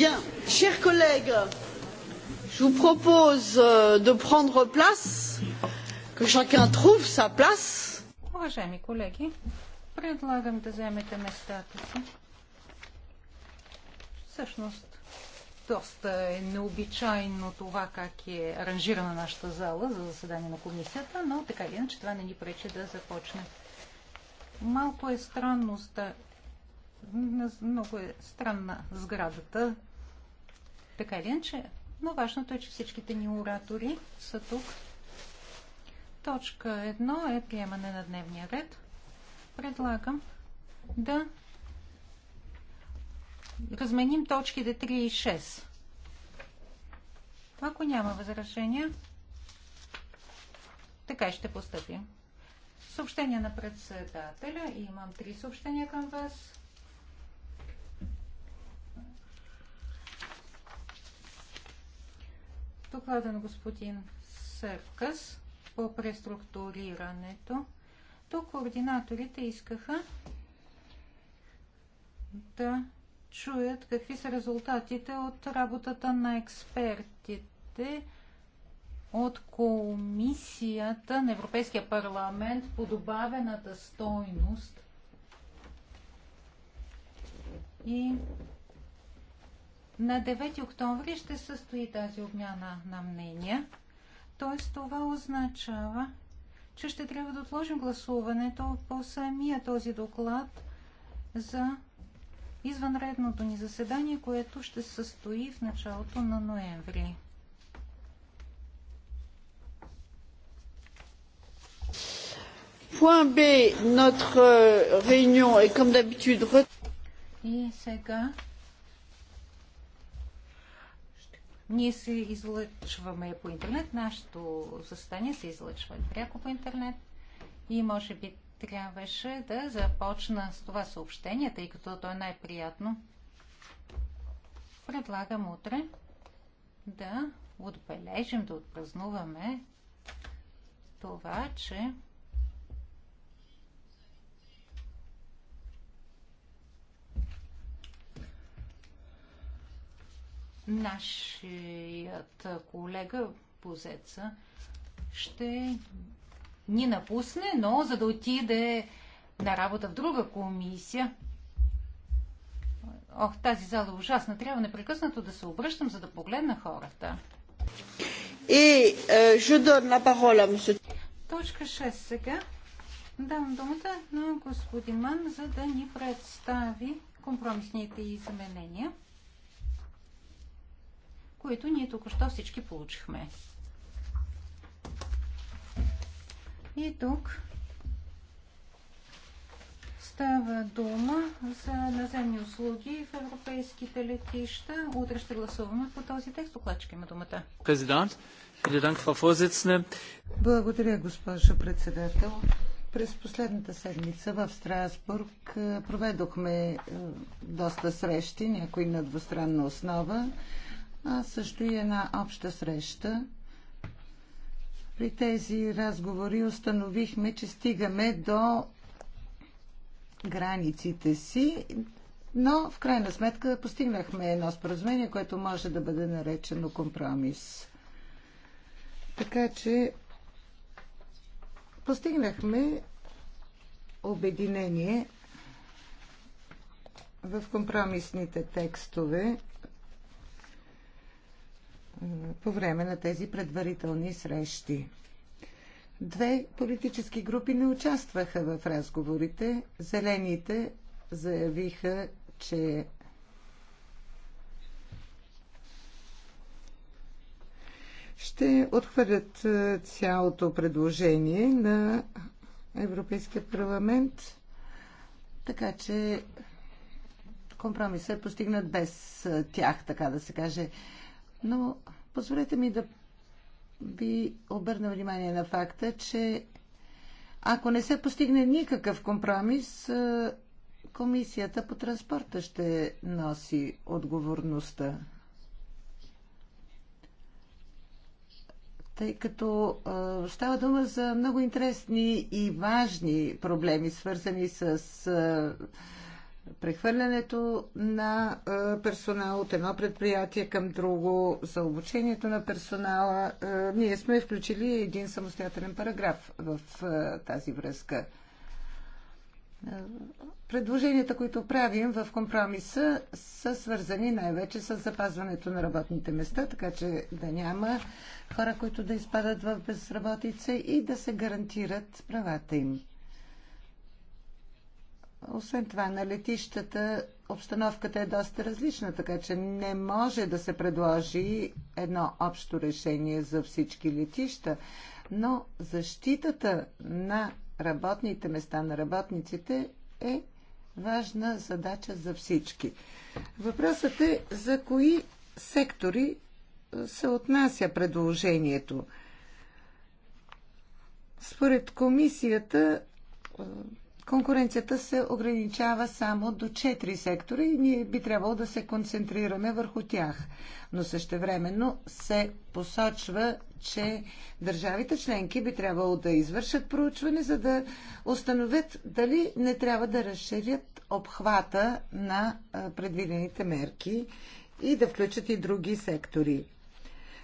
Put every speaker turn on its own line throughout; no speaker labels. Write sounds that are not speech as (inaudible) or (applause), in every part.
Bien, chers collègues, je vous propose euh, de prendre place, que chacun trouve sa place. Уважаеми колеги,
предлагам да вземете местата си. Всъщност, доста е необичайно това как е аранжирана нашата зала за заседание на комисията, но така или иначе това не ни пречи да започнем. Малко е странно, много е странна сградата така или иначе, но важното е, че всичките ни оратори са тук. Точка 1 е приемане на дневния ред. Предлагам да разменим точките 3 и 6. Ако няма възражения, така ще поступим. Съобщения на председателя. Имам три съобщения към вас. доклада на господин Съркъс по преструктурирането, то координаторите искаха да чуят какви са резултатите от работата на експертите от Комисията на Европейския парламент по добавената стойност и на 9 октомври ще състои тази обмяна на мнения. Т.е. това означава, че ще трябва да отложим гласуването по самия този доклад за извънредното ни заседание, което ще състои в началото на ноември.
Point B, notre euh, réunion est comme d'habitude. И сега
Ние се излъчваме по интернет, нашето състояние се излъчва пряко по интернет и може би трябваше да започна с това съобщение, тъй като то е най-приятно. Предлагам утре да отбележим, да отпразнуваме това, че Нашият колега позеца ще ни напусне, но за да отиде на работа в друга комисия. Ох, тази зала е ужасна. Трябва непрекъснато да се обръщам, за да погледна хората.
И е, je на парола,
Точка 6 сега. Давам думата на господин Ман, за да ни представи компромисните изменения които ние току-що всички получихме. И тук става дума за наземни услуги в европейските летища. Утре ще гласуваме по този текст. Докладчик има думата.
Президент,
благодаря, госпожо председател. През последната седмица в Страсбург проведохме доста срещи, някои на двустранна основа а също и една обща среща. При тези разговори установихме, че стигаме до границите си, но в крайна сметка постигнахме едно споразумение, което може да бъде наречено компромис. Така че постигнахме обединение в компромисните текстове по време на тези предварителни срещи. Две политически групи не участваха в разговорите. Зелените заявиха, че ще отхвърлят е, цялото предложение на Европейския парламент, така че компромисът е постигнат без е, тях, така да се каже. Но Позволете ми да ви обърна внимание на факта, че ако не се постигне никакъв компромис, комисията по транспорта ще носи отговорността. Тъй като а, става дума за много интересни и важни проблеми, свързани с а, прехвърлянето на персонал от едно предприятие към друго, за обучението на персонала. Ние сме включили един самостоятелен параграф в тази връзка. Предложенията, които правим в компромиса, са свързани най-вече с запазването на работните места, така че да няма хора, които да изпадат в безработица и да се гарантират правата им. Освен това, на летищата обстановката е доста различна, така че не може да се предложи едно общо решение за всички летища, но защитата на работните места на работниците е важна задача за всички. Въпросът е за кои сектори се отнася предложението. Според комисията конкуренцията се ограничава само до 4 сектора и ние би трябвало да се концентрираме върху тях. Но същевременно се посочва, че държавите членки би трябвало да извършат проучване, за да установят дали не трябва да разширят обхвата на предвидените мерки и да включат и други сектори.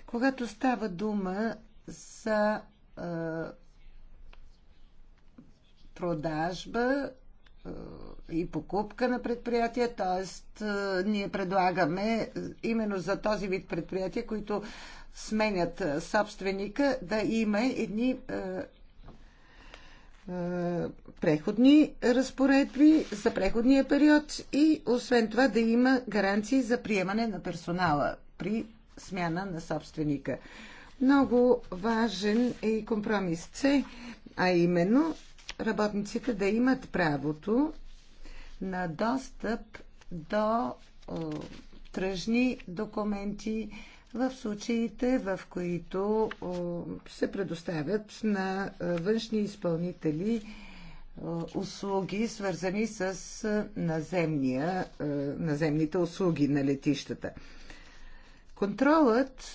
Когато става дума за продажба и покупка на предприятия, т.е. ние предлагаме именно за този вид предприятия, които сменят собственика, да има едни преходни разпоредби за преходния период и освен това да има гаранции за приемане на персонала при смяна на собственика. Много важен е и компромис С, а именно работниците да имат правото на достъп до тръжни документи в случаите, в които се предоставят на е, външни изпълнители е, услуги, свързани с е, наземния, наземните услуги на летищата. Контролът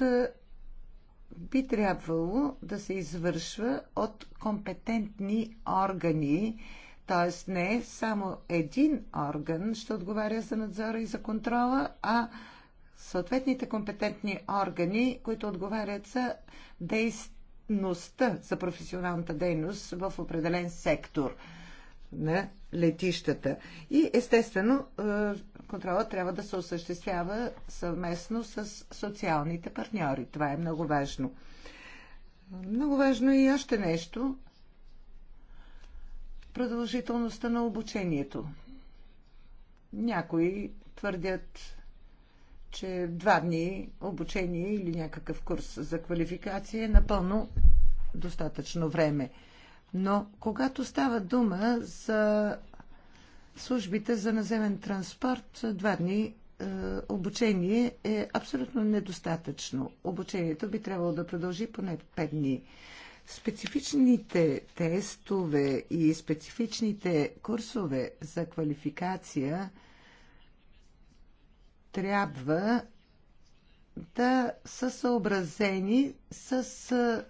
би трябвало да се извършва от компетентни органи, т.е. не само един орган ще отговаря за надзора и за контрола, а съответните компетентни органи, които отговарят за дейността, за професионалната дейност в определен сектор на летищата. И естествено е, Контрола трябва да се осъществява съвместно с социалните партньори. Това е много важно. Много важно е и още нещо. Продължителността на обучението. Някои твърдят, че два дни обучение или някакъв курс за квалификация е напълно достатъчно време. Но когато става дума за службите за наземен транспорт два дни е, обучение е абсолютно недостатъчно. Обучението би трябвало да продължи поне 5 дни. Специфичните тестове и специфичните курсове за квалификация трябва да са съобразени с е,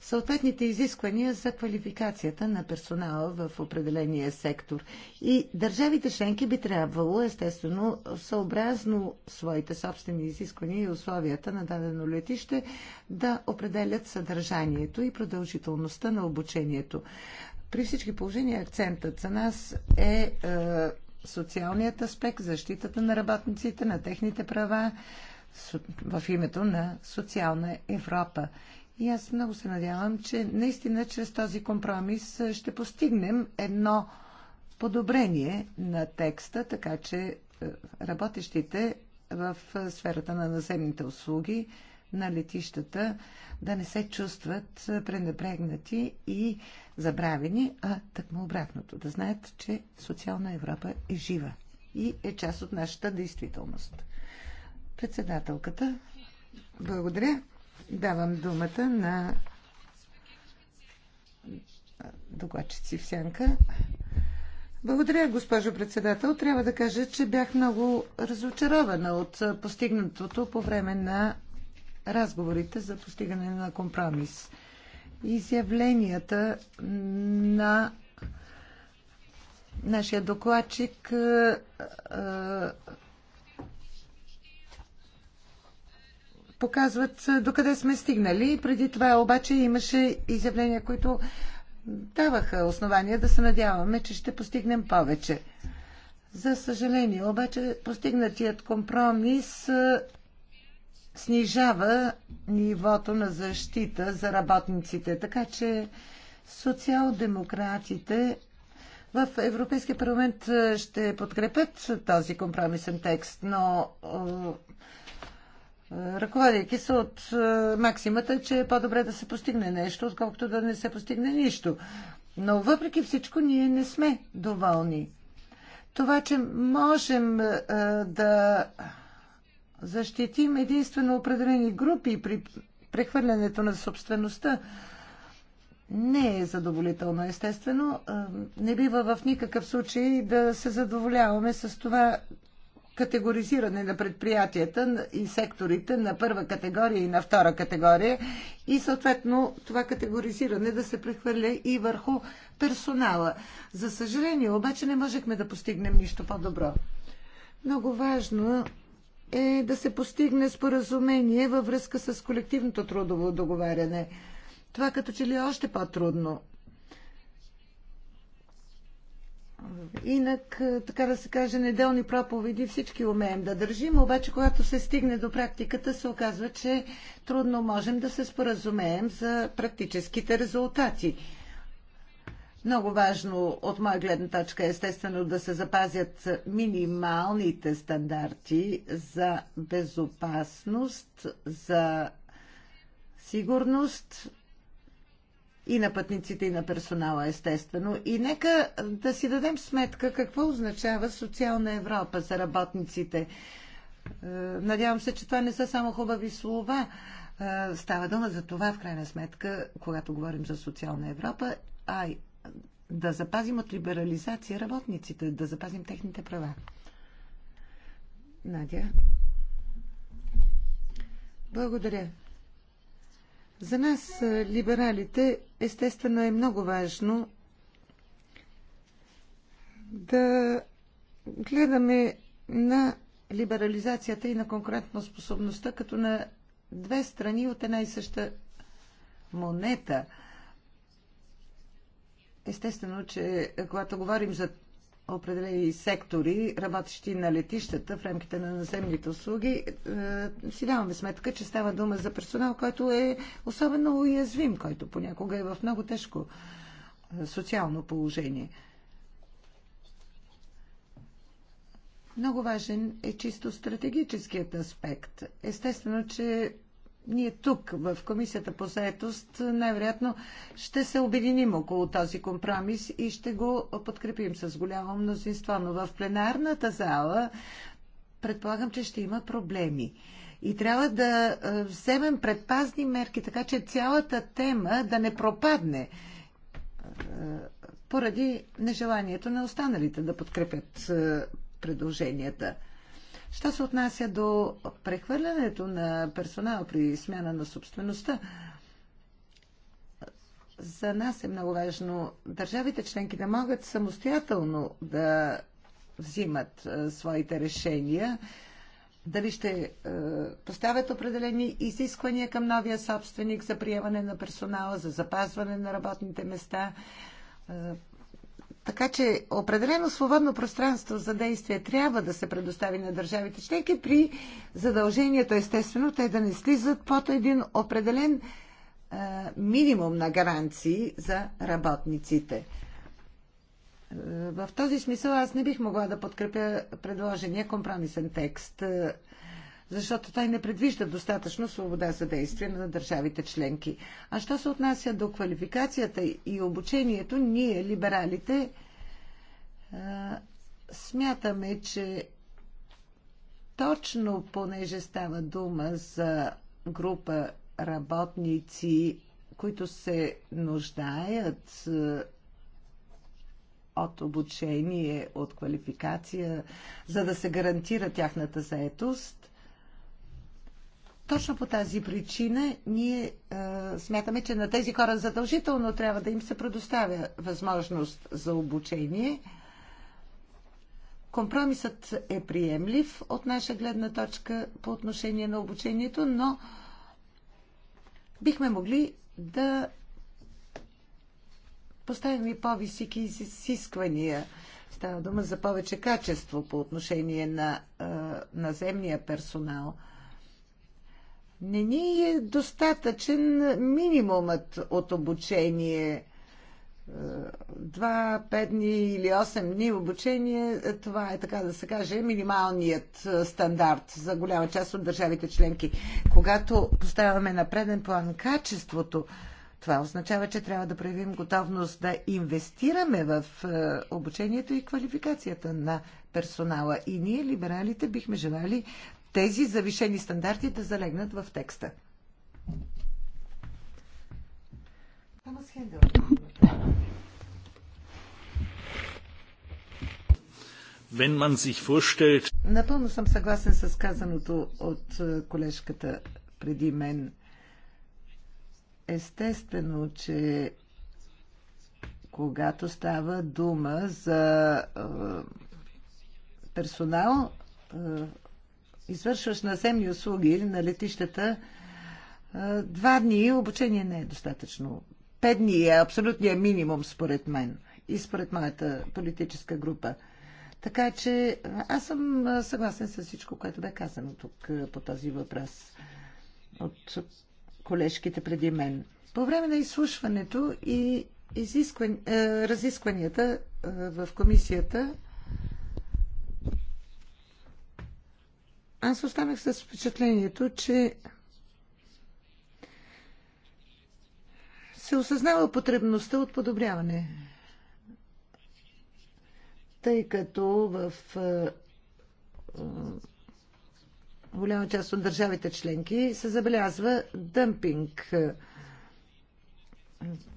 съответните изисквания за квалификацията на персонала в определения сектор. И държавите членки би трябвало, естествено, съобразно своите собствени изисквания и условията на дадено летище, да определят съдържанието и продължителността на обучението. При всички положения акцентът за нас е, е социалният аспект, защитата на работниците, на техните права в името на социална Европа. И аз много се надявам, че наистина чрез този компромис ще постигнем едно подобрение на текста, така че работещите в сферата на наземните услуги на летищата да не се чувстват пренебрегнати и забравени, а такмо обратното, да знаят, че социална Европа е жива и е част от нашата действителност. Председателката, благодаря. Давам думата на докладчици в сянка. Благодаря, госпожо председател. Трябва да кажа, че бях много разочарована от постигнатото по време на разговорите за постигане на компромис. Изявленията на нашия докладчик показват докъде сме стигнали. Преди това обаче имаше изявления, които даваха основания да се надяваме, че ще постигнем повече. За съжаление, обаче постигнатият компромис снижава нивото на защита за работниците. Така че социал-демократите в Европейския парламент ще подкрепят този компромисен текст, но ръководейки се от е, максимата, че е по-добре да се постигне нещо, отколкото да не се постигне нищо. Но въпреки всичко ние не сме доволни. Това, че можем е, да защитим единствено определени групи при прехвърлянето на собствеността, не е задоволително, естествено. Е, не бива в никакъв случай да се задоволяваме с това, категоризиране на предприятията и секторите на първа категория и на втора категория и съответно това категоризиране да се прехвърля и върху персонала. За съжаление обаче не можехме да постигнем нищо по-добро. Много важно е да се постигне споразумение във връзка с колективното трудово договаряне. Това като че ли е още по-трудно. Инак, е, така да се каже, неделни проповеди всички умеем да държим, обаче когато се стигне до практиката, се оказва, че трудно можем да се споразумеем за практическите резултати. Много важно от моя гледна точка е естествено да се запазят минималните стандарти за безопасност, за сигурност и на пътниците, и на персонала, естествено. И нека да си дадем сметка какво означава социална Европа за работниците. Е, надявам се, че това не са само хубави слова. Е, става дума за това, в крайна сметка, когато говорим за социална Европа, а да запазим от либерализация работниците, да запазим техните права. Надя. Благодаря. За нас, либералите, естествено е много важно да гледаме на либерализацията и на способността като на две страни от една и съща монета. Естествено, че когато говорим за определени сектори, работещи на летищата в рамките на наземните услуги, е, си даваме сметка, че става дума за персонал, който е особено уязвим, който понякога е в много тежко е, социално положение. Много важен е чисто стратегическият аспект. Естествено, че ние тук в Комисията по заетост най-вероятно ще се обединим около този компромис и ще го подкрепим с голямо мнозинство. Но в пленарната зала предполагам, че ще има проблеми. И трябва да е, вземем предпазни мерки, така че цялата тема да не пропадне е, поради нежеланието на останалите да подкрепят е, предложенията. Що се отнася до прехвърлянето на персонала при смяна на собствеността, за нас е много важно държавите членки да могат самостоятелно да взимат е, своите решения, дали ще е, поставят определени изисквания към новия собственик за приемане на персонала, за запазване на работните места. Е, така че определено свободно пространство за действие трябва да се предостави на държавите членки при задължението, естествено, те да не слизат под един определен а, е, минимум на гаранции за работниците. Е, в този смисъл аз не бих могла да подкрепя предложения компромисен текст. Е, защото той не предвижда достатъчно свобода за действие на държавите членки. А що се отнася до квалификацията и обучението, ние, либералите, смятаме, че точно понеже става дума за група работници, които се нуждаят от обучение, от квалификация, за да се гарантира тяхната заетост, точно по тази причина ние а, е, смятаме, че на тези хора задължително трябва да им се предоставя възможност за обучение. Компромисът е приемлив от наша гледна точка по отношение на обучението, но бихме могли да поставим и по-високи изисквания. Става дума за повече качество по отношение на е, наземния персонал – не ни е достатъчен минимумът от обучение. Е, два, пет дни или осем дни обучение, е, това е така да се каже минималният е, стандарт за голяма част от държавите членки. Когато поставяме на преден план качеството, това означава, че трябва да проявим готовност да инвестираме в обучението и квалификацията на персонала. И ние, либералите, бихме желали тези завишени стандарти да залегнат в текста.
Vorstellt...
Напълно съм съгласен с казаното от е, колежката преди мен. Естествено, че когато става дума за е, персонал, е, извършваш наземни услуги на летищата, два дни обучение не е достатъчно. Пет дни е абсолютният минимум, според мен и според моята политическа група. Така че аз съм съгласен с всичко, което бе казано тук по този въпрос от колежките преди мен. По време на изслушването и изисквани... разискванията в комисията аз останах с впечатлението, че се осъзнава потребността от подобряване. Тъй като в е, е, голяма част от държавите членки се забелязва дъмпинг.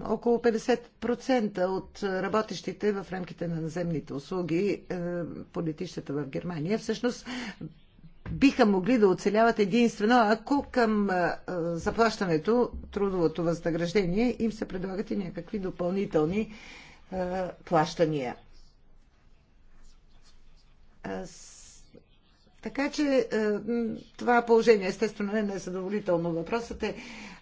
Около 50% от работещите в рамките на наземните услуги е, по летищата в Германия всъщност биха могли да оцеляват единствено, ако към заплащането, трудовото възнаграждение, им се предлагат и някакви допълнителни плащания. Така че това положение естествено не е незадоволително. Въпросът е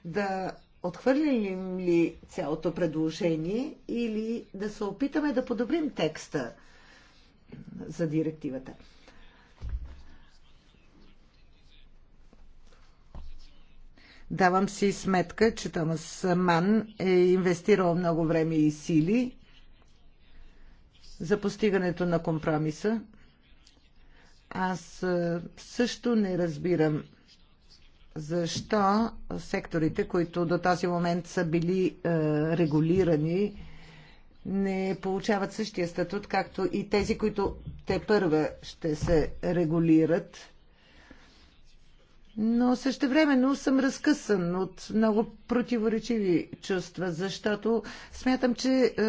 да отхвърлим ли цялото предложение или да се опитаме да подобрим текста за директивата. Давам си сметка, че Томас Ман е инвестирал много време и сили за постигането на компромиса. Аз също не разбирам защо секторите, които до този момент са били регулирани, не получават същия статут, както и тези, които те първа ще се регулират. Но същевременно съм разкъсан от много противоречиви чувства, защото смятам, че е,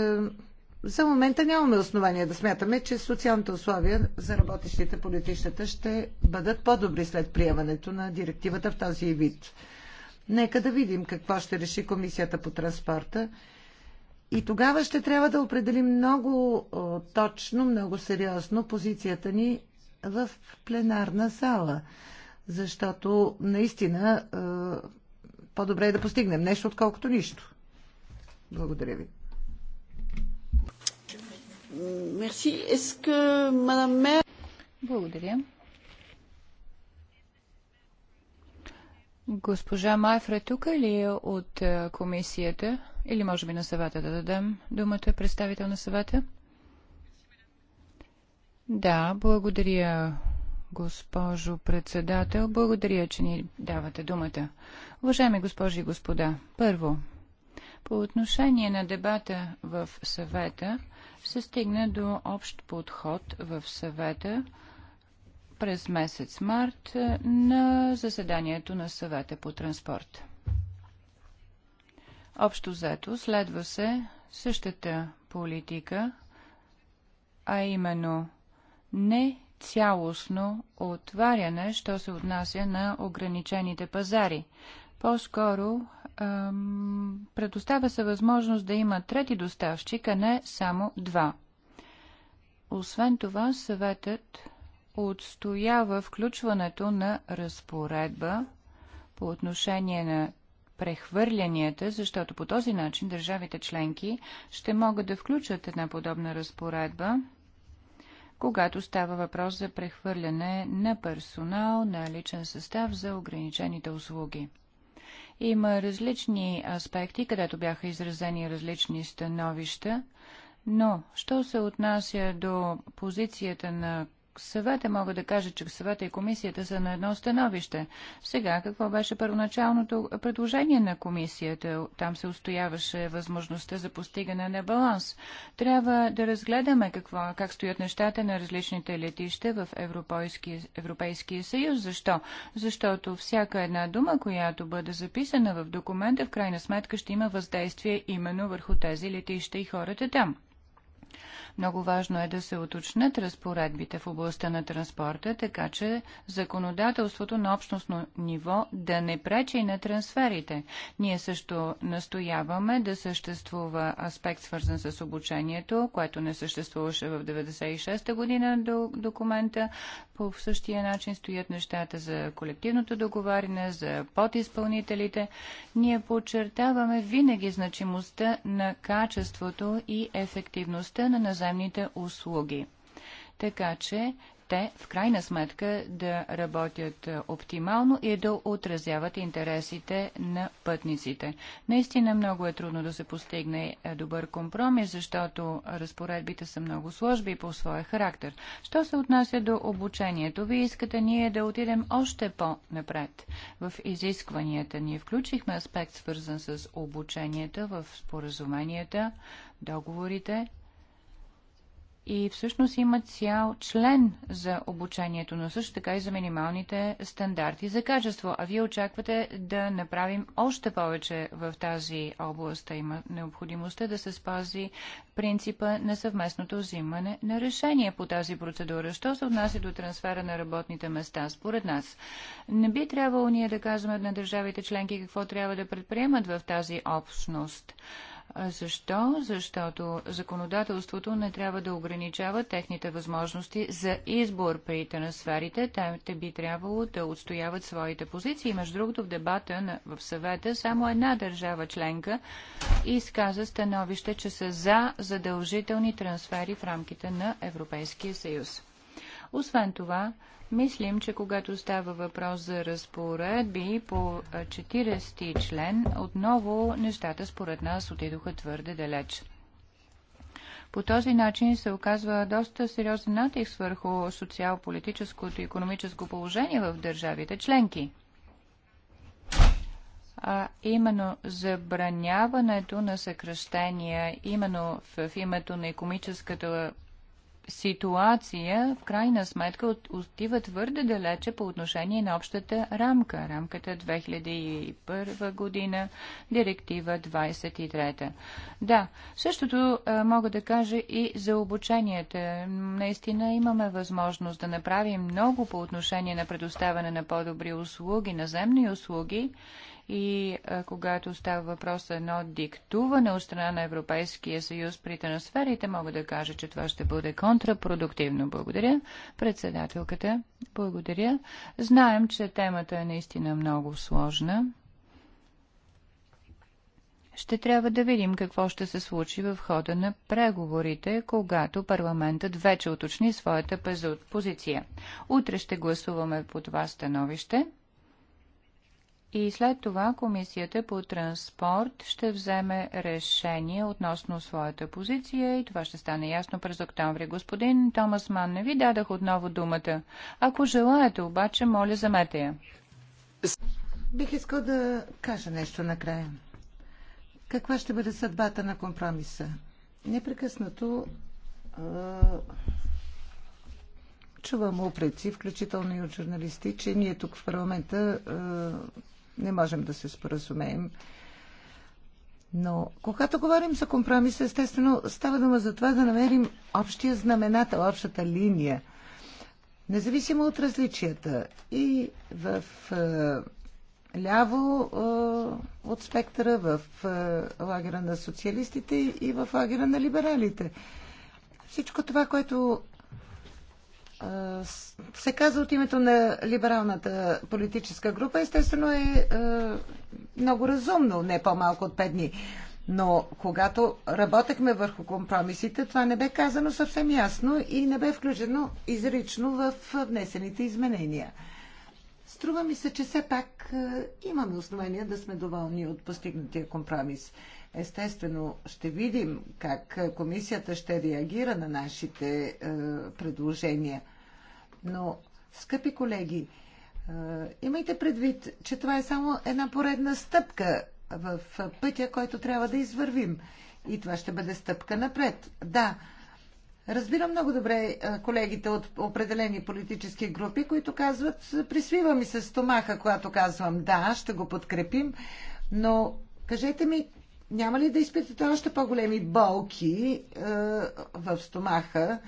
за момента нямаме основания да смятаме, че социалните условия за работещите по летищата ще бъдат по-добри след приемането на директивата в този вид. Нека да видим какво ще реши Комисията по транспорта. И тогава ще трябва да определим много точно, много сериозно позицията ни в пленарна зала защото наистина по-добре е да постигнем нещо, отколкото нищо. Благодаря ви.
Мерси. Еске, мадам Мер... Благодаря. Госпожа Майфра е тук или е от комисията? Или може би на съвета да дадем думата, представител на съвета? Да, благодаря, госпожо председател. Благодаря, че ни давате думата. Уважаеми госпожи и господа, първо, по отношение на дебата в съвета, се стигна до общ подход в съвета през месец март на заседанието на съвета по транспорт. Общо взето следва се същата политика, а именно не цялостно отваряне, що се отнася на ограничените пазари. По-скоро предоставя се възможност да има трети доставчик, а не само два. Освен това, съветът отстоява включването на разпоредба по отношение на прехвърлянията, защото по този начин държавите членки ще могат да включат една подобна разпоредба когато става въпрос за прехвърляне на персонал, на личен състав за ограничените услуги. Има различни аспекти, където бяха изразени различни становища, но що се отнася до позицията на съвета мога да кажа, че съвета и комисията са на едно становище. Сега, какво беше първоначалното предложение на комисията? Там се устояваше възможността за постигане на баланс. Трябва да разгледаме какво, как стоят нещата на различните летища в Европейския, Европейския съюз. Защо? Защото всяка една дума, която бъде записана в документа, в крайна сметка ще има въздействие именно върху тези летища и хората там. Много важно е да се уточнят разпоредбите в областта на транспорта, така че законодателството на общностно ниво да не пречи на трансферите. Ние също настояваме да съществува аспект свързан с обучението, което не съществуваше в 96-та година до документа. По същия начин стоят нещата за колективното договаряне, за подизпълнителите. Ние подчертаваме винаги значимостта на качеството и ефективността на наземните услуги. Така че те в крайна сметка да работят е, оптимално и да отразяват интересите на пътниците. Наистина много е трудно да се постигне е, добър компромис, защото разпоредбите са много сложби по своя характер. Що се отнася до обучението? Вие искате ние да отидем още по-напред. В изискванията ние включихме аспект свързан с обученията в споразуменията, договорите, и всъщност има цял член за обучението, но също така и за минималните стандарти за качество. А вие очаквате да направим още повече в тази област. Има необходимостта да се спази принципа на съвместното взимане на решение по тази процедура. Що се отнася до трансфера на работните места, според нас, не би трябвало ние да казваме на държавите членки какво трябва да предприемат в тази общност. Защо? Защото законодателството не трябва да ограничава техните възможности за избор при трансферите. Те би трябвало да отстояват своите позиции. Между другото, в дебата в съвета само една държава членка изказа становище, че са за задължителни трансфери в рамките на Европейския съюз. Освен това, Мислим, че когато става въпрос за разпоредби по 40 член, отново нещата според нас отидоха твърде далеч. По този начин се оказва доста сериозен натиск върху социал-политическото и економическо положение в държавите членки. А именно забраняването на съкръщения, именно в името на економическата ситуация в крайна сметка от, отива твърде далече по отношение на общата рамка. Рамката 2001 година, директива 23. Да, същото а, мога да кажа и за обученията. Наистина имаме възможност да направим много по отношение на предоставяне на по-добри услуги, наземни услуги и а, когато става въпрос за едно диктуване от страна на Европейския съюз при трансферите, мога да кажа, че това ще бъде контрапродуктивно. Благодаря, председателката. Благодаря. Знаем, че темата е наистина много сложна. Ще трябва да видим какво ще се случи в хода на преговорите, когато парламентът вече уточни своята позиция. Утре ще гласуваме по това становище и след това Комисията по транспорт ще вземе решение относно своята позиция и това ще стане ясно през октомври. Господин Томас Ман, не ви дадах отново думата. Ако желаете обаче, моля, замете я.
Бих искал да кажа нещо накрая. Каква ще бъде съдбата на компромиса? Непрекъснато чувам упреци, включително и от журналисти, че ние тук в парламента не можем да се споразумеем. Но когато говорим за компромис, естествено става дума за това да намерим общия знаменател, общата линия, независимо от различията. И в е, ляво е, от спектъра, в е, лагера на социалистите и в лагера на либералите. Всичко това, което се каза от името на либералната политическа група, естествено е много разумно, не по-малко от 5 дни. Но когато работехме върху компромисите, това не бе казано съвсем ясно и не бе включено изрично в внесените изменения. Струва ми се, че все пак имаме основания да сме доволни от постигнатия компромис. Естествено, ще видим как комисията ще реагира на нашите е, предложения. Но, скъпи колеги, имайте предвид, че това е само една поредна стъпка в пътя, който трябва да извървим. И това ще бъде стъпка напред. Да, разбирам много добре колегите от определени политически групи, които казват, присвива ми се стомаха, когато казвам да, ще го подкрепим, но кажете ми, няма ли да изпитате още по-големи болки е, в стомаха,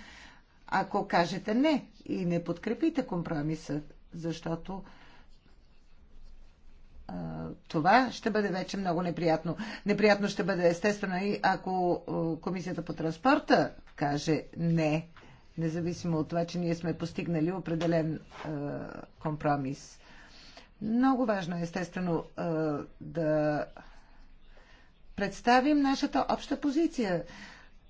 ако кажете не? и не подкрепите компромиса, защото това ще бъде вече много неприятно. Неприятно ще бъде естествено и ако Комисията по транспорта каже не, независимо от това, че ние сме постигнали определен компромис. Много важно е естествено да представим нашата обща позиция.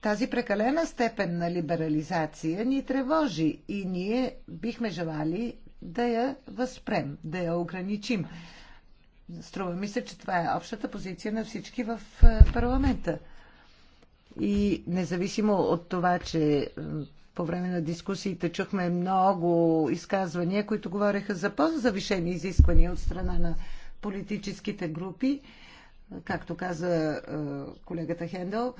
Тази прекалена степен на либерализация ни тревожи и ние бихме желали да я възпрем, да я ограничим. Струва ми се, че това е общата позиция на всички в е, парламента. И независимо от това, че е, по време на дискусиите чухме много изказвания, които говореха за по-завишени изисквания от страна на политическите групи, е, както каза колегата Хендел,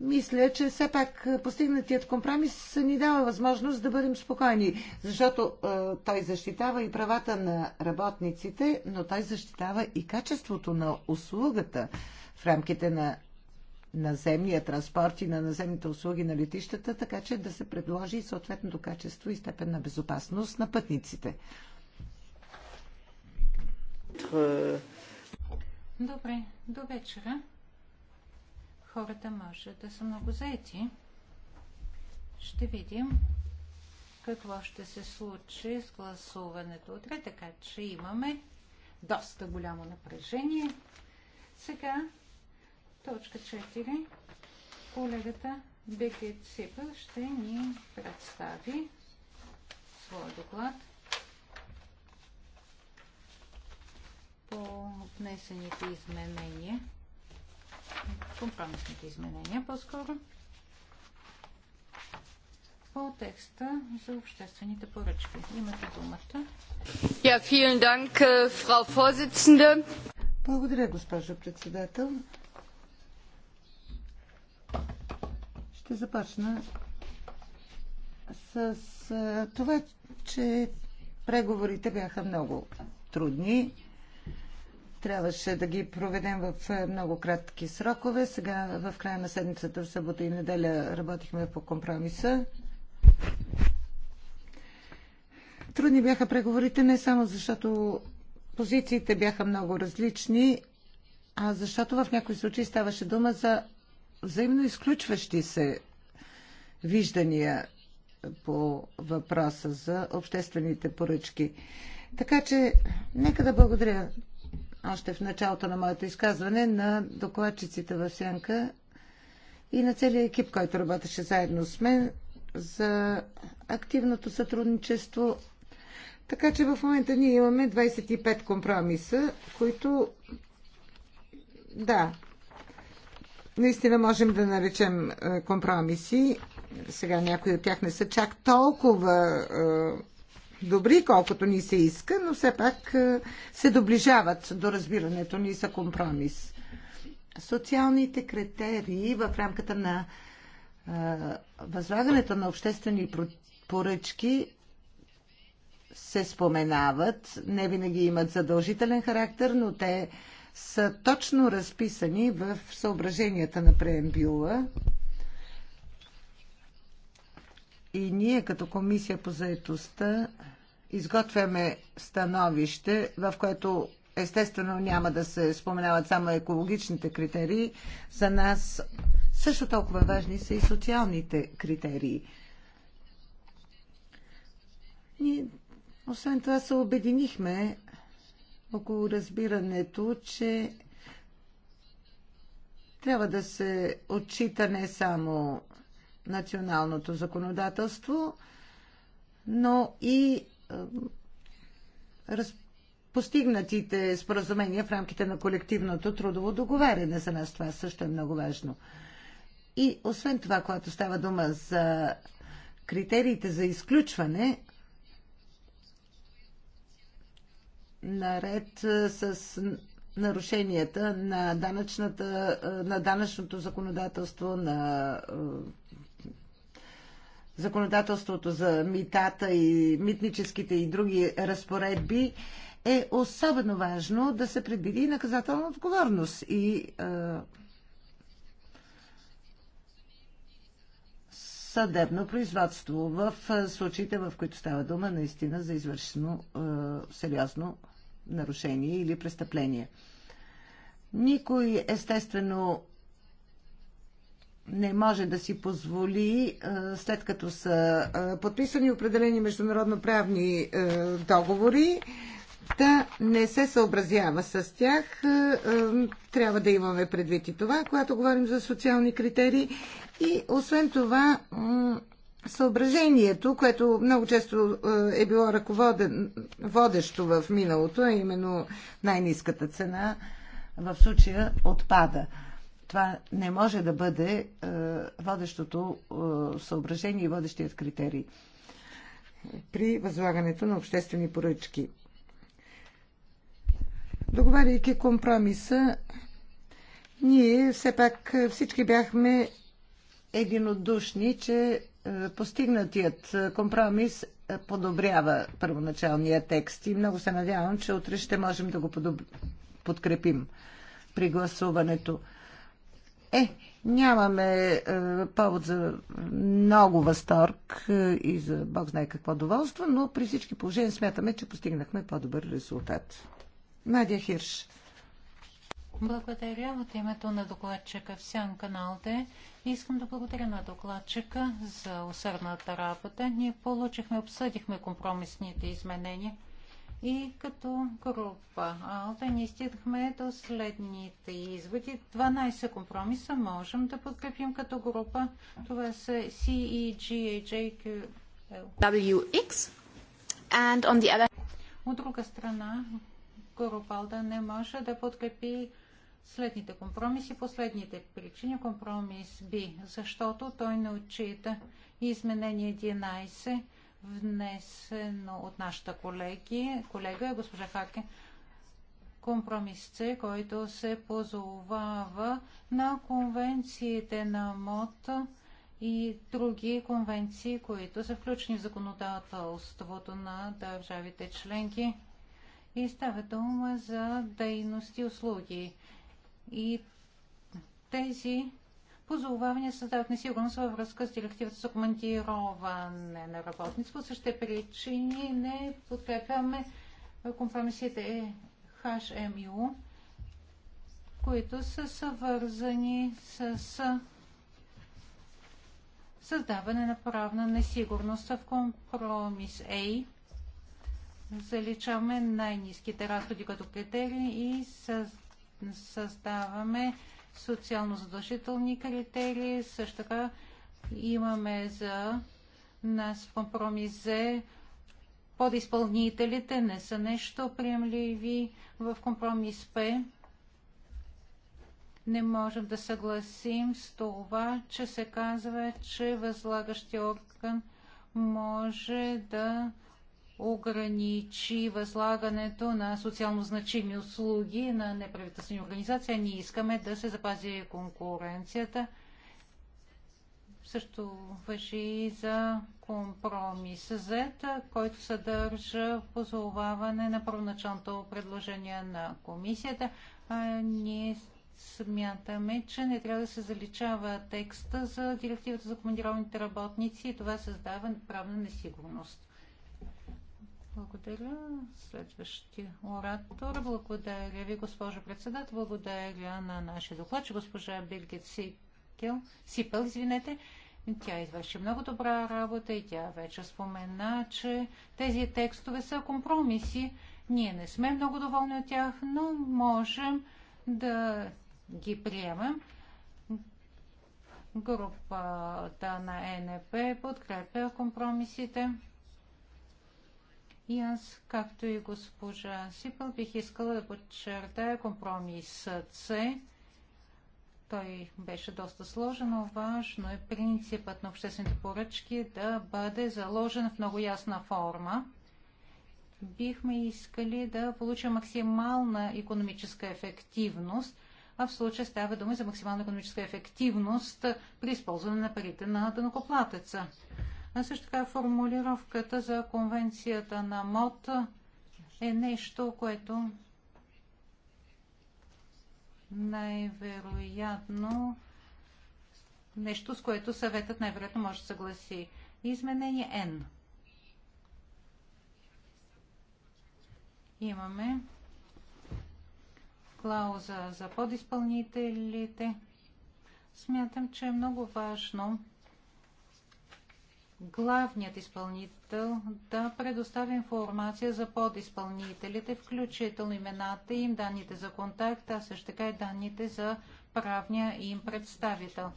мисля, че все пак постигнатият компромис ни дава възможност да бъдем спокойни, защото е, той защитава и правата на работниците, но той защитава и качеството на услугата в рамките на наземния транспорт и на наземните услуги на летищата, така че да се предложи и съответното качество и степен на безопасност на пътниците. Добре, до вечера
хората може да са много заети. Ще видим какво ще се случи с гласуването утре, така че имаме доста голямо напрежение. Сега точка 4. Колегата Бекет Сипъл ще ни представи своя доклад по внесените изменения компромисните изменения по-скоро по текста за обществените поръчки. Имате думата.
Ja, vielen Dank, äh, Frau Vorsitzende. Благодаря, госпожо председател. Ще започна с това, че преговорите бяха много трудни трябваше да ги проведем в е, много кратки срокове. Сега в края на седмицата в събота и неделя работихме по компромиса. Трудни бяха преговорите не само защото позициите бяха много различни, а защото в някои случаи ставаше дума за взаимно изключващи се виждания по въпроса за обществените поръчки. Така че, нека да благодаря още в началото на моето изказване на докладчиците в Сянка и на целият екип, който работеше заедно с мен за активното сътрудничество. Така че в момента ние имаме 25 компромиса, които да, наистина можем да наречем е, компромиси. Сега някои от тях не са чак толкова е, добри, колкото ни се иска, но все пак е, се доближават до разбирането ни за компромис. Социалните критерии в рамката на е, възлагането на обществени поръчки се споменават, не винаги имат задължителен характер, но те са точно разписани в съображенията на преембюла. И ние като комисия по заетостта изготвяме становище, в което естествено няма да се споменават само екологичните критерии, за нас също толкова важни са и социалните критерии. И освен това, се обединихме около разбирането, че трябва да се отчита не само националното законодателство, но и раз, постигнатите споразумения в рамките на колективното трудово договаряне. За нас това също е много важно. И освен това, когато става дума за критериите за изключване, наред с нарушенията на, данъчната, на данъчното законодателство, на законодателството за митата и митническите и други разпоредби, е особено важно да се предвиди наказателна отговорност и е, съдебно производство в случаите, в които става дума наистина за извършено е, сериозно нарушение или престъпление. Никой естествено не може да си позволи, след като са подписани определени международноправни договори, да не се съобразява с тях. Трябва да имаме предвид и това, когато говорим за социални критерии. И освен това, съображението, което много често е било ръководещо в миналото, а именно най-низката цена, в случая отпада. Това не може да бъде е, водещото е, съображение и водещият критерий при възлагането на обществени поръчки. Договаряйки компромиса, ние все пак е, всички бяхме единодушни, че постигнатият компромис подобрява първоначалния текст и много се надявам, че утре ще можем да го подкрепим при гласуването. Е, нямаме е, повод за много възторг е, и за Бог знае какво доволство, но при всички положения смятаме, че постигнахме по-добър резултат. Надя Хирш.
Благодаря от името на докладчика в Сян канал Д. Искам да благодаря на докладчика за усърната работа. Ние получихме, обсъдихме компромисните изменения – и като група Алта ние стигнахме до следните изводи. 12 компромиса можем да подкрепим като група. Това са C, E, G, A, J, Q, L. X. And on the other... От друга страна, група Алда не може да подкрепи следните компромиси, последните причини. Компромис B, защото той не отчита изменение 11 внесено от нашата колеги, колега е госпожа Хаке компромисце, който се позовава на конвенциите на МОД и други конвенции, които са включени в законодателството на държавите членки. И става дума за дейности и услуги. И тези Позоваване създават несигурност във връзка с директивата за командироване на работници. По същите причини не подкрепяме компромисите HMU, които са съвързани с създаване на правна несигурност в компромис A. Заличаваме най-низките разходи като критерии и създаваме социално задължителни критерии. Също така имаме за нас компромис за подизпълнителите не са нещо приемливи в компромис П. Не можем да съгласим с това, че се казва, че възлагащия орган може да ограничи възлагането на социално значими услуги на неправителствени организации. Ние искаме да се запази конкуренцията. Също въжи и за компромис Z, който съдържа позоваване на първоначалното предложение на комисията. А ние смятаме, че не трябва да се заличава текста за директивата за командированите работници и това създава правна несигурност. Благодаря. Следващия оратор. Благодаря ви, госпожо председател. Благодаря на нашия доклад, госпожа Биргит Сипел. Сипел, извинете. Тя извърши много добра работа и тя вече спомена, че тези текстове са компромиси. Ние не сме много доволни от тях, но можем да ги приемем. Групата на НП подкрепя компромисите. И аз, както и госпожа Сипъл, бих искала да подчертая компромис С. Той беше доста сложен, но важно е принципът на обществените поръчки да бъде заложен в много ясна форма. Бихме искали да получим максимална економическа ефективност, а в случая става дума за максимална економическа ефективност при използване на парите на дънокоплатеца. А също така формулировката за конвенцията на МОД е нещо, което най-вероятно нещо, с което съветът най-вероятно може да съгласи. Изменение Н. Имаме клауза за подизпълнителите. Смятам, че е много важно главният изпълнител да предостави информация за подизпълнителите, включително имената им, данните за контакт, а също така и данните за правния им представител.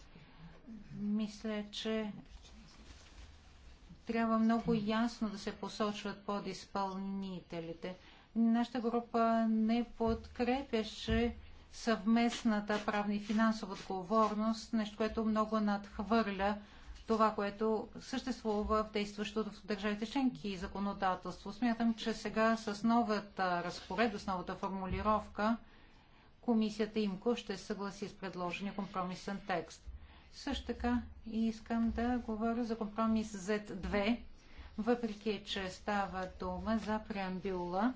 Мисля, че трябва много ясно да се посочват подизпълнителите. Нашата група не подкрепяше съвместната правна и финансова отговорност, нещо, което много надхвърля това, което съществува в действащото в държавите членки и законодателство. Смятам, че сега с новата разпоредба, с новата формулировка, комисията ИМКО ще съгласи с предложения компромисен текст. Също така искам да говоря за компромис Z2, въпреки че става дума за преамбюла.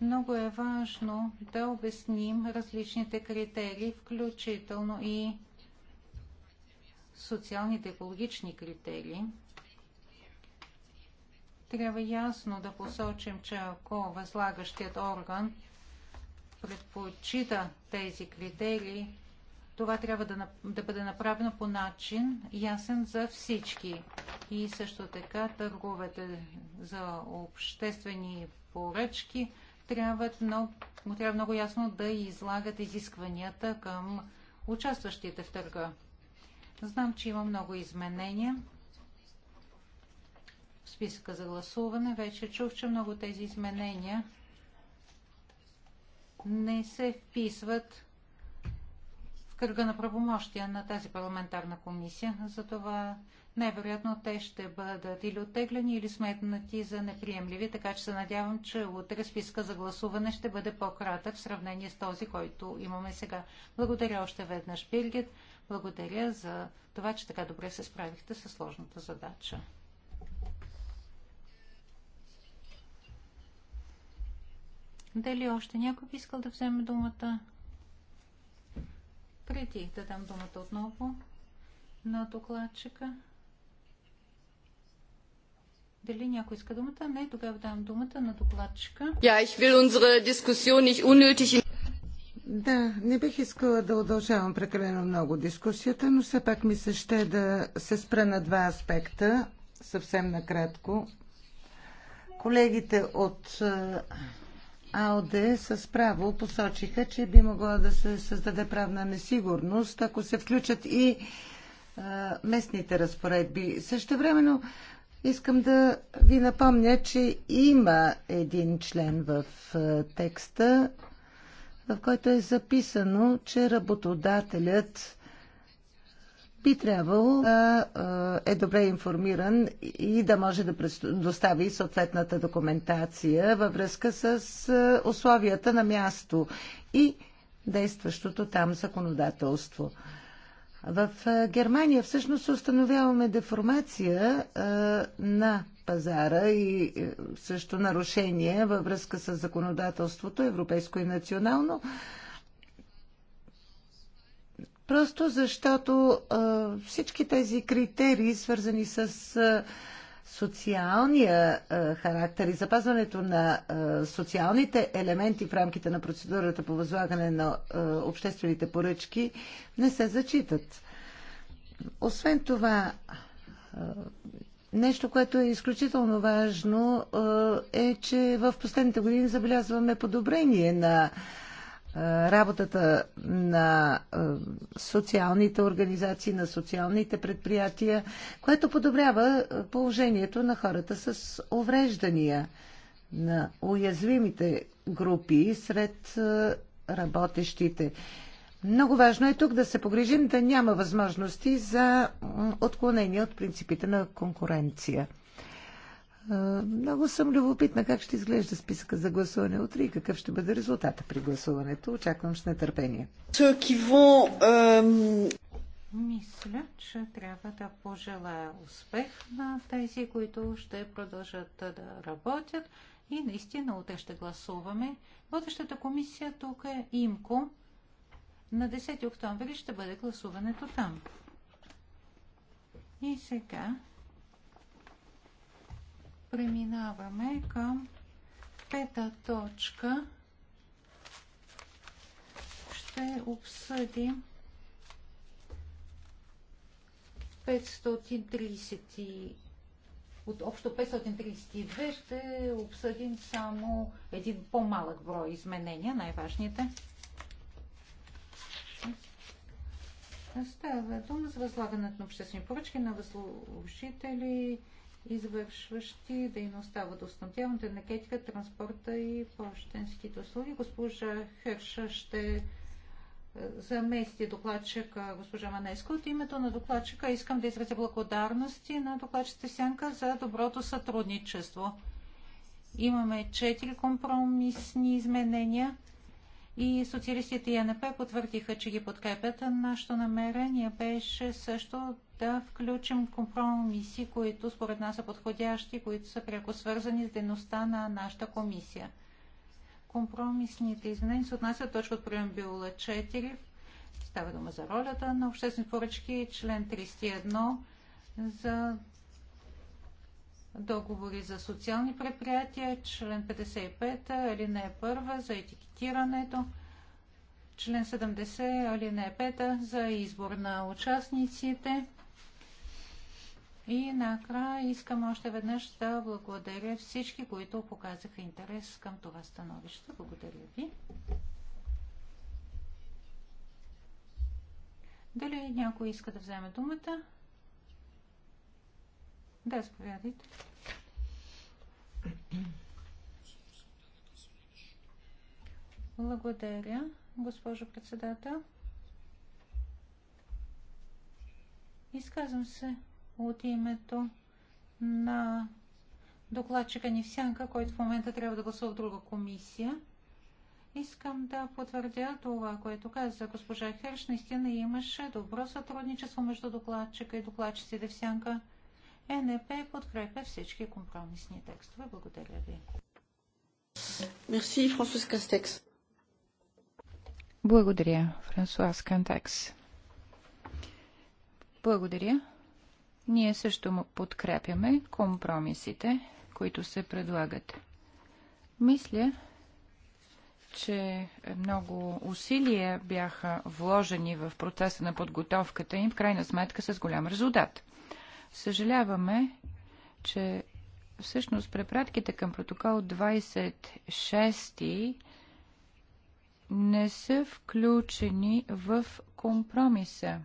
Много е важно да обясним различните критерии, включително и социалните екологични критерии, трябва ясно да посочим, че ако възлагащият орган предпочита тези критерии, това трябва да, да бъде направено по начин ясен за всички. И също така търговете за обществени поръчки трябва много, трябва много ясно да излагат изискванията към участващите в търга. Знам, че има много изменения в списъка за гласуване. Вече чух, че много тези изменения не се вписват в кръга на правомощия на тази парламентарна комисия. Затова най-вероятно те ще бъдат или оттеглени, или сметнати за неприемливи, така че се надявам, че утре списка за гласуване ще бъде по-кратък в сравнение с този, който имаме сега. Благодаря още веднъж, Пиргет. Благодаря за това, че така добре се справихте с сложната задача. Дали още някой би искал да вземе думата? Преди да дам думата отново на докладчика. Дали някой иска думата? Не, тогава давам думата на докладчика. Ja, ich will
unsere Diskussion nicht unnötig да, не бих искала да удължавам прекалено много дискусията, но все пак ми се ще да се спра на два аспекта, съвсем накратко. Колегите от АОД с право посочиха, че би могла да се създаде правна несигурност, ако се включат и местните разпоредби. Също времено искам да ви напомня, че има един член в текста, в който е записано, че работодателят би трябвало да е, е добре информиран и да може да достави съответната документация във връзка с е, условията на място и действащото там законодателство. В е, Германия всъщност установяваме деформация на пазара и е, също нарушения във връзка с законодателството, европейско и национално. Просто защото а, е, всички тези критерии, свързани с а, е, социалния а, характер и запазването на а, социалните елементи в рамките на процедурата по възлагане на а, обществените поръчки, не се зачитат. Освен това, Нещо, което е изключително важно, е, е, че в последните години забелязваме подобрение на е, работата на е, социалните организации, на социалните предприятия, което подобрява положението на хората с увреждания, на уязвимите групи сред работещите. Много важно е тук да се погрижим да няма възможности за отклонение от принципите на конкуренция. Много съм любопитна как ще изглежда списъка за гласуване утре и какъв ще бъде резултата при гласуването. Очаквам с нетърпение.
Мисля,
че трябва да пожелая успех на тези, които ще продължат да работят и наистина утре ще гласуваме. Водещата комисия тук е ИМКО. На 10 октомври ще бъде гласуването там. И сега преминаваме към пета точка. Ще обсъдим 530 от общо 532 ще обсъдим само един по-малък брой изменения, най-важните. Става дума за възлагането на обществени поръчки на възложители, извършващи дейността водоснабдяването, енергетика, транспорта и почтенските услуги. Госпожа Херша ще е, замести докладчика госпожа Манеско. От името на докладчика искам да изразя благодарности на докладчите Сянка за доброто сътрудничество. Имаме четири компромисни изменения и социалистите и НП потвърдиха, че ги подкрепят. Нашето намерение беше също да включим компромиси, които според нас са подходящи, които са пряко свързани с дейността на нашата комисия. Компромисните изменения се отнасят точка от Биола 4. Става дума за ролята на обществени поръчки, член 31 за договори за социални предприятия, член 55, алинея 1 за етикетирането, член 70, алинея 5 за избор на участниците. И накрая искам още веднъж да благодаря всички, които показаха интерес към това становище. Благодаря ви. Дали някой иска да вземе думата? Да, заповядайте. Благодаря, госпожо председател. Изказвам се от името на докладчика Нивсянка, който в момента трябва да гласува в друга комисия. Искам да потвърдя това, което каза госпожа Херш. Наистина имаше добро сътрудничество между докладчика и докладчиците в ЕНП подкрепя всички компромисни текстове. Благодаря ви.
Мерси, Франсуас Кастекс. Благодаря, Франсуас Кантекс. Благодаря. Ние също подкрепяме компромисите, които се предлагат. Мисля, че много усилия бяха вложени в процеса на подготовката им, в крайна сметка с голям резултат. Съжаляваме, че всъщност препратките към протокол 26 не са включени в компромиса.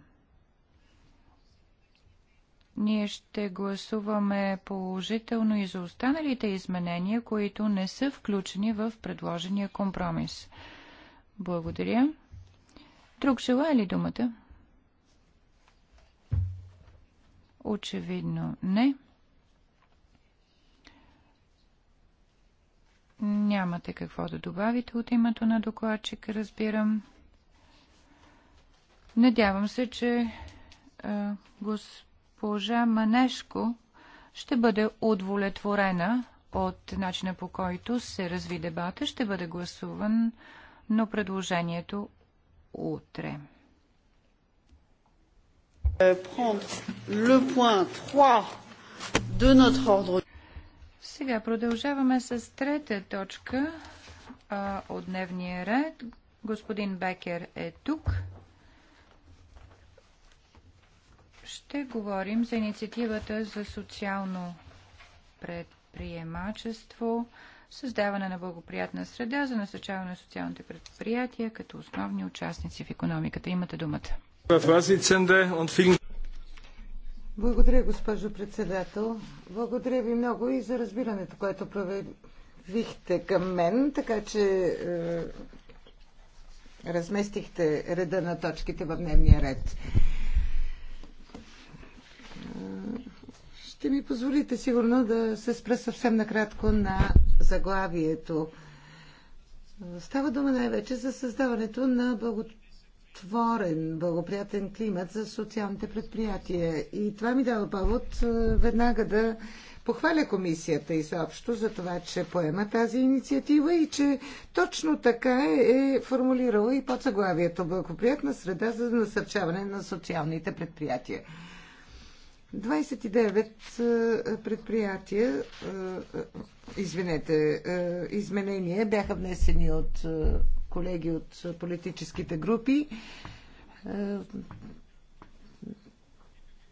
Ние ще гласуваме положително и за останалите изменения, които не са включени в предложения компромис. Благодаря. Друг желая ли думата? Очевидно не. Нямате какво да добавите от името на докладчик, разбирам. Надявам се, че а, госпожа Манешко ще бъде удовлетворена от начина по който се разви дебата. Ще бъде гласуван, но предложението утре. Euh, Сега продължаваме с трета точка а, от дневния ред. Господин Бекер е тук. Ще говорим за инициативата за социално предприемачество, създаване на благоприятна среда за насъчаване на социалните предприятия като основни участници в економиката. Имате думата.
Благодаря, госпожо председател. Благодаря ви много и за разбирането, което проявихте към мен, така че е, разместихте реда на точките в дневния ред. Е, ще ми позволите сигурно да се спра съвсем накратко на заглавието. Става дума най-вече за създаването на благо отворен, благоприятен климат за социалните предприятия. И това ми дава повод е, веднага да похваля комисията изобщо за това, че поема тази инициатива и че точно така е, е формулирала и под заглавието благоприятна среда за насърчаване на социалните предприятия. 29 е, предприятия, извинете, изменения бяха внесени от колеги от политическите групи. Е,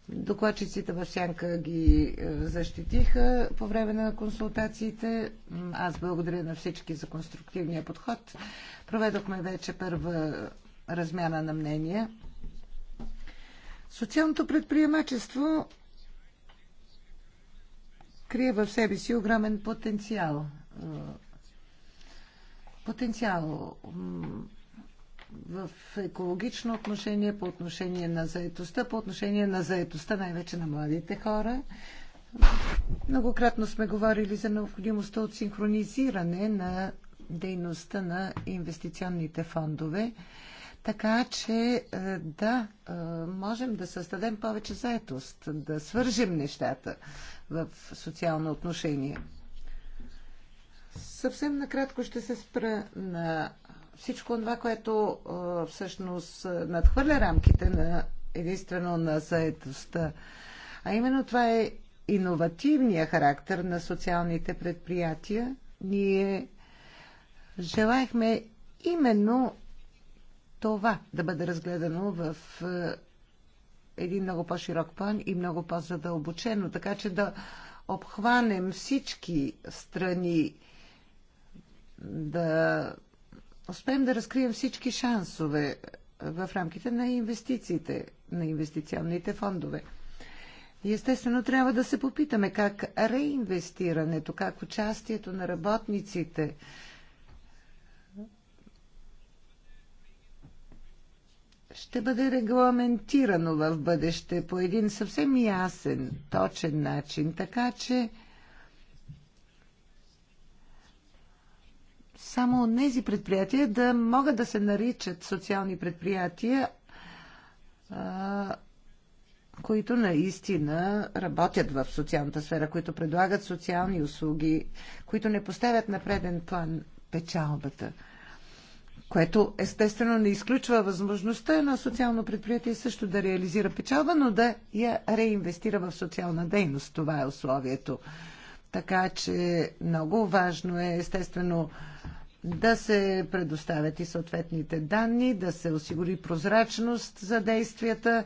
докладчиците в Сянка ги е, защитиха по време на консултациите. Аз благодаря на всички за конструктивния подход. Проведохме вече първа размяна на мнения. Социалното предприемачество крие в себе си огромен потенциал е, потенциал в екологично отношение, по отношение на заетостта, по отношение на заетостта най-вече на младите хора. Многократно сме говорили за необходимостта от синхронизиране на дейността на инвестиционните фондове, така че е, да, е, можем да създадем повече заетост, да свържем нещата в социално отношение. Съвсем накратко ще се спра на всичко това, което всъщност надхвърля рамките на единствено на заедостта. А именно това е иновативния характер на социалните предприятия. Ние желаехме именно това да бъде разгледано в един много по-широк план и много по-задълбочено, така че да обхванем всички страни да успеем да разкрием всички шансове в рамките на инвестициите, на инвестиционните фондове. И естествено трябва да се попитаме как реинвестирането, как участието на работниците ще бъде регламентирано в бъдеще по един съвсем ясен, точен начин, така че само тези предприятия да могат да се наричат социални предприятия, които наистина работят в социалната сфера, които предлагат социални услуги, които не поставят на преден план печалбата, което естествено не изключва възможността на социално предприятие също да реализира печалба, но да я реинвестира в социална дейност. Това е условието. Така че много важно е, естествено, да се предоставят и съответните данни, да се осигури прозрачност за действията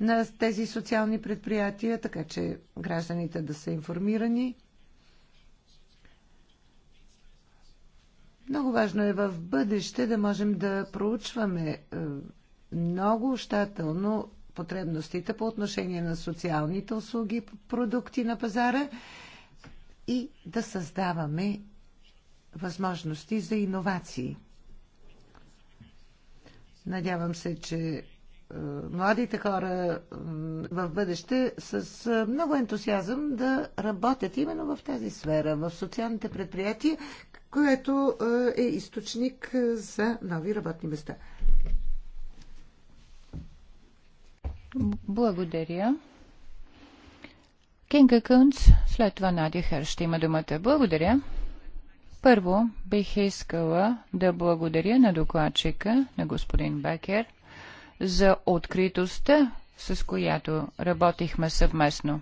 на тези социални предприятия, така че гражданите да са информирани. Много важно е в бъдеще да можем да проучваме е, много щателно потребностите по отношение на социалните услуги, продукти на пазара и да създаваме възможности за иновации. Надявам се, че е, младите хора е, в бъдеще с е, много ентусиазъм да работят именно в тази сфера, в социалните предприятия, което е източник за нови работни места. Благодаря. Кинга Кунц,
след това Надя Хер ще има думата. Благодаря. Първо бих искала да благодаря на докладчика, на господин Бекер, за откритостта, с която работихме съвместно.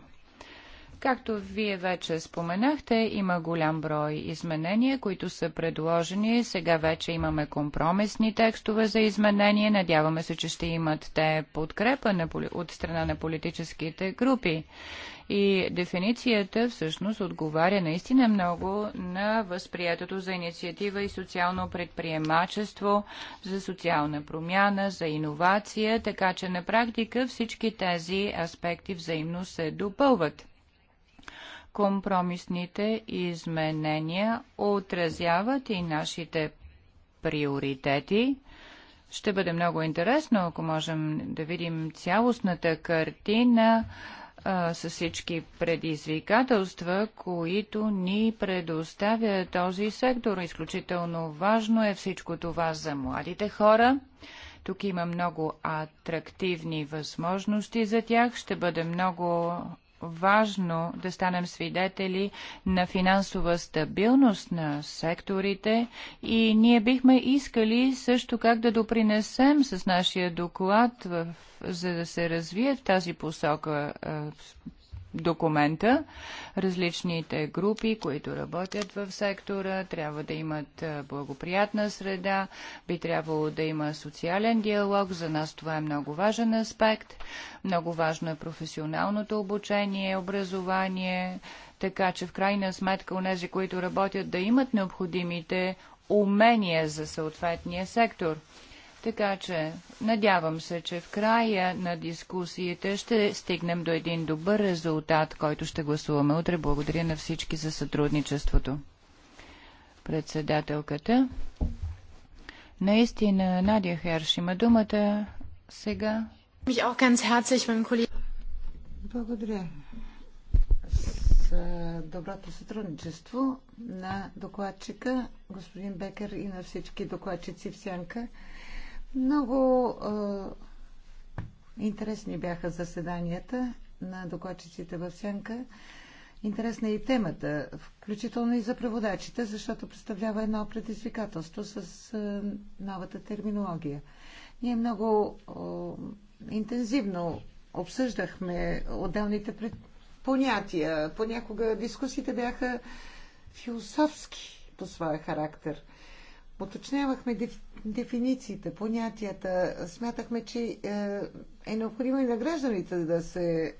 Както вие вече споменахте, има голям брой изменения, които са предложени. Сега вече имаме компромисни текстове за изменения. Надяваме се, че ще имат те подкрепа от страна на политическите групи. И дефиницията всъщност отговаря наистина много на възприятото за инициатива и социално предприемачество, за социална промяна, за иновация, така че на практика всички тези аспекти взаимно се допълват. Компромисните изменения отразяват и нашите приоритети. Ще бъде много интересно, ако можем да видим цялостната картина с всички предизвикателства, които ни предоставя този сектор. Изключително важно е всичко това за младите хора. Тук има много атрактивни възможности за тях. Ще бъде много важно да станем свидетели на финансова стабилност на секторите и ние бихме искали също как да допринесем с нашия доклад, в, за да се развие в тази посока документа. Различните групи, които работят в сектора, трябва да имат благоприятна среда, би трябвало да има социален диалог. За нас това е много важен аспект. Много важно е професионалното обучение, образование, така че в крайна сметка у нези, които работят, да имат необходимите умения за съответния сектор. Така че надявам се, че в края на дискусията ще стигнем до един добър резултат, който ще гласуваме утре. Благодаря на всички за сътрудничеството. Председателката. Наистина, Надя Херш има думата сега.
Благодаря за доброто сътрудничество на докладчика, господин Бекер и на всички докладчици в Сянка. Много а, интересни бяха заседанията на докладчиците в Сянка. Интересна е и темата, включително и за преводачите, защото представлява едно предизвикателство с а, новата терминология. Ние много а, интензивно обсъждахме отделните пред... понятия. Понякога дискусиите бяха философски по своя характер – Уточнявахме дефинициите, понятията. Смятахме, че е, е необходимо и на гражданите да се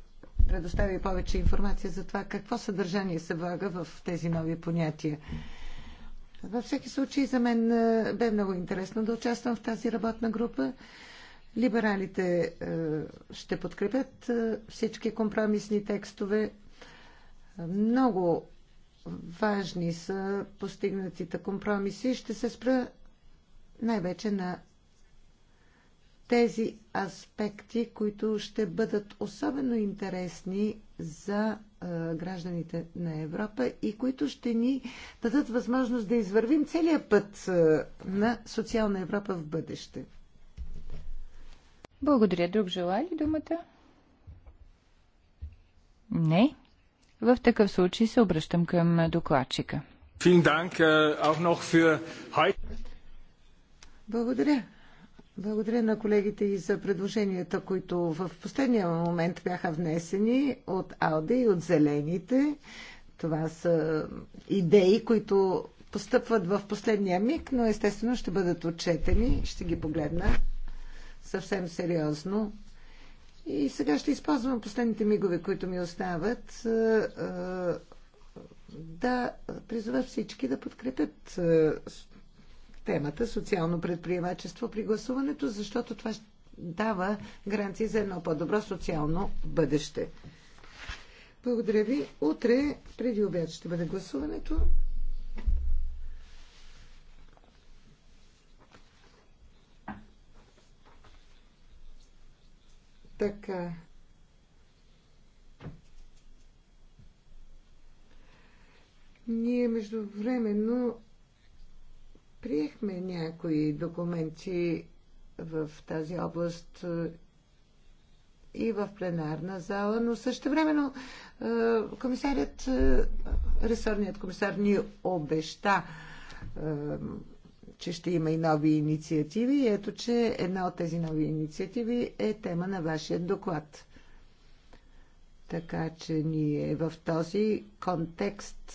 предостави повече информация за това какво съдържание се влага в тези нови понятия. Във всеки случай за мен е, бе много интересно да участвам в тази работна група. Либералите е, ще подкрепят всички компромисни текстове. Много важни са постигнатите компромиси. Ще се спра най-вече на тези аспекти, които ще бъдат особено интересни за гражданите на Европа и които ще ни дадат възможност да извървим целият път на социална Европа в бъдеще. Благодаря. Друг желая ли думата? Не. В такъв случай се обръщам към докладчика.
Äh,
Благодаря. Благодаря на колегите и за предложенията, които в последния момент бяха внесени от Алде и от Зелените. Това са идеи, които постъпват в последния миг, но естествено ще бъдат отчетени. Ще ги погледна съвсем сериозно и сега ще използвам последните мигове, които ми остават, е, е, да призова всички да подкрепят е, темата социално предприемачество при гласуването, защото това дава гаранции за едно по-добро социално бъдеще. Благодаря ви. Утре преди обяд ще бъде гласуването. Така. Ние междувременно приехме някои документи в тази област е, и в пленарна зала, но също времено е, комисарят, е, ресорният комисар ни обеща че ще има и нови инициативи и ето, че една от тези нови инициативи е тема на вашия доклад. Така че ние в този контекст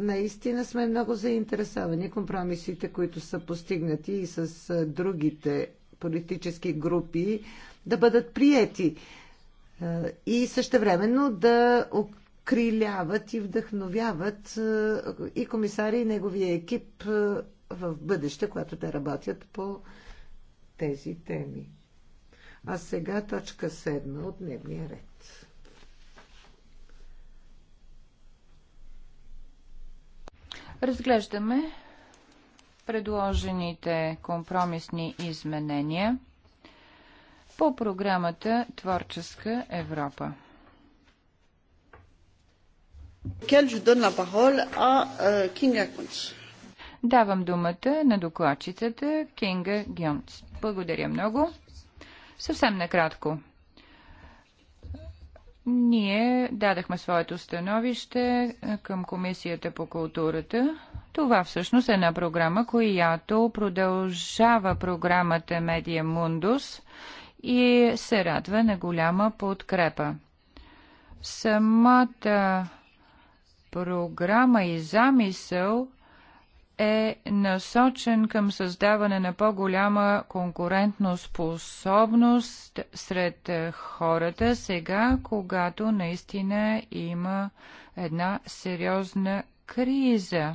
наистина сме много заинтересовани. Компромисите, които са постигнати и с другите политически групи, да бъдат приети и същевременно да криляват и вдъхновяват и комисари и неговия екип в бъдеще, когато те работят по тези теми. А сега точка 7 от дневния ред.
Разглеждаме предложените компромисни изменения по програмата Творческа Европа. Quel je donne la parole à euh, Давам думата на докладчицата Кинга Гюнц. Благодаря много. Съвсем накратко. Ние дадахме своето становище е, към Комисията по културата. Това всъщност е една програма, която продължава програмата Медия Мундус и се радва на голяма подкрепа. Самата програма и замисъл е насочен към създаване на по-голяма конкурентно способност сред хората сега, когато наистина има една сериозна криза.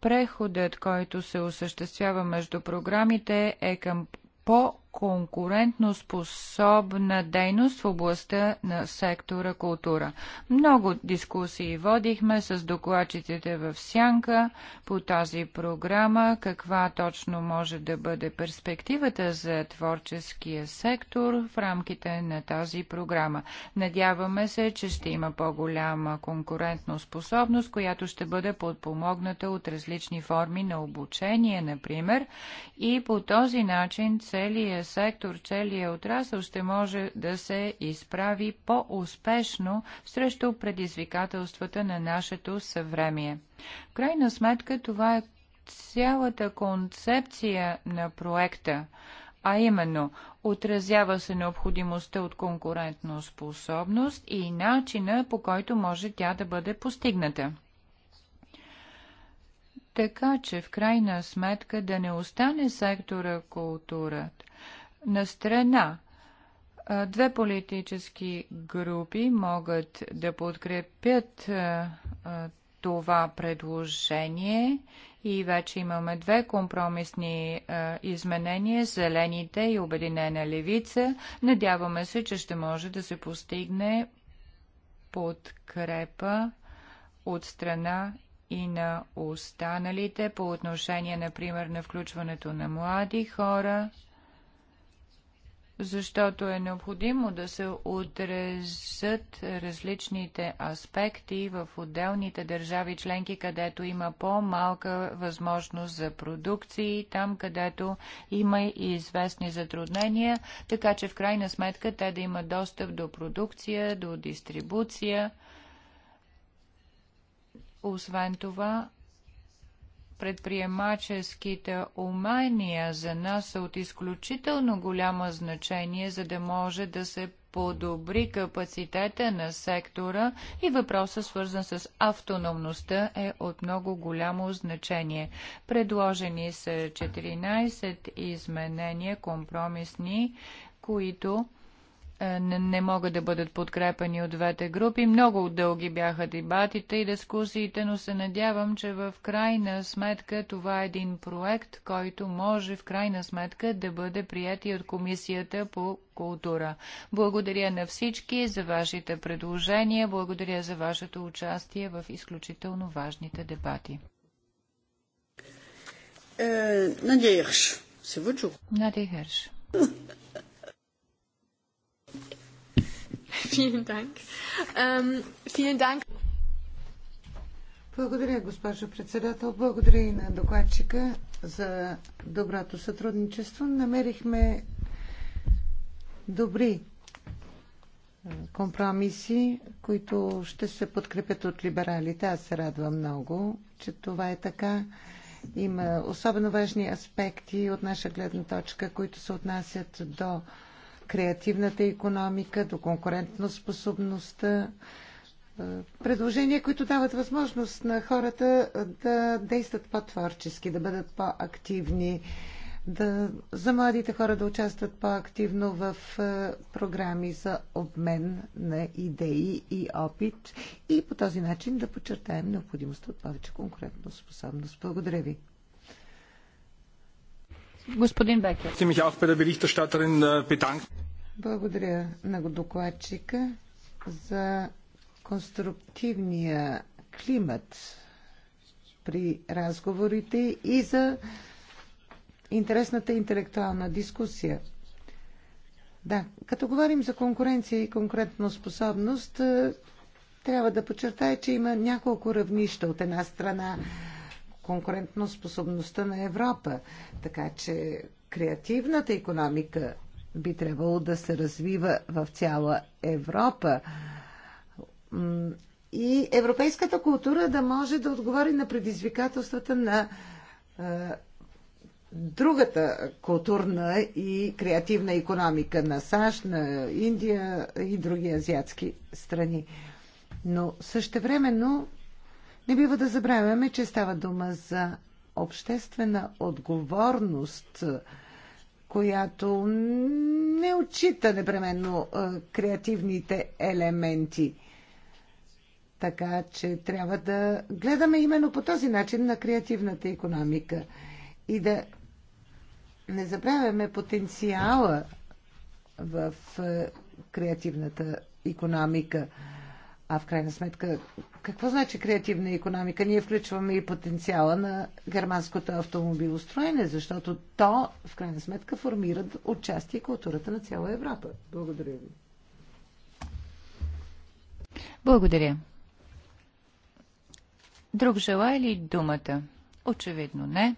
Преходът, който се осъществява между програмите е към по конкурентноспособна дейност в областта на сектора култура. Много дискусии водихме с докладчиците в Сянка по тази програма, каква точно може да бъде перспективата за творческия сектор в рамките на тази програма. Надяваме се, че ще има по-голяма конкурентноспособност, която ще бъде подпомогната от различни форми на обучение, например, и по този начин целият сектор, целият отрасъл ще може да се изправи по-успешно срещу предизвикателствата на нашето съвремие. В крайна сметка това е цялата концепция на проекта, а именно отразява се необходимостта от конкурентно способност и начина по който може тя да бъде постигната. Така че в крайна сметка да не остане сектора културата на страна. Две политически групи могат да подкрепят това предложение и вече имаме две компромисни изменения зелените и обединена левица. Надяваме се, че ще може да се постигне подкрепа от страна и на останалите по отношение, например, на включването на млади хора защото е необходимо да се отрезат различните аспекти в отделните държави членки, където има по-малка възможност за продукции, там където има и известни затруднения, така че в крайна сметка те да имат достъп до продукция, до дистрибуция. Освен това, предприемаческите умения за нас са от изключително голямо значение, за да може да се подобри капацитета на сектора и въпроса, свързан с автономността е от много голямо значение. Предложени са 14 изменения компромисни, които е, не, не могат да бъдат подкрепени от двете групи. Много дълги бяха дебатите и дискусиите, но се надявам, че в крайна сметка това е един проект, който може в крайна сметка да бъде прият и от Комисията по култура. Благодаря на всички за вашите предложения, благодаря за вашето участие в изключително важните дебати. Е, Надеяш, се Надя (laughs)
(laughs) Vielen Dank. Ähm, vielen Dank. Благодаря, госпожо председател. Благодаря и на докладчика за доброто сътрудничество. Намерихме добри е, компромиси, които ще се подкрепят от либералите. Аз се радвам много, че това е така. Има особено важни аспекти от наша гледна точка, които се отнасят до креативната економика, до конкурентноспособността. Е, предложения, които дават възможност на хората да действат по-творчески, да бъдат по-активни, да, за младите хора да участват по-активно в е, програми за обмен на идеи и опит и по този начин да подчертаем необходимостта от повече способност. Благодаря ви. Господин Бекер.
Äh,
Благодаря на докладчика за конструктивния климат при разговорите и за интересната интелектуална дискусия. Да, като говорим за конкуренция и конкурентно способност, трябва да подчертая, че има няколко равнища. От една страна конкурентно способността на Европа. Така че креативната економика би трябвало да се развива в цяла Европа и европейската култура да може да отговори на предизвикателствата на другата културна и креативна економика на САЩ, на Индия и други азиатски страни. Но също времено. Не бива да забравяме, че става дума за обществена отговорност, която не отчита непременно креативните елементи. Така че трябва да гледаме именно по този начин на креативната економика и да не забравяме потенциала в креативната економика. А в крайна сметка, какво значи креативна економика? Ние включваме и потенциала на германското автомобилостроене, защото то, в крайна сметка, формира отчасти културата на цяла Европа. Благодаря ви. Благодаря.
Друг желая ли думата?
Очевидно
не.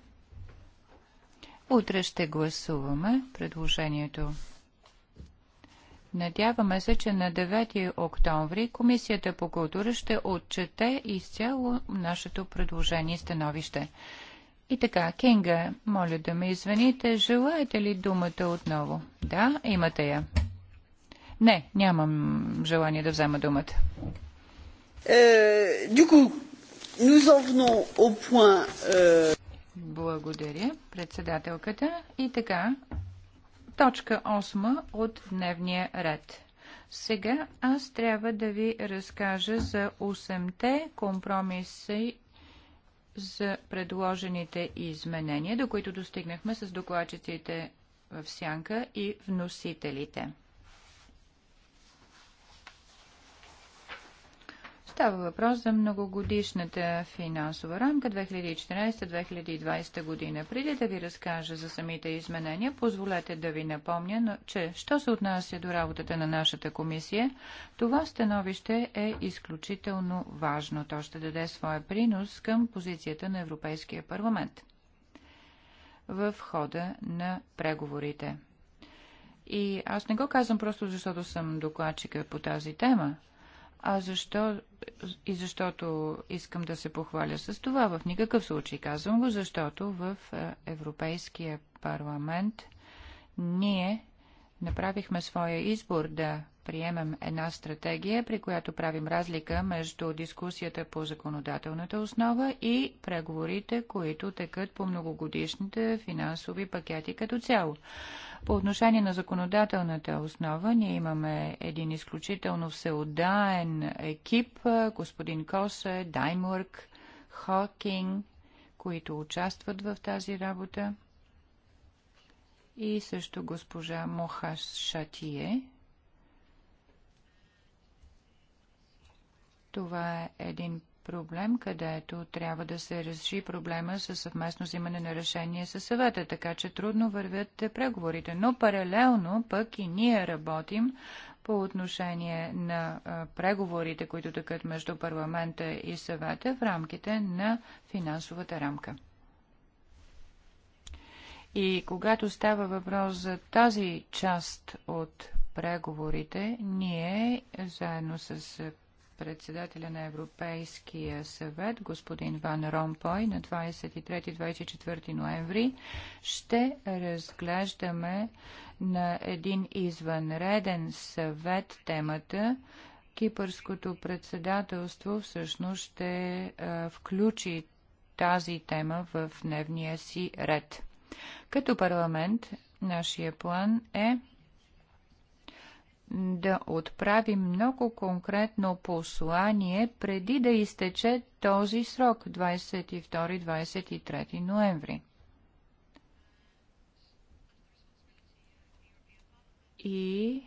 Утре ще гласуваме предложението. Надяваме се, че на 9 октомври Комисията по култура ще отчете изцяло нашето предложение и становище. И така, Кинга, моля да ме извините, желаете ли думата отново? Да, имате я. Не, нямам желание да взема думата. Е, point, е. Благодаря, председателката. И така, Точка 8 от дневния ред. Сега аз трябва да ви разкажа за 8-те компромиси за предложените изменения, до които достигнахме с докладчиците в сянка и вносителите. Става въпрос за многогодишната финансова рамка 2014-2020 година. Преди да ви разкажа за самите изменения, позволете да ви напомня, че що се отнася до работата на нашата комисия, това становище е изключително важно. То ще даде своя принос към позицията на Европейския парламент в хода на преговорите. И аз не го казвам просто защото съм докладчика по тази тема. А защо? И защото искам да се похваля с това. В никакъв случай казвам го, защото в е, Европейския парламент ние направихме своя избор да приемем една стратегия, при която правим разлика между дискусията по законодателната основа и преговорите, които текат по многогодишните финансови пакети като цяло. По отношение на законодателната основа, ние имаме един изключително всеотдаен екип, господин Косе, Даймурк, Хокинг, които участват в тази работа и също госпожа Мохаш Шатие. Това е един проблем, където трябва да се реши проблема с съвместно взимане на решение със съвета, така че трудно вървят преговорите. Но паралелно пък и ние работим по отношение на преговорите, които тъкат между парламента и съвета в рамките на финансовата рамка. И когато става въпрос за тази част от преговорите, ние заедно с председателя на Европейския съвет, господин Ван Ромпой, на 23-24 ноември, ще разглеждаме на един извънреден съвет темата. Кипърското председателство всъщност ще а, включи тази тема в дневния си ред. Като парламент, нашия план е да отправим много конкретно послание преди да изтече този срок 22-23 ноември. И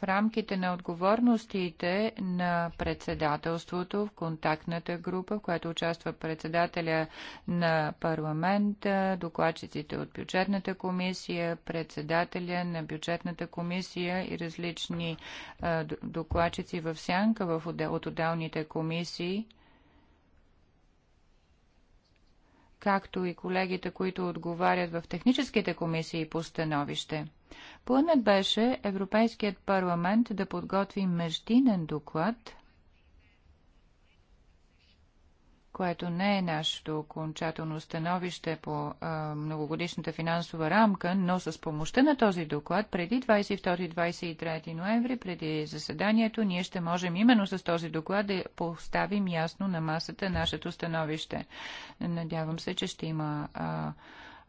в рамките на отговорностите на председателството в контактната група, в която участва председателя на парламента, докладчиците от бюджетната комисия, председателя на бюджетната комисия и различни докладчици в сянка от отделните комисии както и колегите, които отговарят в техническите комисии по становище. Планът беше Европейският парламент да подготви междинен доклад – което не е нашето окончателно становище по а, многогодишната финансова рамка, но с помощта на този доклад преди 22-23 ноември, преди заседанието, ние ще можем именно с този доклад да поставим ясно на масата нашето становище. Надявам се, че ще има а,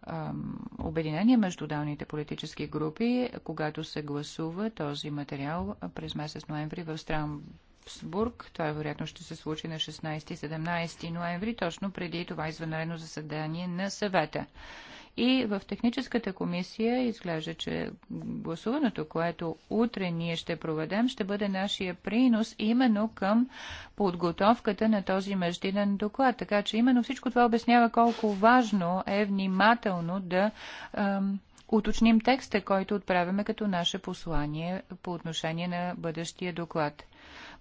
а, обединение между далните политически групи, когато се гласува този материал през месец ноември в Страмбург. Страсбург. Това вероятно ще се случи на 16-17 ноември, точно преди това извънредно заседание на съвета. И в техническата комисия изглежда, че гласуването, което утре ние ще проведем, ще бъде нашия принос именно към подготовката на този междинен доклад. Така че именно всичко това обяснява колко важно е внимателно да ам, уточним текста, който отправяме като наше послание по отношение на бъдещия доклад.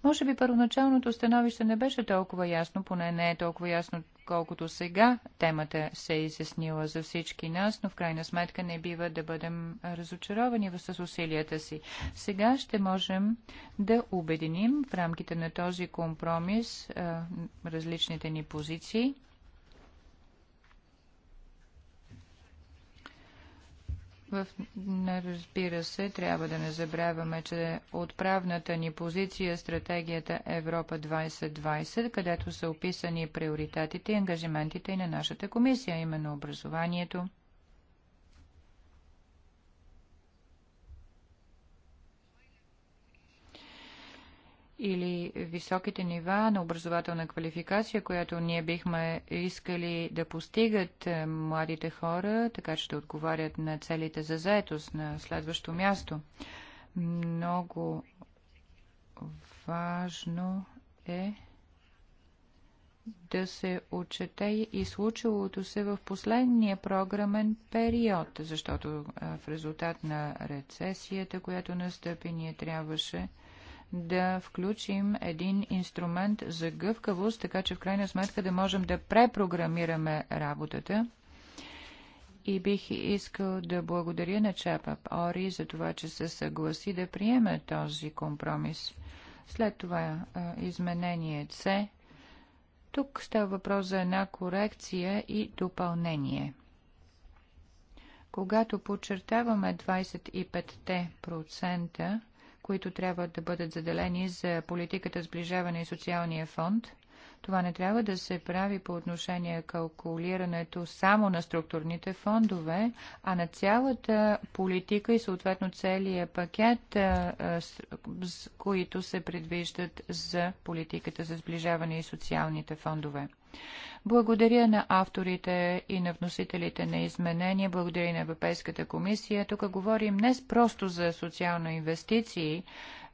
Може би първоначалното становище не беше толкова ясно, поне не е толкова ясно, колкото сега темата се е изяснила за всички нас, но в крайна сметка не бива да бъдем разочаровани с усилията си. Сега ще можем да обединим в рамките на този компромис различните ни позиции В, разбира се, трябва да не забравяме, че отправната ни позиция е стратегията Европа 2020, където са описани приоритетите и ангажиментите и на нашата комисия, именно образованието, или високите нива на образователна квалификация, която ние бихме искали да постигат е, младите хора, така че да отговарят на целите за заетост на следващо място. Много важно е да се отчете и случилото се в последния програмен период, защото е, в резултат на рецесията, която настъпи, ние трябваше да включим един инструмент за гъвкавост, така че в крайна сметка да можем да препрограмираме работата. И бих искал да благодаря на Чапа Ори за това, че се съгласи да приеме този компромис. След това изменение С. Тук става въпрос за една корекция и допълнение. Когато подчертаваме 25%, които трябва да бъдат заделени за политиката сближаване и социалния фонд. Това не трябва да се прави по отношение калкулирането само на структурните фондове, а на цялата политика и съответно целият пакет, които се предвиждат за политиката за сближаване и социалните фондове. Благодаря на авторите и на вносителите на изменения, благодаря и на Европейската комисия. Тук говорим не просто за социални инвестиции,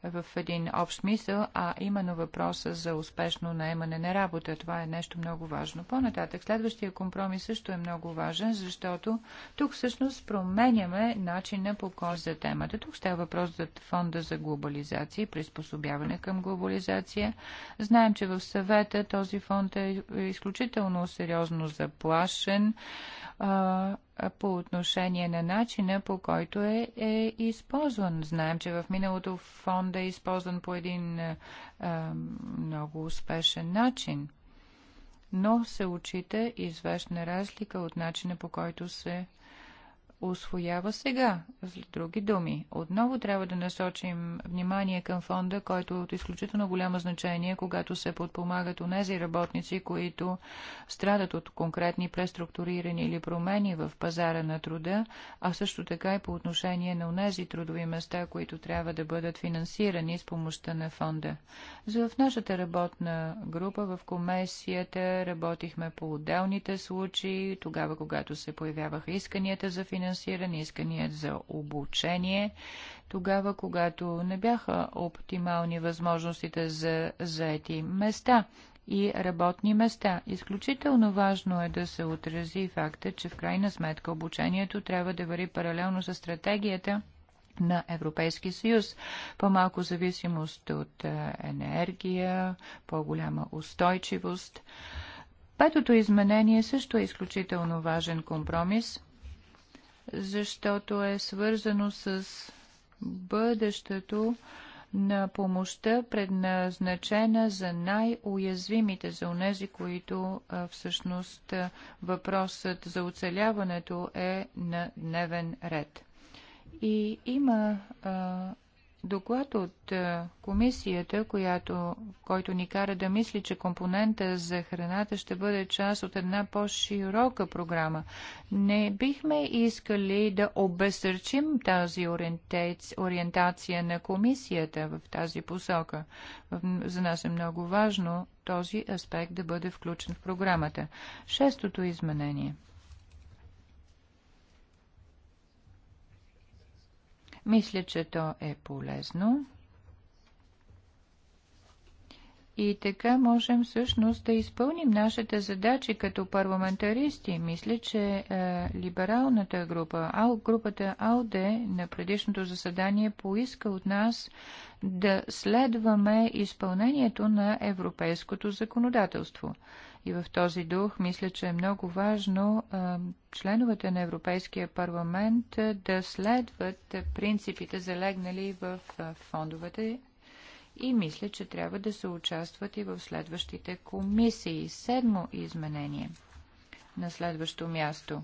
в един общ смисъл, а именно въпроса за успешно наемане на работа. Това е нещо много важно. По-нататък, следващия компромис също е много важен, защото тук всъщност променяме начина по кой за темата. Тук става въпрос за фонда за глобализация и приспособяване към глобализация. Знаем, че в съвета този фонд е изключително сериозно заплашен по отношение на начина по който е, е използван. Знаем, че в миналото фонда е използван по един е, много успешен начин, но се очита известна разлика от начина по който се освоява сега. С други думи, отново трябва да насочим внимание към фонда, който е от изключително голямо значение, когато се подпомагат онези работници, които страдат от конкретни преструктурирани или промени в пазара на труда, а също така и по отношение на онези трудови места, които трябва да бъдат финансирани с помощта на фонда. За в нашата работна група в комисията работихме по отделните случаи, тогава когато се появяваха исканията за финансиране, финансиране, искания за обучение, тогава, когато не бяха оптимални възможностите за заети места и работни места. Изключително важно е да се отрази факта, че в крайна сметка обучението трябва да вари паралелно с стратегията на Европейския съюз. По-малко зависимост от е, енергия, по-голяма устойчивост. Петото изменение също е изключително важен компромис защото е свързано с бъдещето на помощта, предназначена за най-уязвимите, за онези, които всъщност въпросът за оцеляването е на дневен ред. И има а, Доклад от е, комисията, която, който ни кара да мисли, че компонента за храната ще бъде част от една по-широка програма. Не бихме искали да обесърчим тази ориентация на комисията в тази посока. За нас е много важно този аспект да бъде включен в програмата. Шестото изменение – Мисля, че то е полезно. И така можем всъщност да изпълним нашите задачи като парламентаристи. Мисля, че е, либералната група, а групата АЛДЕ на предишното заседание поиска от нас да следваме изпълнението на европейското законодателство. И в този дух мисля, че е много важно а, членовете на Европейския парламент да следват принципите залегнали в фондовете и мисля, че трябва да се участват и в следващите комисии. Седмо изменение на следващо място.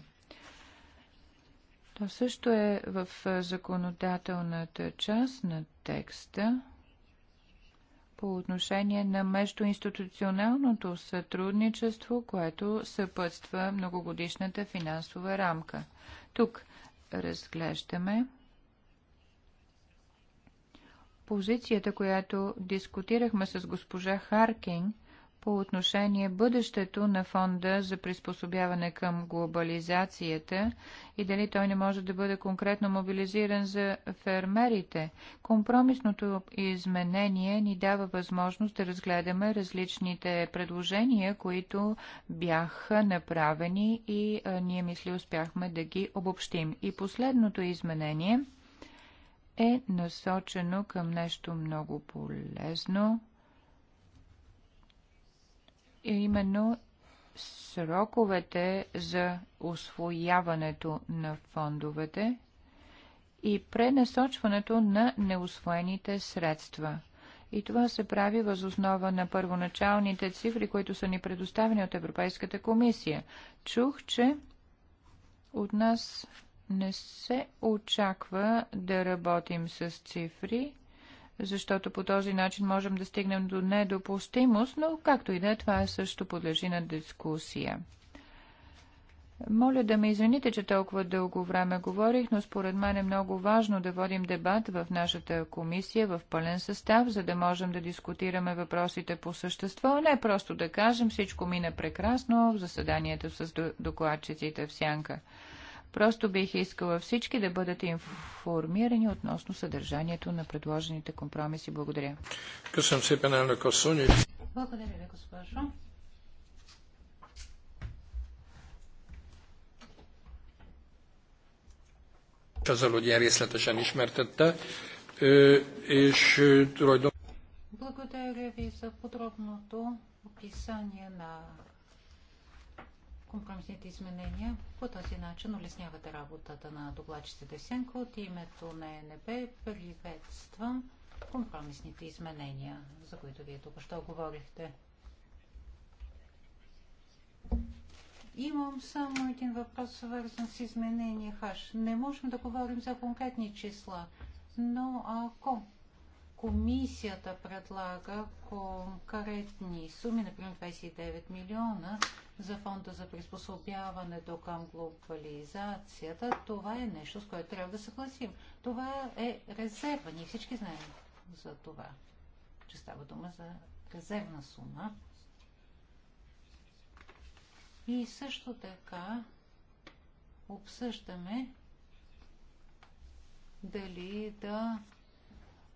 То също е в законодателната част на текста по отношение на междуинституционалното сътрудничество, което съпътства многогодишната финансова рамка. Тук разглеждаме позицията, която дискутирахме с госпожа Харкин по отношение бъдещето на фонда за приспособяване към глобализацията и дали той не може да бъде конкретно мобилизиран за фермерите. Компромисното изменение ни дава възможност да разгледаме различните предложения, които бяха направени и а, ние мисли успяхме да ги обобщим. И последното изменение е насочено към нещо много полезно е именно сроковете за освояването на фондовете и пренасочването на неосвоените средства. И това се прави възоснова на първоначалните цифри, които са ни предоставени от Европейската комисия. Чух, че от нас не се очаква да работим с цифри, защото по този начин можем да стигнем до недопустимост, но както и да, е, това е също подлежи на дискусия. Моля да ме извините, че толкова дълго време говорих, но според мен е много важно да водим дебат в нашата комисия в пълен състав, за да можем да дискутираме въпросите по същество, а не просто да кажем всичко мина прекрасно в заседанието с докладчиците в сянка. Просто бих искала всички да бъдете информирани относно съдържанието на предложените компромиси. Благодаря.
Благодаря ви, госпожо.
azzal, hogy ilyen
Благодаря ви за подробното описание на Компромисните изменения по този начин улеснявате работата на докладчиците Сенко. От името на ЕНП. приветствам компромисните изменения, за които вие тук що говорихте. Имам само един въпрос, свързан с изменения. ХАШ. Не можем да говорим за конкретни числа, но ако комисията предлага конкретни суми, например 29 милиона, за фонда за приспособяването към глобализацията, това е нещо, с което трябва да съгласим. Това е резерва. Ние всички знаем за това, че става дума за резервна сума. И също така обсъждаме дали да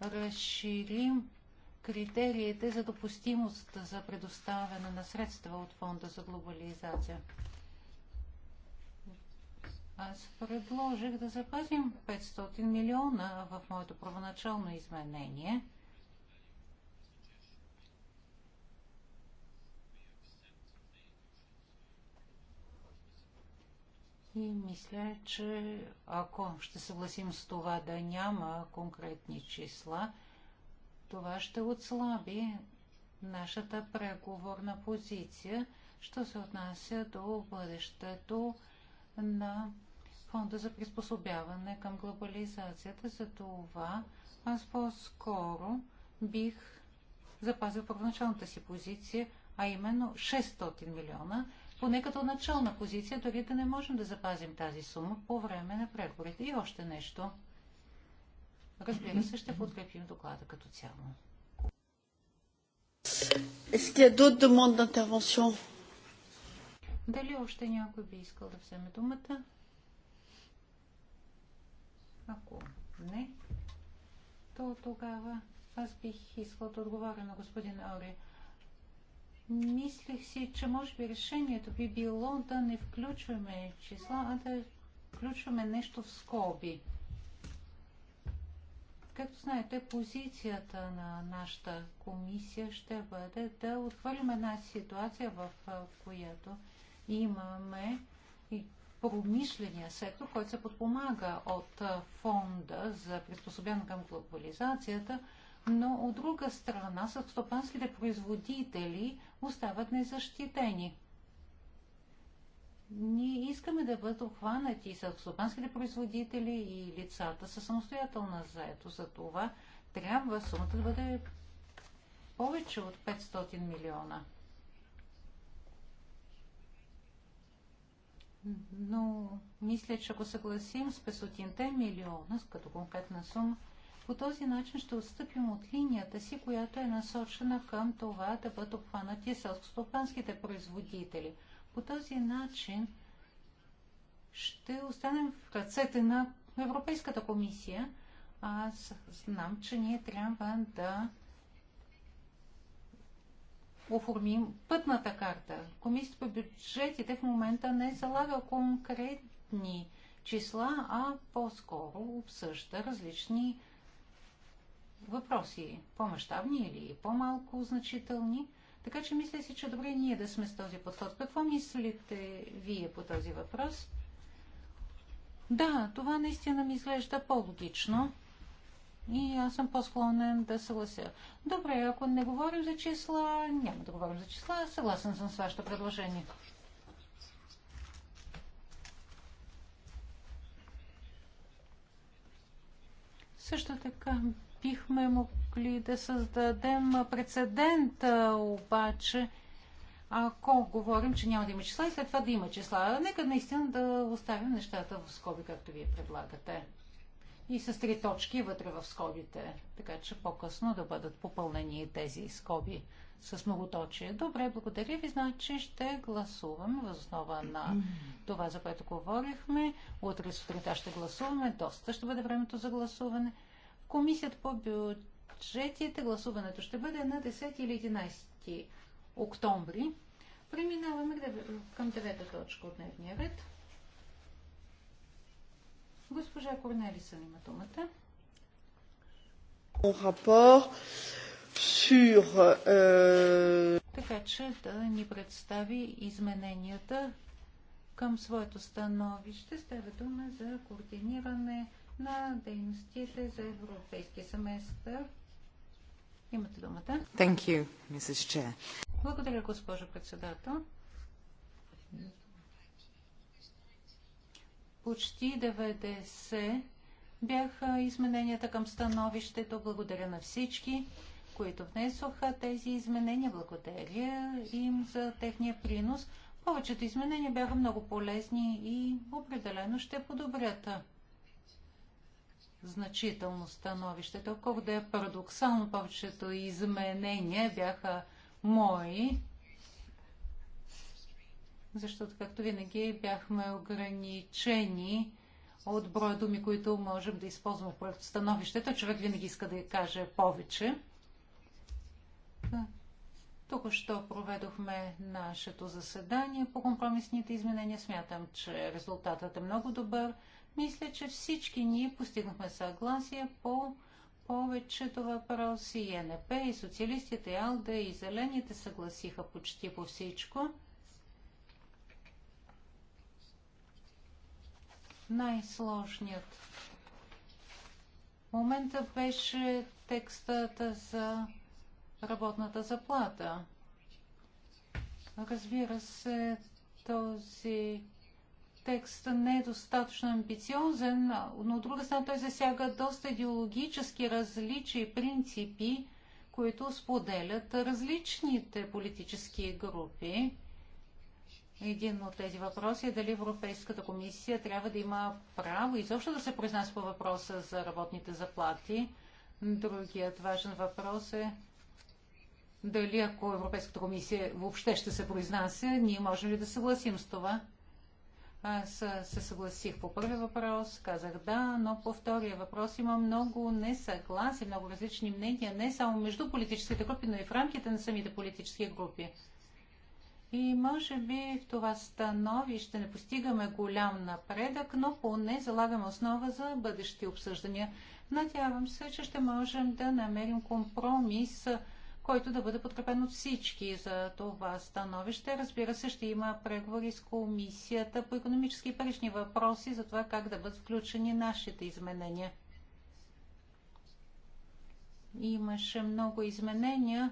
разширим критериите за допустимост за предоставяне на средства от Фонда за глобализация. Аз предложих да запазим 500 милиона в моето първоначално изменение. И мисля, че ако ще съгласим с това да няма конкретни числа, това ще отслаби нашата преговорна позиция, що се отнася до бъдещето на Фонда за приспособяване към глобализацията. За това аз по-скоро бих запазил първоначалната си позиция, а именно 600 милиона, поне като начална позиция, дори да не можем да запазим тази сума по време на преговорите. И още нещо – Разбира се, ще подкрепим доклада като цяло. Дали още някой би искал да вземе думата? Ако не, то тогава аз бих искал да отговоря на господин Ори. Мислих си, че може би решението би било да не включваме числа, а да включваме нещо в скоби. Както знаете, позицията на нашата комисия ще бъде да отхвърлим една ситуация, в която имаме промишления сектор, който се подпомага от фонда за приспособяване към глобализацията, но от друга страна съвстопанските производители остават незащитени. Ние искаме да бъдат обхванати селскостопанските производители и лицата са самостоятелна заето. За това трябва сумата да бъде повече от 500 милиона. Но мисля, че ако съгласим с 500 милиона, като конкретна сума, по този начин ще отстъпим от линията си, която е насочена към това да бъдат обхванати селскостопанските производители – по този начин ще останем в ръцете на Европейската комисия. Аз знам, че ние трябва да оформим пътната карта. Комисията по бюджетите в момента не залага конкретни числа, а по-скоро обсъжда различни въпроси, по-масштабни или по-малко значителни. Така че мисля си, че добре ние да сме с този подход. Какво мислите вие по този въпрос? Да, това наистина ми изглежда по-логично. И аз съм по-склонен да съглася. Добре, ако не говорим за числа, няма да говорим за числа. Съгласен съм с вашето предложение. Също така бихме могли да създадем прецедент, обаче, ако говорим, че няма да има числа и след това да има числа. Нека наистина да оставим нещата в скоби, както вие предлагате. И с три точки вътре в скобите, така че по-късно да бъдат попълнени тези скоби с многоточие. Добре, благодаря ви. Значи ще гласуваме възоснова на това, за което говорихме. Утре сутринта ще гласуваме. Доста ще бъде времето за гласуване. Комисията по бюджетите гласуването ще бъде на 10 или 11 октомври. Преминаваме към девета точка от дневния ред. Госпожа Корнелиса има думата.
Sur, sur... Euh,
така че да ни представи измененията към своето становище. Става дума за координиране на дейностите за Европейския семестър. Имате думата. Thank
you, Mrs. Chair.
Благодаря, госпожо председател. Почти 90 бяха измененията към становището. Благодаря на всички, които внесоха тези изменения. Благодаря им за техния принос. Повечето изменения бяха много полезни и определено ще подобрят значително становище. Толкова да е парадоксално, повечето изменения бяха мои, защото, както винаги, бяхме ограничени от броя думи, които можем да използваме в проект становището. Човек винаги иска да каже повече. Тук що проведохме нашето заседание по компромисните изменения. Смятам, че резултатът е много добър. Мисля, че всички ние постигнахме съгласие по повечето въпроси. И е НП, и социалистите, и АЛДА, и Зелените съгласиха почти по всичко. Най-сложният момента беше текстът за работната заплата. Разбира се, този текст не е достатъчно амбициозен, но от друга страна той засяга доста идеологически различия и принципи, които споделят различните политически групи. Един от тези въпроси е дали Европейската комисия трябва да има право изобщо да се произнася по въпроса за работните заплати. Другият важен въпрос е дали ако Европейската комисия въобще ще се произнася, ние можем ли да съгласим с това? Аз се съгласих по първи въпрос, казах да, но по втория въпрос има много несъгласи, много различни мнения, не само между политическите групи, но и в рамките на самите политически групи. И може би в това становище не постигаме голям напредък, но поне залагаме основа за бъдещи обсъждания. Надявам се, че ще можем да намерим компромис който да бъде подкрепен от всички за това становище. Разбира се, ще има преговори с Комисията по економически и парични въпроси за това как да бъдат включени нашите изменения. Имаше много изменения,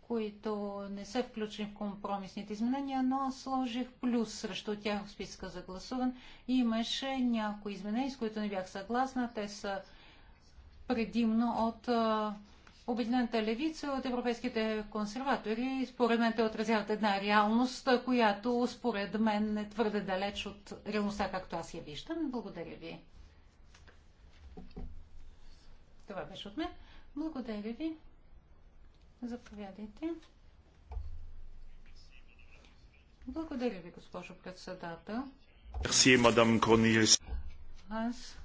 които не са включени в компромисните изменения, но сложих плюс срещу тях в списка за гласуван. Имаше някои изменения, с които не бях съгласна. Те са предимно от Обединената левица от европейските консерватори, според мен те отразяват една реалност, която според мен е твърде далеч от реалността, както аз я виждам. Благодаря ви. Това беше от мен. Благодаря ви. Заповядайте. Благодаря ви, госпожо председател.
Merci, мадам Корнилис.
Аз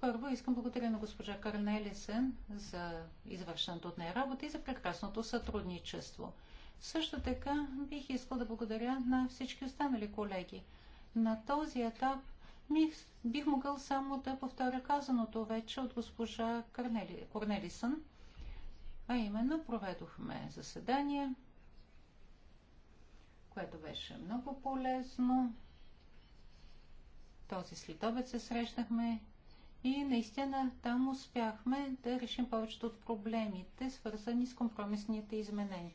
първо искам благодаря на госпожа Карнелисен за извършената от нея работа и за прекрасното сътрудничество. Също така бих искал да благодаря на всички останали колеги. На този етап бих, бих могъл само да повторя казаното вече от госпожа Карнели, Корнелисън, а именно проведохме заседание, което беше много полезно. Този следобед се срещнахме и наистина там успяхме да решим повечето от проблемите, свързани с компромисните изменения.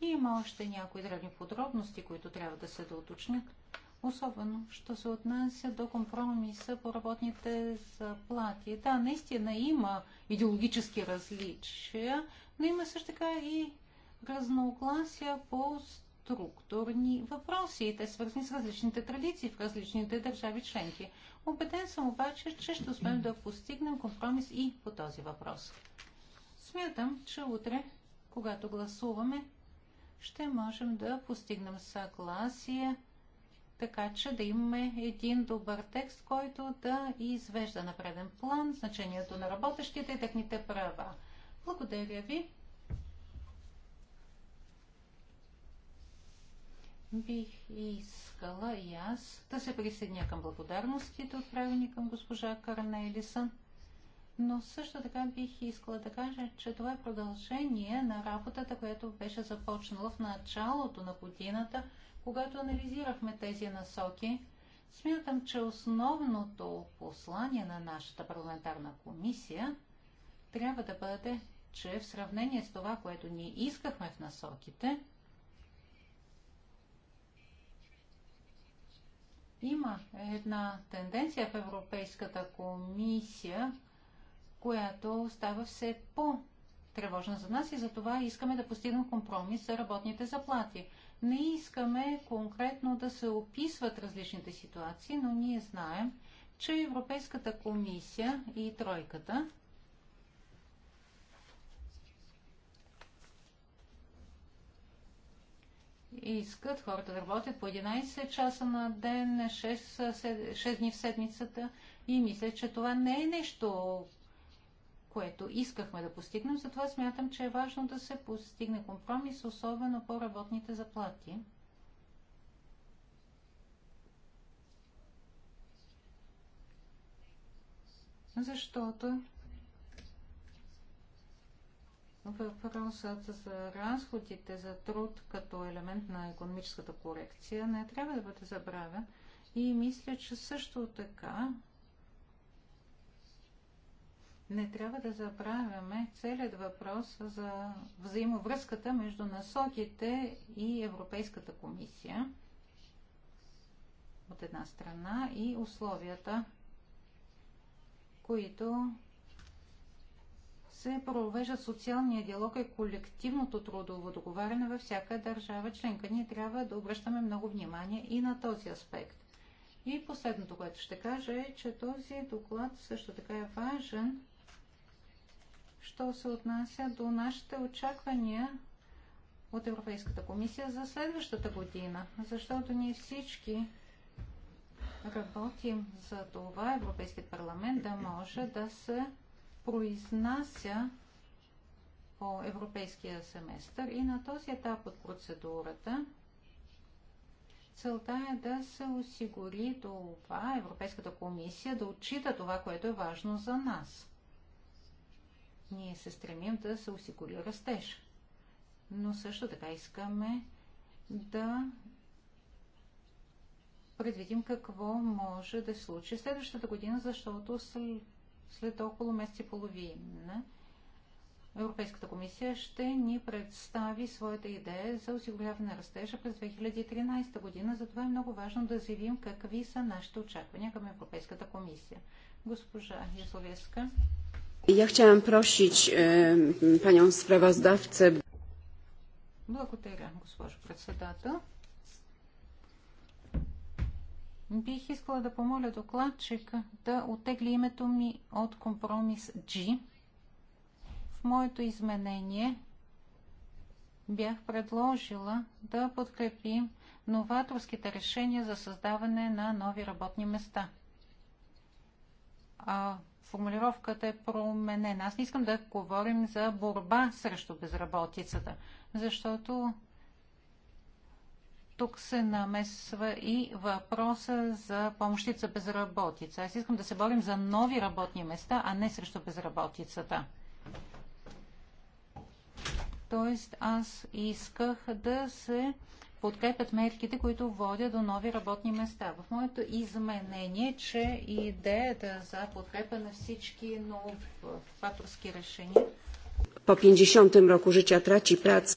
И има още някои древни подробности, които трябва да се доуточнят. Особено, що се отнася до компромиса по работните заплати. Да, наистина има идеологически различия, но има също така и разногласия по структурни въпроси. Те свързани с различните традиции в различните държави членки. Обеден съм обаче, че ще успеем да постигнем компромис и по този въпрос. Смятам, че утре, когато гласуваме, ще можем да постигнем съгласие, така че да имаме един добър текст, който да извежда на преден план значението на работещите и техните права. Благодаря ви. бих искала и аз да се присъединя към благодарностите, отправени към госпожа Карнелисън. Но също така бих искала да кажа, че това е продължение на работата, която беше започнала в началото на годината, когато анализирахме тези насоки. Смятам, че основното послание на нашата парламентарна комисия трябва да бъде, че в сравнение с това, което ние искахме в насоките, Има една тенденция в Европейската комисия, която става все по-тревожна за нас и за това искаме да постигнем компромис за работните заплати. Не искаме конкретно да се описват различните ситуации, но ние знаем, че Европейската комисия и тройката искат хората да работят по 11 часа на ден, 6, 6 дни в седмицата и мисля, че това не е нещо, което искахме да постигнем, затова смятам, че е важно да се постигне компромис, особено по работните заплати. Защото Въпросът за разходите за труд като елемент на економическата корекция не трябва да бъде забравен и мисля, че също така не трябва да забравяме целият въпрос за взаимовръзката между насоките и Европейската комисия от една страна и условията, които се провежда социалния диалог и колективното трудово договаряне във всяка държава членка. Ние трябва да обръщаме много внимание и на този аспект. И последното, което ще кажа е, че този доклад също така е важен, що се отнася до нашите очаквания от Европейската комисия за следващата година, защото ние всички работим за това Европейският парламент да може да се произнася по европейския семестър и на този етап от процедурата целта е да се осигури това Европейската комисия да отчита това, което е важно за нас. Ние се стремим да се осигури растеж, но също така искаме да предвидим какво може да случи следващата година, защото след около месец и половина Европейската комисия ще ни представи своята идея за осигуряване на растежа през 2013 година. Затова е много важно да заявим какви са нашите очаквания към Европейската комисия. Госпожа Ясловеска.
Я chciałam prosić e, panią
Благодаря, госпожо председател. Бих искала да помоля докладчика да отегли името ми от компромис G. В моето изменение бях предложила да подкрепим новаторските решения за създаване на нови работни места. А формулировката е променена. Аз не искам да говорим за борба срещу безработицата, защото тук се намесва и въпроса за помощица за безработица. Аз искам да се борим за нови работни места, а не срещу безработицата. Тоест аз исках да се подкрепят мерките, които водят до нови работни места. В моето изменение, че идеята за подкрепа на всички нови факторски решения по 50 року życia traci праца.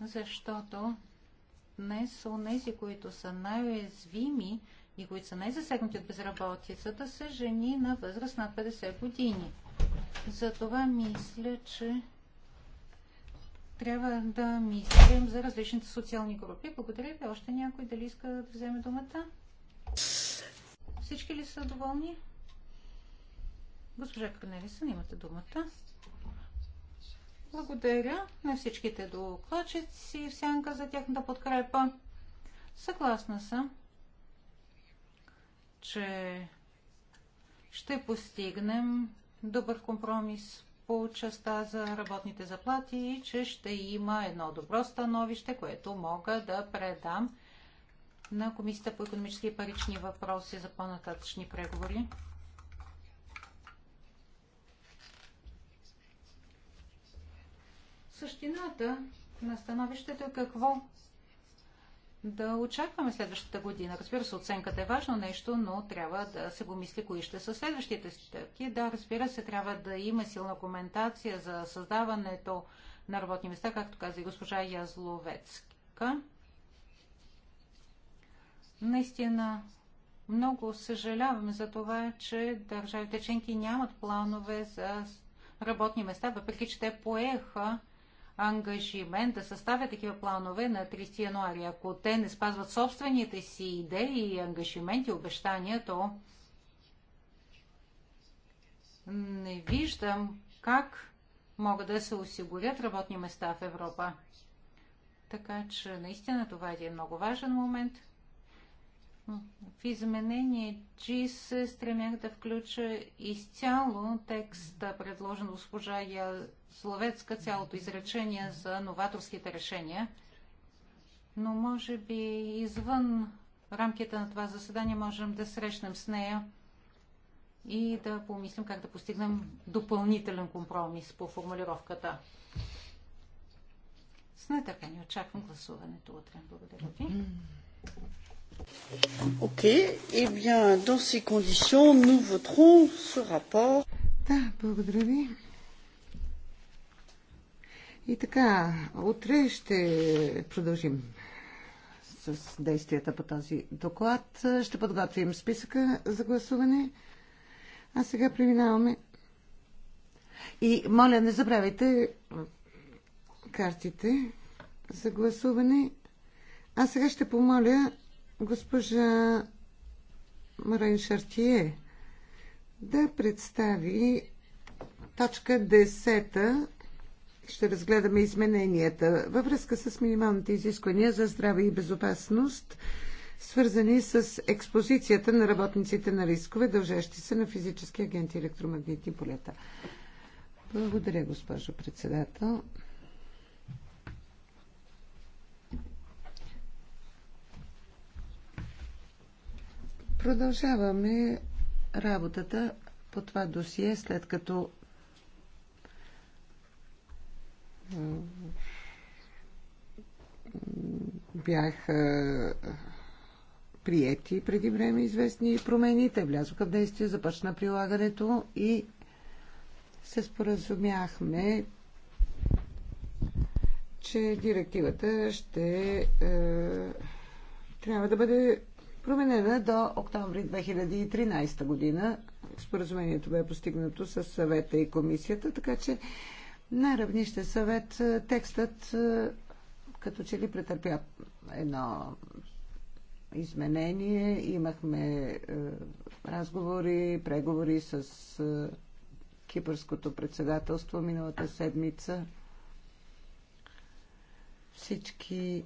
защото днес онези, които са най-уязвими и които са най-засегнати от безработицата, са жени на възраст над 50 години. Затова мисля, че трябва да мислим за различните социални групи. Благодаря ви. Още някой дали иска да вземе думата? Всички ли са доволни? Госпожа Корнелисън, имате думата. Благодаря на всичките докладчици и сянка за тяхната подкрепа. Съгласна съм, че ще постигнем добър компромис по частта за работните заплати и че ще има едно добро становище, което мога да предам на Комисията по економически и парични въпроси за по-нататъчни преговори. същината на становището е какво да очакваме следващата година. Разбира се, оценката е важно нещо, но трябва да се го мисли кои ще са следващите стъпки. Да, разбира се, трябва да има силна коментация за създаването на работни места, както каза и госпожа Язловецка. Наистина, много съжалявам за това, че държавите членки нямат планове за работни места, въпреки че те поеха ангажимент да съставя такива планове на 30 януари. Ако те не спазват собствените си идеи, ангажименти, обещания, то не виждам как могат да се осигурят работни места в Европа. Така че наистина това е един много важен момент. В изменение G се стремях да включа изцяло текста, предложен госпожа Я Словецка цялото изречение за новаторските решения, но може би извън рамките на това заседание можем да срещнем с нея и да помислим как да постигнем допълнителен компромис по формулировката. С нетърпение очаквам гласуването утре. Благодаря ви.
Ok, eh bien, dans ces
conditions, nous voterons ce rapport. Да, благодаря ви. И така, утре ще продължим с действията по този доклад. Ще подготвим списъка за гласуване. А сега преминаваме. И моля, не забравяйте картите за гласуване. А сега ще помоля госпожа Марен Шартие да представи точка 10 ще разгледаме измененията във връзка с минималните изисквания за здраве и безопасност, свързани с експозицията на работниците на рискове, дължащи се на физически агенти и електромагнитни полета. Благодаря, госпожо председател. Продължаваме работата по това досие, след като бяха приети преди време известни промени. Те влязоха в действие, започна прилагането и се споразумяхме, че директивата ще е, трябва да бъде променена до октомври 2013 година. Споразумението бе постигнато с съвета и комисията, така че на равнище съвет е, текстът е, като че ли претърпя едно изменение. Имахме е, разговори, преговори с кипърското председателство миналата седмица. Всички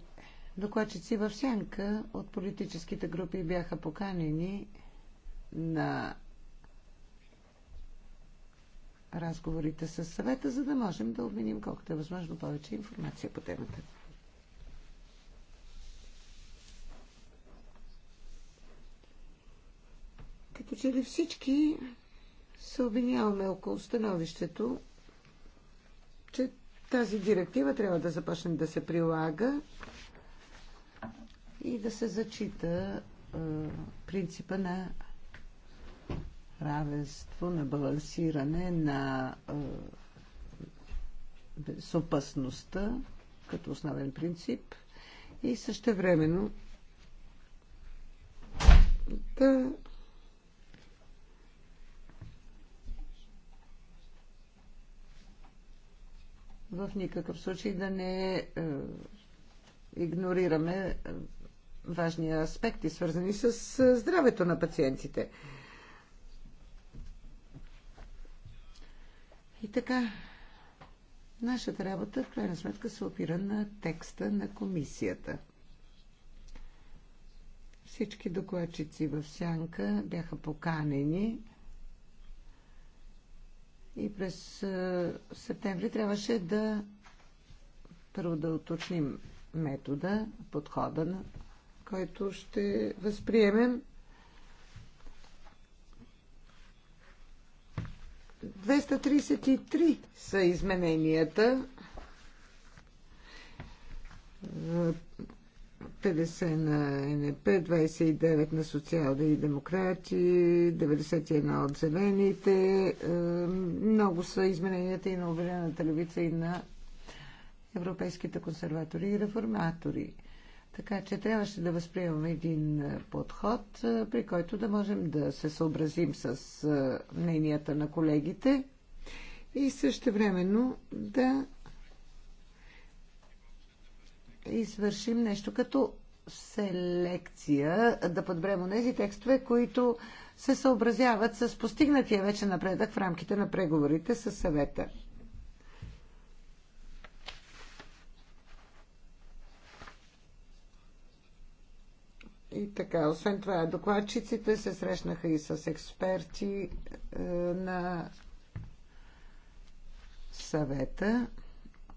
докладчици в сянка от политическите групи бяха поканени на разговорите с съвета, за да можем да обменим колкото е възможно повече информация по темата. Като че ли всички се обвиняваме около становището, че тази директива трябва да започне да се прилага и да се зачита е, принципа на равенство, на балансиране на безопасността като основен принцип и също времено да в никакъв случай да не е, игнорираме важни аспекти, свързани с здравето на пациентите. И така, нашата работа в крайна сметка се опира на текста на комисията. Всички докладчици в Сянка бяха поканени и през септември трябваше да първо да уточним метода, подхода, който ще възприемем 233 са измененията. 50 на НП, 29 на социални и демократи, 91 от зелените. Е, много са измененията и на Обединената левица, и на европейските консерватори и реформатори. Така че трябваше да възприемаме един е, подход, е, при който да можем да се съобразим с е, мненията на колегите и също времено да извършим нещо като селекция, да подберем тези текстове, които се съобразяват с постигнатия вече напредък в рамките на преговорите с съвета. И така, освен това, докладчиците се срещнаха и с експерти е, на съвета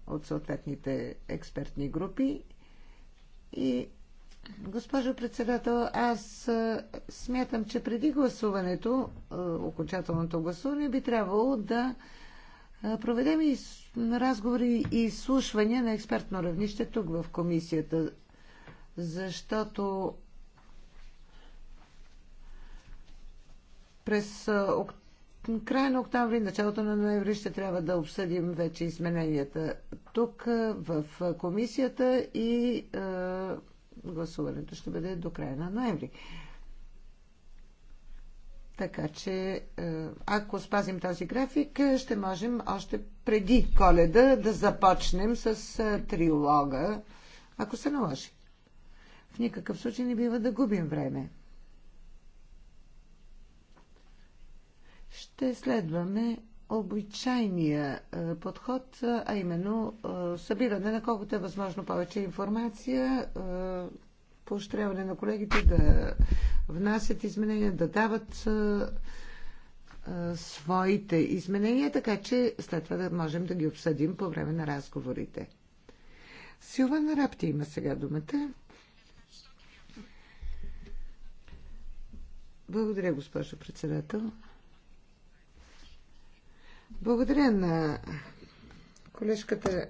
от съответните експертни групи. И, госпожо председател, аз е, смятам, че преди гласуването, е, окончателното гласуване, би трябвало да е, проведем и разговори и изслушвания на експертно равнище тук в комисията, защото През края на октомври, началото на ноември ще трябва да обсъдим вече измененията тук в комисията и гласуването ще бъде до края на ноември. Така че, ако спазим този график, ще можем още преди коледа да започнем с трилога, ако се наложи. В никакъв случай не бива да губим време. ще следваме обичайния е, подход, е, а именно е, събиране на колкото е възможно повече информация, поощряване на колегите да внасят изменения, да дават своите изменения, така че след това да можем да ги обсъдим по време на разговорите. Силвана Рапти има сега думата. Благодаря, госпожо председател. Благодаря на колежката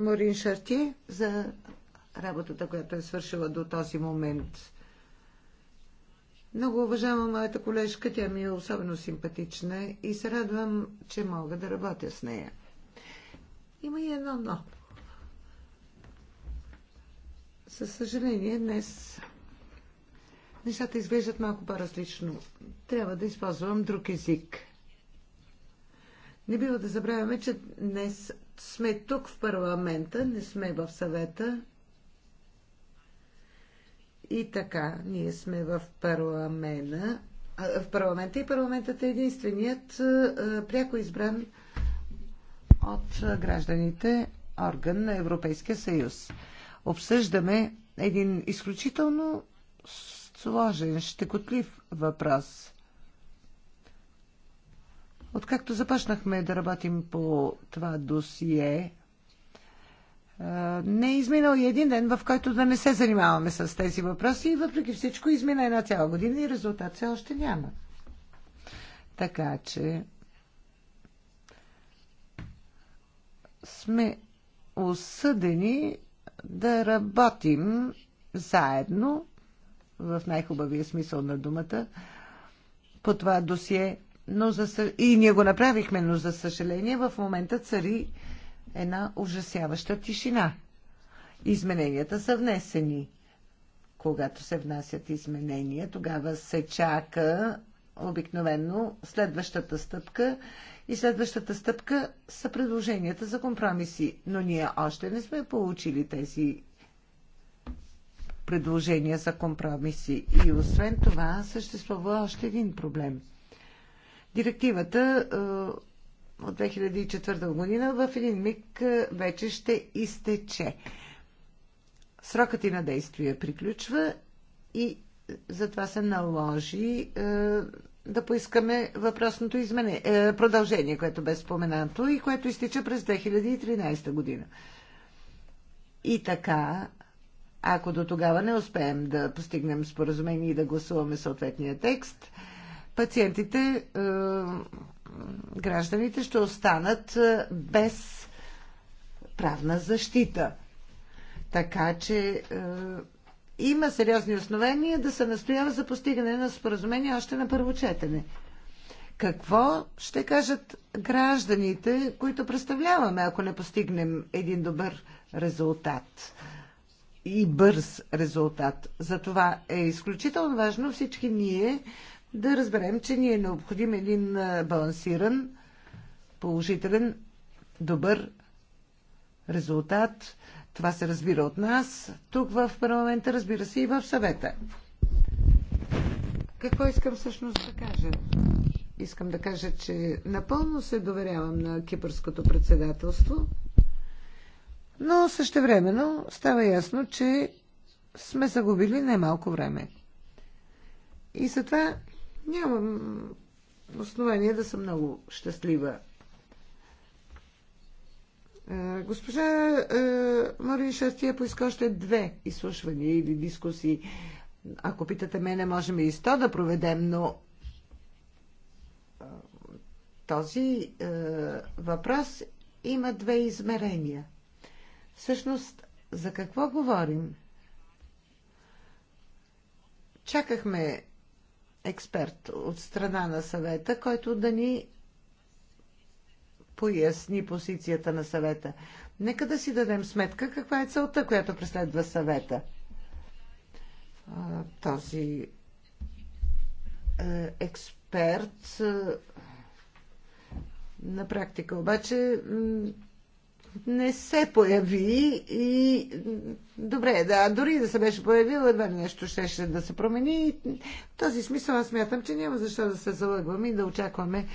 Морин Шартие за работата, която е свършила до този момент. Много уважавам моята колежка, тя ми е особено симпатична и се радвам, че мога да работя с нея. Има и едно но. Със съжаление, днес нещата изглеждат малко по-различно. Трябва да използвам друг език. Не бива да забравяме, че днес сме тук в парламента, не сме в съвета. И така, ние сме в парламента. В парламента и парламентът е единственият пряко избран от гражданите орган на Европейския съюз. Обсъждаме един изключително сложен, щекотлив въпрос. Откакто започнахме да работим по това досие, не е изминал и един ден, в който да не се занимаваме с тези въпроси и въпреки всичко измина една цяла година и резултат все още няма. Така че сме осъдени да работим заедно в най-хубавия смисъл на думата по това досие но за, съ, и ние го направихме, но за съжаление в момента цари една ужасяваща тишина. Измененията са внесени. Когато се внасят изменения, тогава се чака обикновено следващата стъпка и следващата стъпка са предложенията за компромиси. Но ние още не сме получили тези предложения за компромиси. И освен това съществува още един проблем – Директивата е, от 2004 година в един миг е, вече ще изтече. Срокът и на действие приключва и е, затова се наложи е, да поискаме въпросното измене, е, продължение, което бе споменато и което изтича през 2013 година. И така, ако до тогава не успеем да постигнем споразумение и да гласуваме съответния текст, е, пациентите, е, гражданите ще останат е, без правна защита. Така че е, има сериозни основания да се настоява за постигане на споразумение още на първо четене. Какво ще кажат гражданите, които представляваме, ако не постигнем един добър резултат и бърз резултат? За това е изключително важно всички ние да разберем, че ни е необходим един балансиран, положителен, добър резултат. Това се разбира от нас, тук в парламента, разбира се и в съвета. Какво искам всъщност да кажа? Искам да кажа, че напълно се доверявам на кипърското председателство, но същевременно става ясно, че сме загубили немалко време. И затова Нямам основание да съм много щастлива. Е, госпожа е, Марин Шастия поиска още две изслушвания или дискусии. Ако питате мене, можем и сто да проведем, но е, този е, въпрос има две измерения. Всъщност, за какво говорим? Чакахме експерт от страна на съвета, който да ни поясни позицията на съвета. Нека да си дадем сметка каква е целта, която преследва съвета. Този е, експерт е, на практика обаче не се появи и добре, да, дори да се беше появил, едва ли нещо щеше ще да се промени. И в този смисъл аз смятам, че няма защо да се залъгваме и да очакваме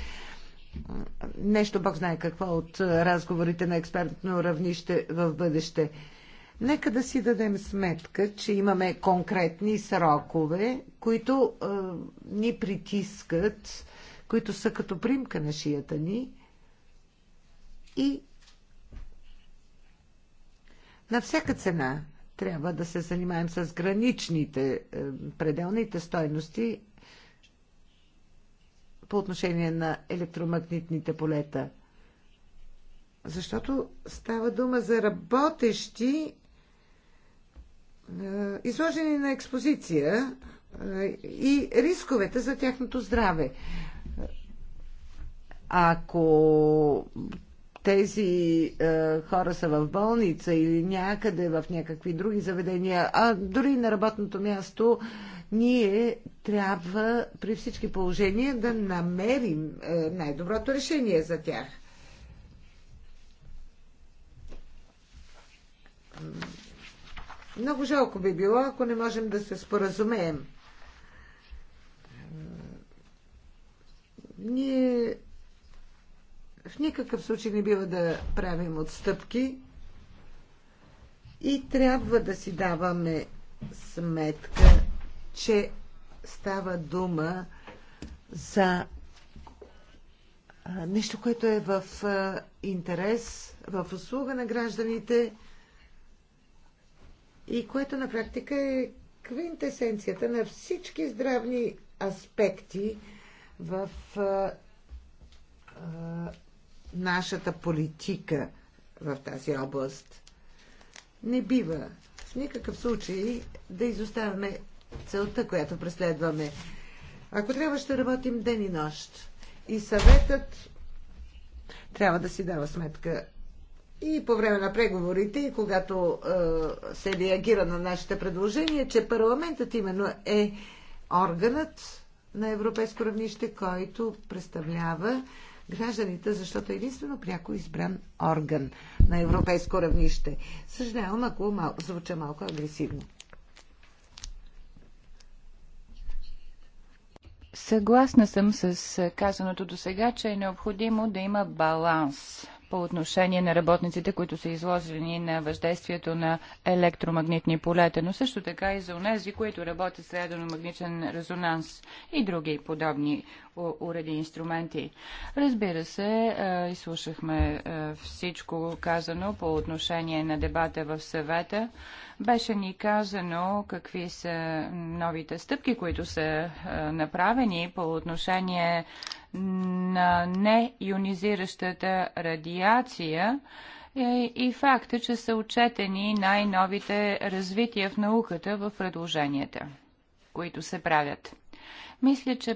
нещо, Бог знае какво от разговорите на експертно равнище в бъдеще. Нека да си дадем сметка, че имаме конкретни срокове, които е, ни притискат, които са като примка на шията ни и на всяка цена трябва да се занимаем с граничните, е, пределните стойности по отношение на електромагнитните полета. Защото става дума за работещи, е, изложени на експозиция е, и рисковете за тяхното здраве. Ако тези е, хора са в болница или някъде в някакви други заведения, а дори на работното място, ние трябва при всички положения да намерим е, най-доброто решение за тях. Много жалко би било, ако не можем да се споразумеем. Ние в никакъв случай не бива да правим отстъпки и трябва да си даваме сметка, че става дума за нещо, което е в интерес, в услуга на гражданите и което на практика е квинтесенцията на всички здравни аспекти в нашата политика в тази област. Не бива в никакъв случай да изоставяме целта, която преследваме. Ако трябва, ще работим ден и нощ. И съветът трябва да си дава сметка и по време на преговорите, и когато е, се реагира на нашите предложения, че парламентът именно е органът на европейско равнище, който представлява гражданите, защото е единствено пряко избран орган на европейско равнище. Съжалявам, ако мал... звуча малко агресивно.
Съгласна съм с казаното до сега, че е необходимо да има баланс по отношение на работниците, които са изложени на въздействието на електромагнитни полета, но също така и за онези, които работят с магничен резонанс и други подобни уреди и инструменти. Разбира се, изслушахме всичко казано по отношение на дебата в съвета. Беше ни казано какви са новите стъпки, които са направени по отношение на неионизиращата радиация е и факта, че са отчетени най-новите развития в науката в предложенията, които се правят. Мисля, че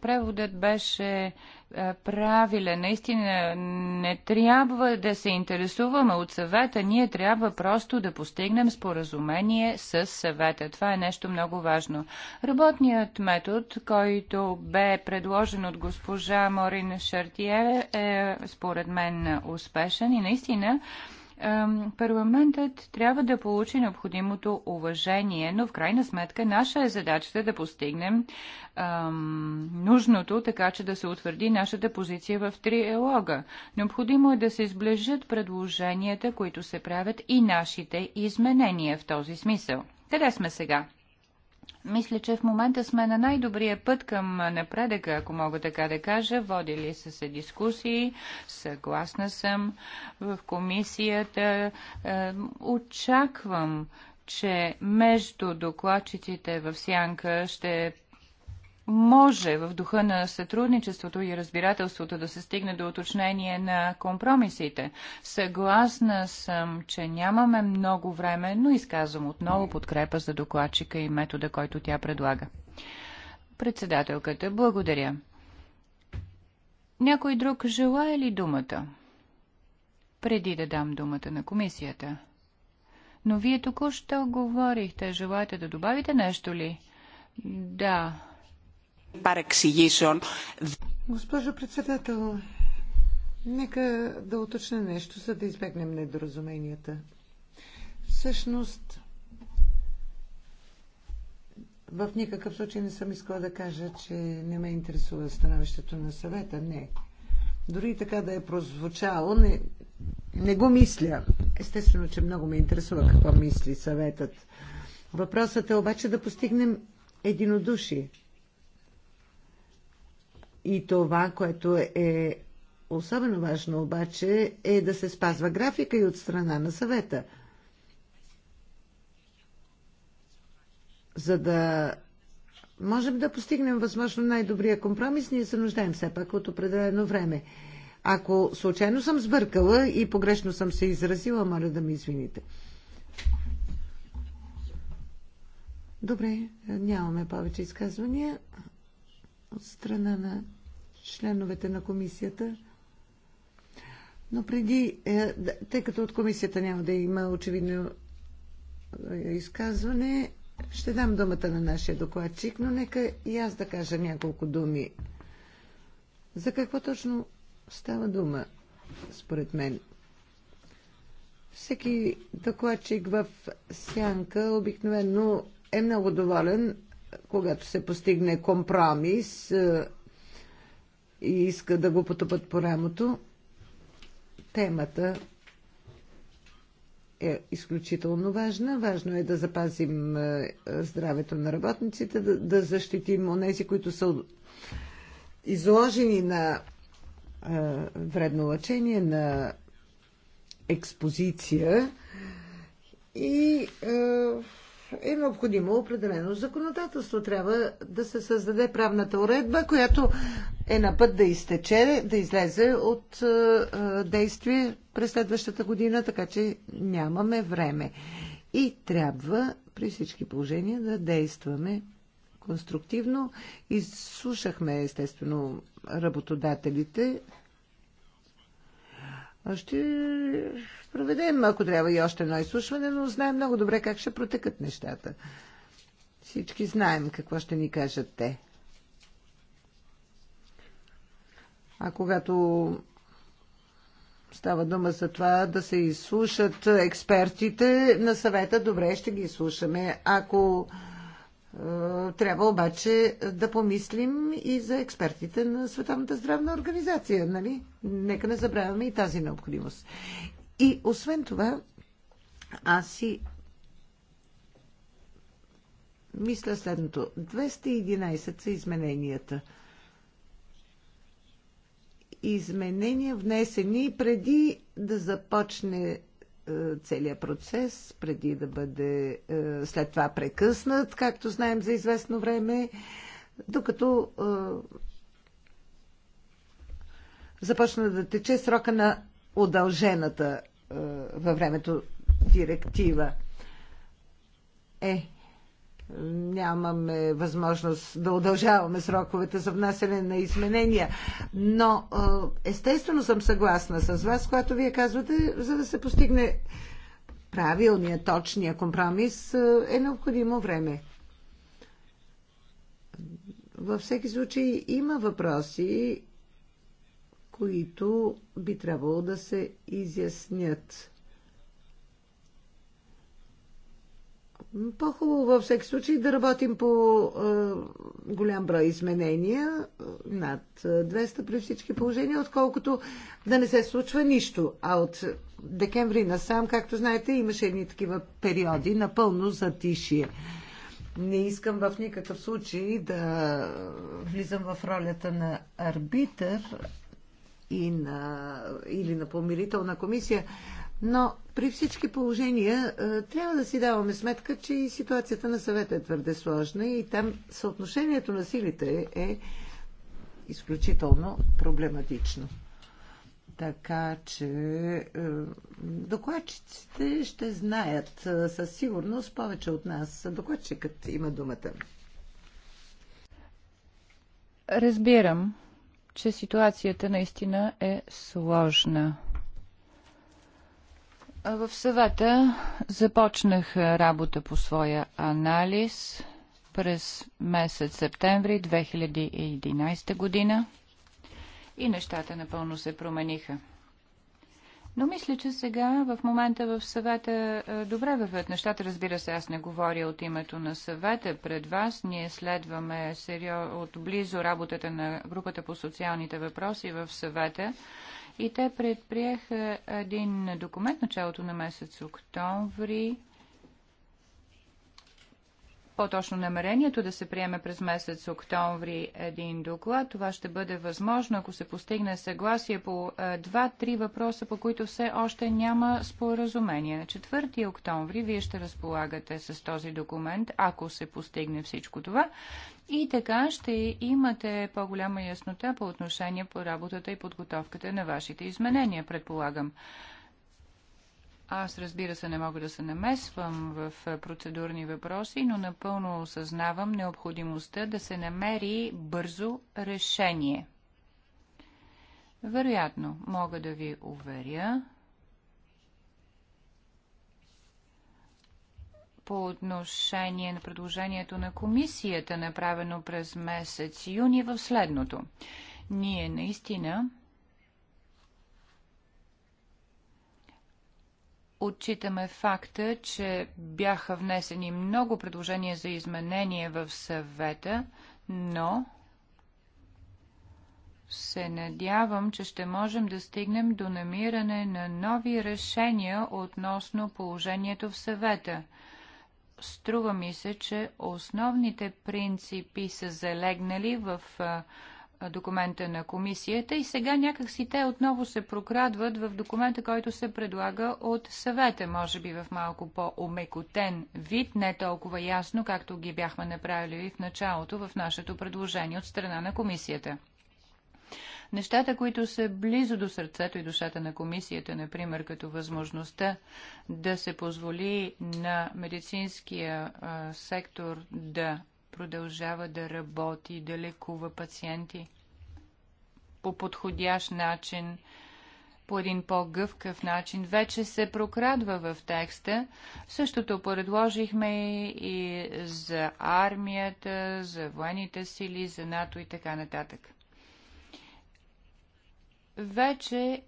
преводът беше е, правилен. Наистина не трябва да се интересуваме от съвета. Ние трябва просто да постигнем споразумение с съвета. Това е нещо много важно. Работният метод, който бе предложен от госпожа Морин Шартие, е според мен успешен и наистина парламентът трябва да получи необходимото уважение, но в крайна сметка наша е задачата да постигнем ам, нужното, така че да се утвърди нашата позиция в триелога. Необходимо е да се изближат предложенията, които се правят и нашите изменения в този смисъл. Къде сме сега? Мисля, че в момента сме на най-добрия път към напредъка, ако мога така да кажа. Водили са се дискусии, съгласна съм в комисията. Е, очаквам, че между докладчиците в Сянка ще може в духа на сътрудничеството и разбирателството да се стигне до уточнение на компромисите. Съгласна съм, че нямаме много време, но изказвам отново подкрепа за докладчика и метода, който тя предлага. Председателката, благодаря. Някой друг желая ли думата? Преди да дам думата на комисията. Но вие току-що говорихте. Желаете да добавите нещо ли? Да.
Госпожо председател, нека да уточня нещо, за да избегнем недоразуменията. Всъщност, в никакъв случай не съм искала да кажа, че не ме интересува становището на съвета. Не. Дори така да е прозвучало, не, не го мисля. Естествено, че много ме интересува какво мисли съветът. Въпросът е обаче да постигнем единодушие. И това, което е особено важно обаче, е да се спазва графика и от страна на съвета. За да можем да постигнем възможно най-добрия компромис, ние се нуждаем все пак от определено време. Ако случайно съм сбъркала и погрешно съм се изразила, моля да ми извините. Добре, нямаме повече изказвания от страна на членовете на комисията. Но преди, е, тъй като от комисията няма да има очевидно е, изказване, ще дам думата на нашия докладчик, но нека и аз да кажа няколко думи. За какво точно става дума, според мен? Всеки докладчик в сянка обикновено е много доволен, когато се постигне компромис е, и иска да го потъпат по рамото. Темата е изключително важна. Важно е да запазим е, здравето на работниците, да, да защитим онези, които са изложени на а, е, вредно лъчение, на експозиция и а, е, е необходимо определено законодателство. Трябва да се създаде правната уредба, която е на път да изтече, да излезе от е, е, действие през следващата година, така че нямаме време. И трябва при всички положения да действаме конструктивно. Изслушахме, естествено, работодателите ще проведем, ако трябва, и още едно изслушване, но знаем много добре как ще протекат нещата. Всички знаем какво ще ни кажат те. А когато става дума за това да се изслушат експертите на съвета, добре ще ги изслушаме. Ако е, трябва обаче да помислим и за експертите на Световната здравна организация, нали? Нека не забравяме и тази необходимост. И освен това, аз си мисля следното. 211 са измененията. Изменения внесени преди да започне е, целият процес, преди да бъде е, след това прекъснат, както знаем за известно време, докато е, започна да тече срока на удължената във времето директива. Е, нямаме възможност да удължаваме сроковете за внасяне на изменения. Но естествено съм съгласна с вас, когато вие казвате, за да се постигне правилния, точния компромис, е необходимо време. Във всеки случай има въпроси, които би трябвало да се изяснят. По-хубаво във всеки случай да работим по а, голям брой изменения, над 200 при всички положения, отколкото да не се случва нищо. А от декември насам, както знаете, имаше едни такива периоди напълно затишие. Не искам в никакъв случай да влизам в ролята на арбитър и на, или на помирителна комисия. Но при всички положения е, трябва да си даваме сметка, че и ситуацията на съвета е твърде сложна и там съотношението на силите е изключително проблематично. Така че е, докладчиците ще знаят е, със сигурност повече от нас. Докладчикът има думата.
Разбирам, че ситуацията наистина е сложна. В съвета започнах работа по своя анализ през месец септември 2011 година и нещата напълно се промениха. Но мисля, че сега, в момента в съвета, е, добре вървят нещата. Разбира се, аз не говоря от името на съвета пред вас. Ние следваме от отблизо работата на групата по социалните въпроси в съвета и те предприеха един документ началото на месец октомври по-точно намерението да се приеме през месец октомври един доклад. Това ще бъде възможно, ако се постигне съгласие по е, два-три въпроса, по които все още няма споразумение. На 4 октомври вие ще разполагате с този документ, ако се постигне всичко това. И така ще имате по-голяма яснота по отношение по работата и подготовката на вашите изменения, предполагам. Аз разбира се не мога да се намесвам в е, процедурни въпроси, но напълно осъзнавам необходимостта да се намери бързо решение. Вероятно, мога да ви уверя, по отношение на предложението на комисията, направено през месец юни в следното. Ние наистина отчитаме факта, че бяха внесени много предложения за изменение в съвета, но се надявам, че ще можем да стигнем до намиране на нови решения относно положението в съвета. Струва ми се, че основните принципи са залегнали в документа на комисията и сега някакси те отново се прокрадват в документа, който се предлага от съвета, може би в малко по-омекотен вид, не толкова ясно, както ги бяхме направили в началото в нашето предложение от страна на комисията. Нещата, които са близо до сърцето и душата на комисията, например, като възможността да се позволи на медицинския а, сектор да продължава да работи, и да лекува пациенти по подходящ начин, по един по-гъвкав начин, вече се прокрадва в текста. Същото предложихме и за армията, за военните сили, за НАТО и така нататък. Вече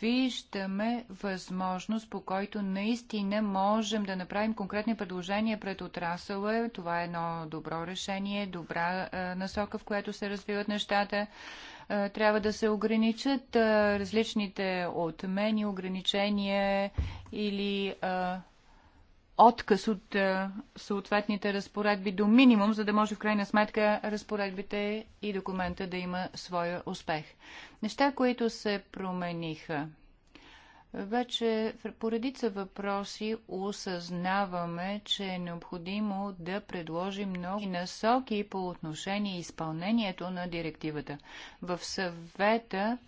виждаме възможност, по който наистина можем да направим конкретни предложения пред отрасъла. Това е едно добро решение, добра насока, в която се развиват нещата. трябва да се ограничат различните отмени, ограничения или отказ от е, съответните разпоредби до минимум, за да може в крайна сметка разпоредбите и документа да има своя успех. Неща, които се промениха. Вече поредица въпроси осъзнаваме, че е необходимо да предложим много насоки по отношение изпълнението на директивата. В съвета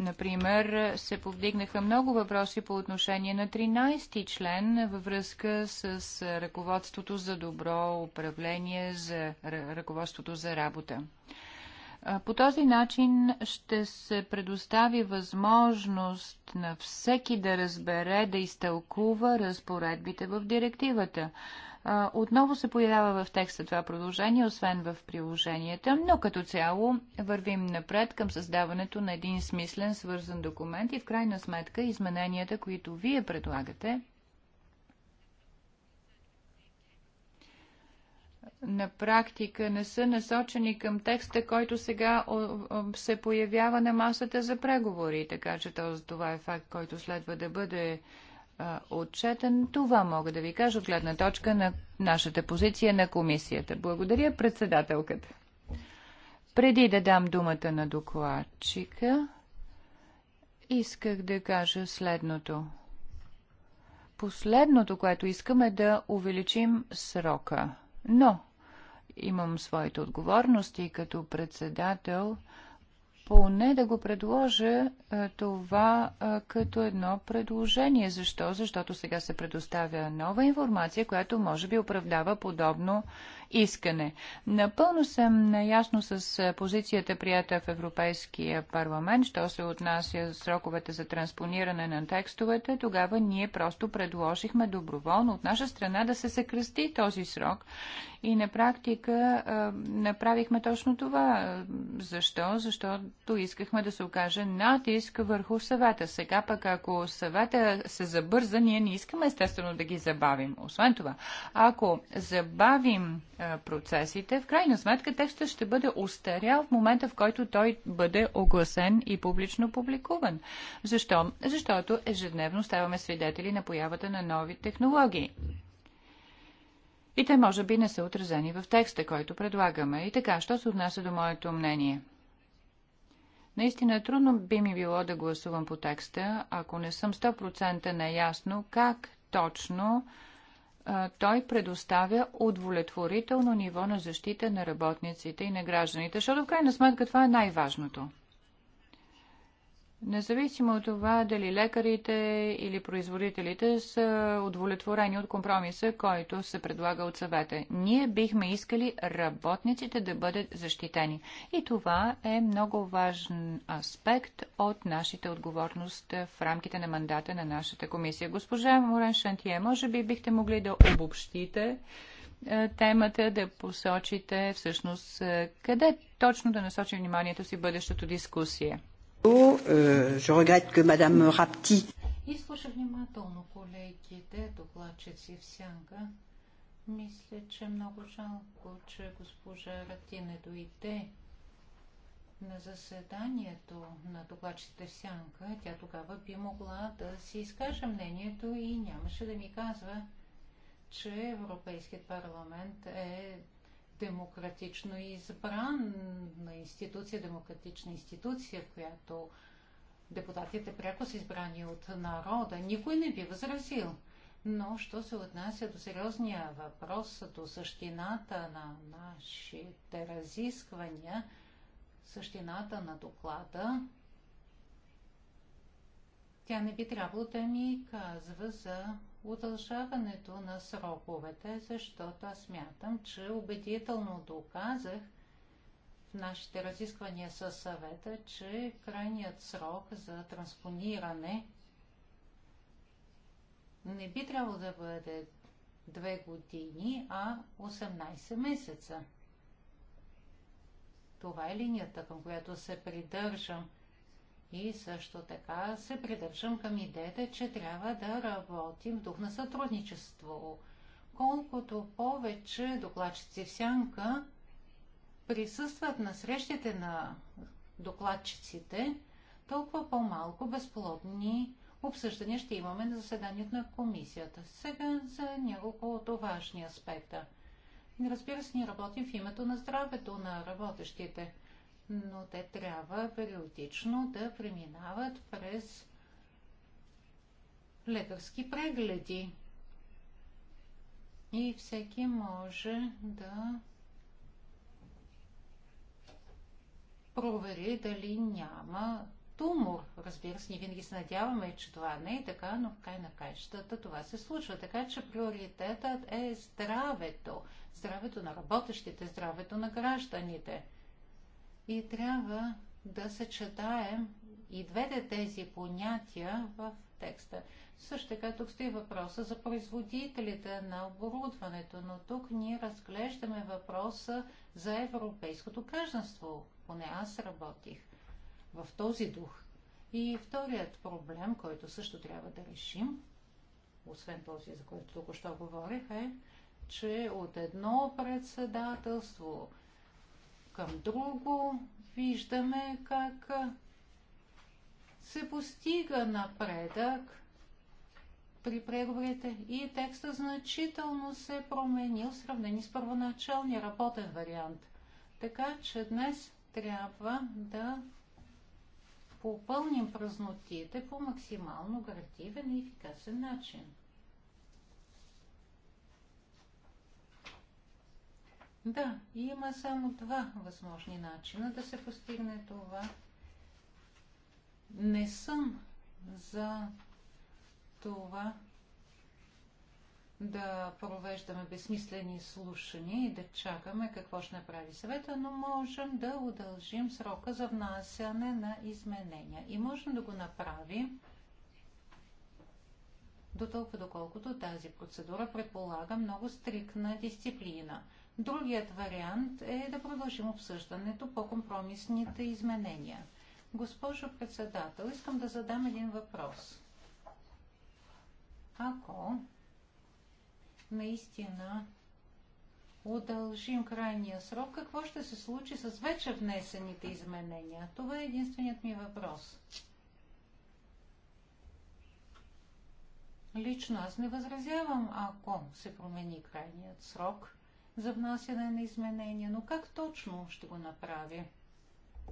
Например, се повдигнаха много въпроси по отношение на 13-ти член във връзка с ръководството за добро управление, за ръководството за работа. По този начин ще се предостави възможност на всеки да разбере, да изтълкува разпоредбите в директивата отново се появява в текста това продължение, освен в приложенията, но като цяло вървим напред към създаването на един смислен, свързан документ и в крайна сметка измененията, които вие предлагате, на практика не са насочени към текста, който сега се появява на масата за преговори, така че това е факт, който следва да бъде отчетен. Това мога да ви кажа от гледна точка на нашата позиция на комисията. Благодаря председателката. Преди да дам думата на докладчика, исках да кажа следното. Последното, което искаме е да увеличим срока. Но имам своите отговорности като председател – поне да го предложа е, това е, като едно предложение. Защо? Защото сега се предоставя нова информация, която може би оправдава подобно искане. Напълно съм наясно с позицията прията в Европейския парламент, що се отнася сроковете за транспониране на текстовете. Тогава ние просто предложихме доброволно от наша страна да се съкръсти този срок и на практика направихме точно това. Защо? Защото искахме да се окаже натиск върху съвета. Сега пък ако съвета се забърза, ние не искаме естествено да ги забавим. Освен това, ако забавим е, процесите, в крайна сметка текстът ще бъде устарял в момента, в който той бъде огласен и публично публикуван. Защо? Защото ежедневно ставаме свидетели на появата на нови технологии. И те може би не са отразени в текста, който предлагаме. И така, що се отнася до моето мнение? Наистина трудно би ми било да гласувам по текста, ако не съм 100% наясно как точно той предоставя удовлетворително ниво на защита на работниците и на гражданите, защото в крайна сметка това е най-важното. Независимо от това дали лекарите или производителите са удовлетворени от компромиса, който се предлага от съвета, ние бихме искали работниците да бъдат защитени. И това е много важен аспект от нашата отговорност в рамките на мандата на нашата комисия. Госпожа Морен Шантие, може би бихте могли да обобщите е, темата, да посочите всъщност е, къде точно да насочи вниманието си бъдещото дискусия.
Euh, je regrette que Madame Rapti.
Изслушах
внимателно колегите, докладчици в сянка. Мисля, че много жалко, че госпожа Рати не дойде на заседанието на докладчите в сянка. Тя тогава би могла да си изкаже мнението и нямаше да ми казва, че Европейският парламент е демократично избрана институция, демократична институция, в която депутатите пряко са избрани от народа. Никой не би възразил. Но, що се отнася до сериозния въпрос, до същината на нашите разисквания, същината на доклада, тя не би трябвало да ми казва за удължаването на сроковете, защото аз мятам, че убедително доказах в нашите разисквания със съвета, че крайният срок за транспониране не би трябвало да бъде две години, а 18 месеца. Това е линията, към която се придържам – и също така се придържам към идеята, че трябва да работим в дух на сътрудничество. Колкото повече докладчици в сянка присъстват на срещите на докладчиците, толкова по-малко безплодни обсъждания ще имаме на заседанието на комисията. Сега за няколко от важни аспекта. Разбира се, ние работим в името на здравето на работещите – но те трябва периодично да преминават през лекарски прегледи. И всеки може да провери дали няма тумор. Разбира се, ние винаги се надяваме, че това не е така, но в край на кайщата това се случва. Така че приоритетът е здравето. Здравето на работещите, здравето на гражданите – и трябва да съчетаем и двете тези понятия в текста. Също така тук стои въпроса за производителите на оборудването, но тук ние разглеждаме въпроса за европейското гражданство. Поне аз работих в този дух. И вторият проблем, който също трябва да решим, освен този, за който тук що говорих, е, че от едно председателство към друго, виждаме как се постига напредък при преговорите и текста значително се промени променил в сравнение с първоначалния работен вариант. Така че днес трябва да попълним празнотите по максимално градивен и ефикасен начин. Да, има само два възможни начина да се постигне това. Не съм за това да провеждаме безсмислени слушания и да чакаме какво ще направи съвета, но можем да удължим срока за внасяне на изменения. И можем да го направим до толкова доколкото тази процедура предполага много стрикна дисциплина – Другият вариант е да продължим обсъждането по компромисните изменения. Госпожо председател, искам да задам един въпрос. Ако наистина удължим крайния срок, какво ще се случи с вече внесените изменения? Това е единственият ми въпрос. Лично аз не възразявам, ако се промени крайният срок – за внасяне на изменения, но как точно ще го направи?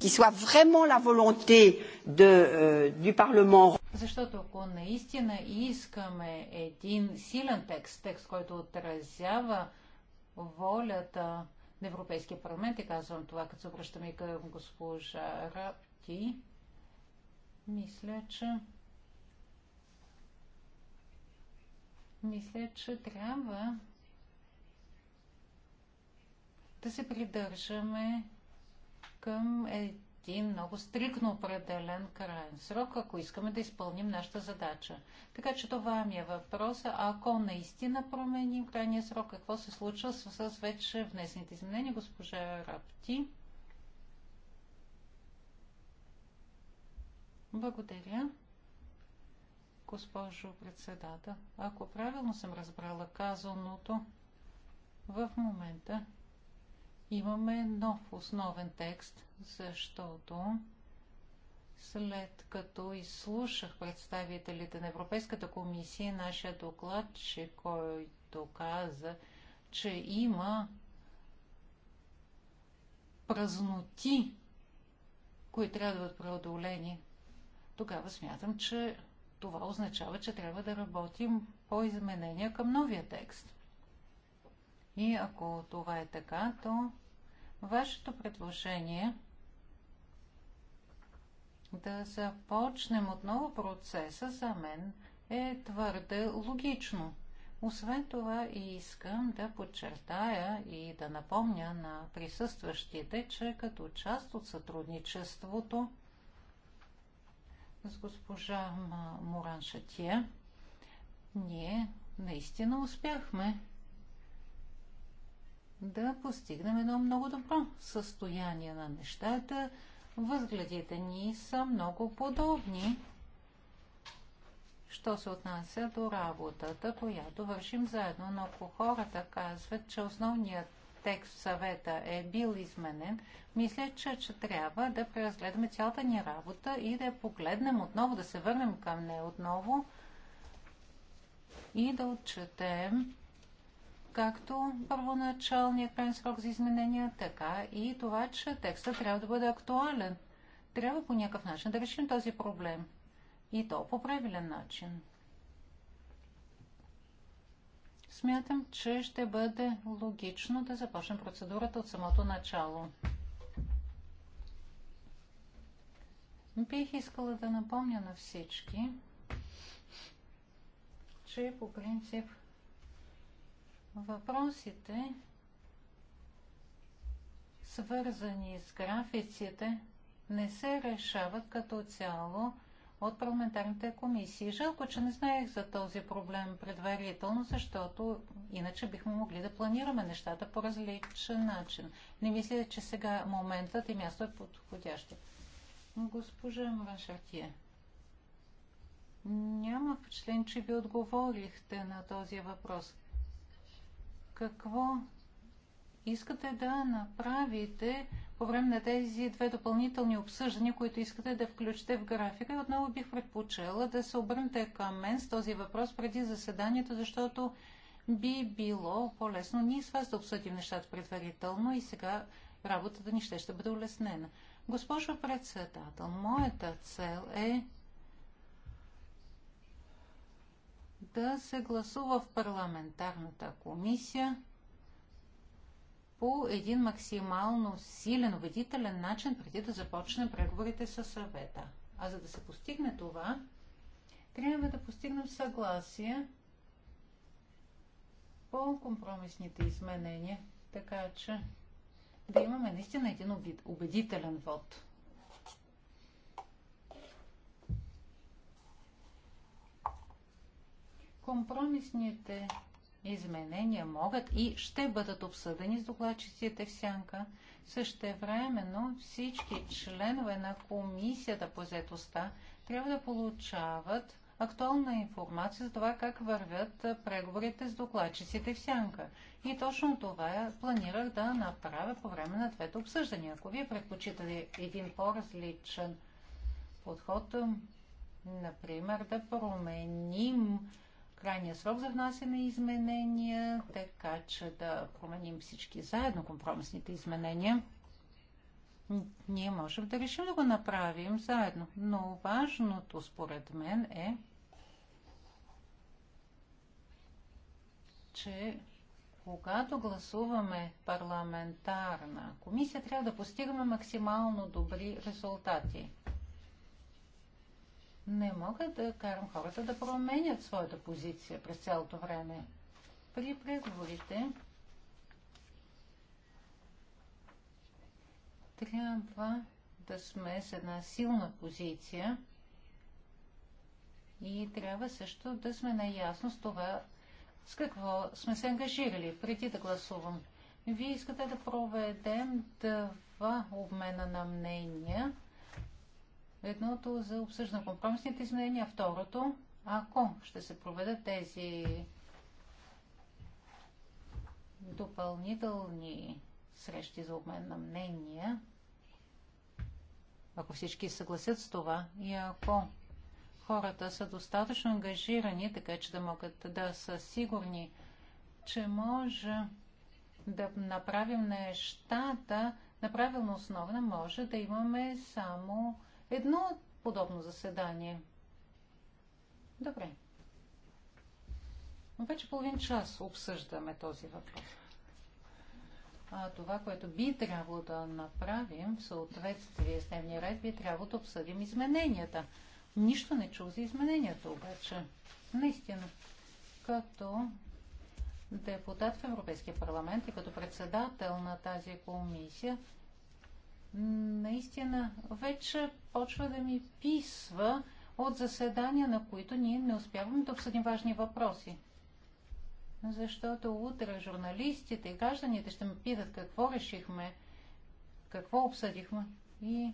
qui soit
vraiment la volonté de, euh, du Parlement.
Защото ако наистина искаме един силен текст, текст, който отразява волята на Европейския парламент, и казвам това, като се обръщаме към госпожа Рапти, мисля, че мисля, че трябва да се придържаме към един много стрикно определен крайен срок, ако искаме да изпълним нашата задача. Така че това ми е въпроса. Ако наистина променим крайния срок, какво се случва с, с вече внесените изменения, госпожа Рапти? Благодаря. Госпожо председател, ако правилно съм разбрала казаното, в момента имаме нов основен текст, защото след като изслушах представителите на Европейската комисия, нашия че който каза, че има празноти, които трябва да бъдат преодолени, тогава смятам, че това означава, че трябва да работим по изменения към новия текст. И ако това е така, то вашето предложение да започнем отново процеса за мен е твърде логично. Освен това и искам да подчертая и да напомня на присъстващите, че като част от сътрудничеството с госпожа Моран Шатия, ние наистина успяхме да постигнем едно много добро състояние на нещата. Възгледите ни са много подобни, що се отнася до работата, която вършим заедно. Но ако хората казват, че основният текст в съвета е бил изменен, мисля, че, че трябва да преразгледаме цялата ни работа и да я погледнем отново, да се върнем към нея отново и да отчетем както първоначалният крайен срок за изменения, така и това, че текстът трябва да бъде актуален. Трябва по някакъв начин да решим този проблем. И то по правилен начин. Смятам, че ще бъде логично да започнем процедурата от самото начало. Бих искала да напомня на всички, че по принцип въпросите, свързани с графиците, не се решават като цяло от парламентарните комисии. Жалко, че не знаех за този проблем предварително, защото иначе бихме могли да планираме нещата по различен начин. Не мисля, че сега моментът и място е подходящо. Госпожа Мрашартие, няма впечатление, че ви отговорихте на този въпрос какво искате да направите по време на тези две допълнителни обсъждания, които искате да включите в графика. И отново бих предпочела да се обърнете към мен с този въпрос преди заседанието, защото би било по-лесно ние с вас да обсъдим нещата предварително и сега работата ни ще, ще бъде улеснена. Госпожо председател, моята цел е да се гласува в парламентарната комисия по един максимално силен, убедителен начин, преди да започнем преговорите със съвета. А за да се постигне това, трябва да постигнем съгласие по компромисните изменения, така че да имаме наистина един убедителен вод. Компромисните изменения могат и ще бъдат обсъдени с докладчиците в сянка. Същевременно всички членове на комисията по заедостта трябва да получават актуална информация за това как вървят преговорите с докладчиците в сянка. И точно това планирах да направя по време на двете обсъждания. Ако вие предпочитате един по-различен подход, например, да променим крайния срок за внасяне изменения, така че да променим всички заедно компромисните изменения. Ние можем да решим да го направим заедно, но важното според мен е, че когато гласуваме парламентарна комисия, трябва да постигаме максимално добри резултати. Не мога да карам хората да променят своята позиция през цялото време. При преговорите трябва да сме с една силна позиция и трябва също да сме наясно с това, с какво сме се ангажирали преди да гласувам. Вие искате да проведем два обмена на мнения Едното за обсъждане компромисните изменения, второто, ако ще се проведат тези допълнителни срещи за обмен на мнения, ако всички съгласят с това и ако хората са достатъчно ангажирани, така че да могат да са сигурни, че може да направим нещата на правилна основа, може да имаме само едно подобно заседание. Добре. Но вече половин час обсъждаме този въпрос. А това, което би трябвало да направим в съответствие с дневния ред, би трябвало да обсъдим измененията. Нищо не чу за измененията обаче. Наистина. Като депутат в Европейския парламент и като председател на тази комисия, наистина вече почва да ми писва от заседания, на които ние не успяваме да обсъдим важни въпроси. Защото утре журналистите и гражданите ще ме питат какво решихме, какво обсъдихме и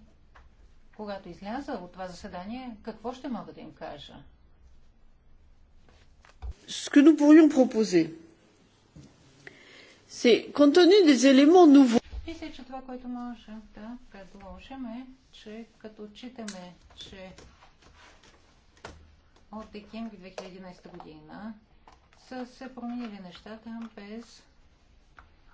когато изляза от това заседание, какво ще мога да им кажа?
Ce que nous pourrions proposer, c'est compte des éléments nouveaux.
Мисля, че това, което можем да предложим е, че като отчитаме, че от декември 2011 година са се променили нещата без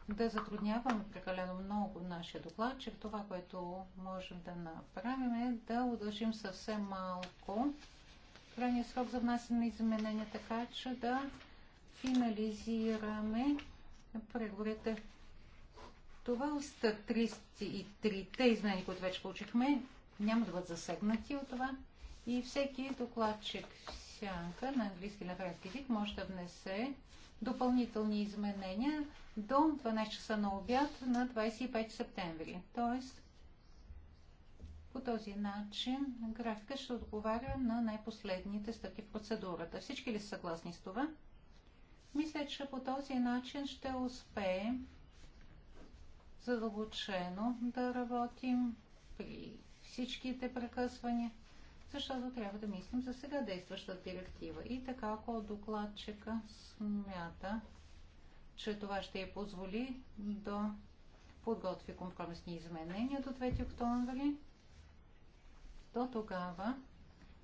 да затрудняваме прекалено много нашия доклад, че това, което можем да направим е да удължим съвсем малко крайния срок за внасяне на изменения, така че да финализираме преговорите това 33, те измени, които вече получихме, няма да бъдат засегнати от това. И всеки докладчик сянка на английски на френски език може да внесе допълнителни изменения до 12 часа на обяд на 25 септември. Тоест, по този начин графика ще отговаря на най-последните стъпки в процедурата. Всички ли са съгласни с това? Мисля, че по този начин ще успеем задълбочено да работим при всичките прекъсвания, защото трябва да мислим за сега действаща директива. И така, ако докладчика смята, че това ще я позволи да подготви компромисни изменения до 3 октомври, то тогава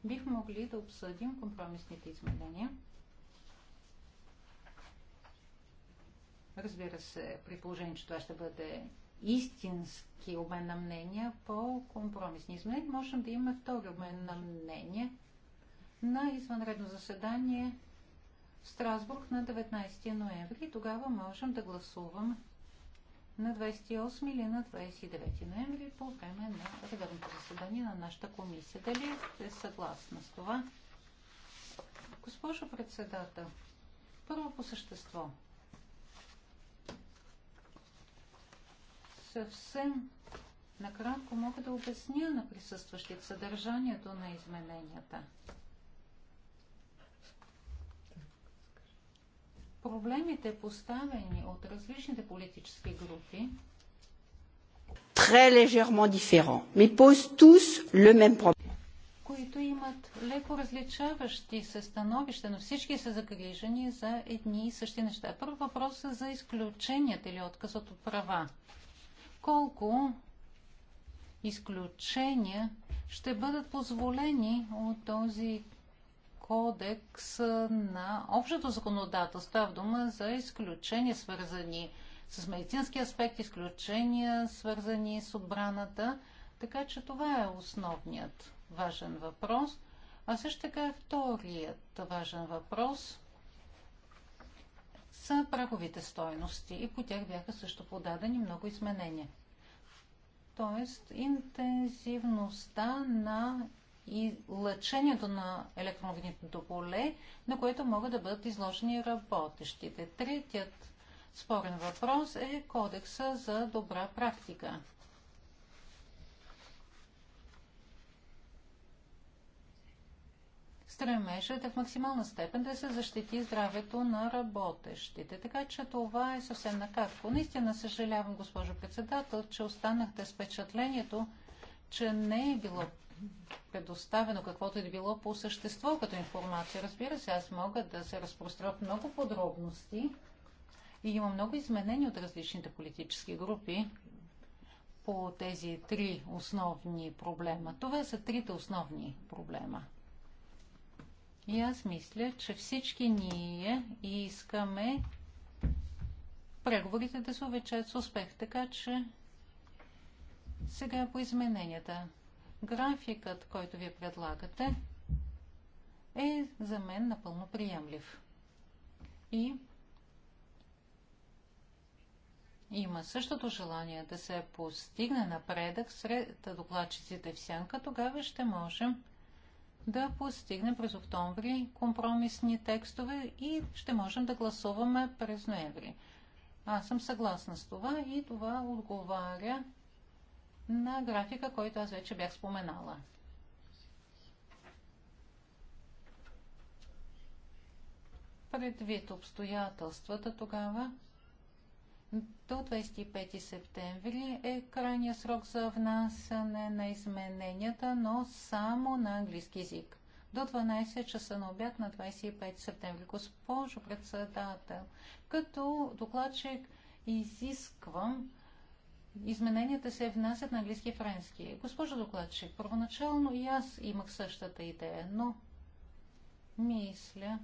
бих могли да обсъдим компромисните изменения – Разбира се, при положение, че това ще бъде истински обмен на мнения по компромисни изменения, можем да имаме втори обмен на мнения на извънредно заседание в Страсбург на 19 ноември. Тогава можем да гласуваме на 28 или на 29 ноември по време на редовното заседание на нашата комисия. Дали сте съгласна с това? Госпожо председател, първо по същество – съвсем накратко мога да обясня на присъстващите съдържанието на измененията. Проблемите, поставени от различните политически групи,
très légèrement différents, mais posent tous le même problème.
които имат леко различаващи се становища, но всички са загрижени за едни и същи неща. Първо въпрос е за изключенията или отказ от права колко изключения ще бъдат позволени от този кодекс на общото законодателство. Става дума за изключения, свързани с медицински аспект, изключения, свързани с отбраната. Така че това е основният важен въпрос. А също така е вторият важен въпрос – са праговите стойности и по тях бяха също подадени много изменения. Тоест, интензивността на и лъчението на електромагнитното поле, на което могат да бъдат изложени работещите. Третият спорен въпрос е кодекса за добра практика. стремежът да в максимална степен да се защити здравето на работещите. Така че това е съвсем накратко. Наистина съжалявам, госпожо председател, че останахте с впечатлението, че не е било предоставено каквото и е да било по същество като информация. Разбира се, аз мога да се разпростря в много подробности и има много изменения от различните политически групи по тези три основни проблема. Това са трите основни проблема. И аз мисля, че всички ние искаме преговорите да се увечат с успех. Така че сега по измененията. Графикът, който ви предлагате, е за мен напълно приемлив. И има същото желание да се постигне напредък сред докладчиците в сянка, тогава ще можем да постигнем през октомври компромисни текстове и ще можем да гласуваме през ноември. Аз съм съгласна с това и това отговаря на графика, който аз вече бях споменала. Предвид обстоятелствата тогава до 25 септември е крайния срок за внасяне на измененията, но само на английски язик. До 12 часа на обяд на 25 септември. Госпожо председател, като докладчик изисквам измененията се внасят на английски и френски. Госпожо докладчик, първоначално и аз имах същата идея, но мисля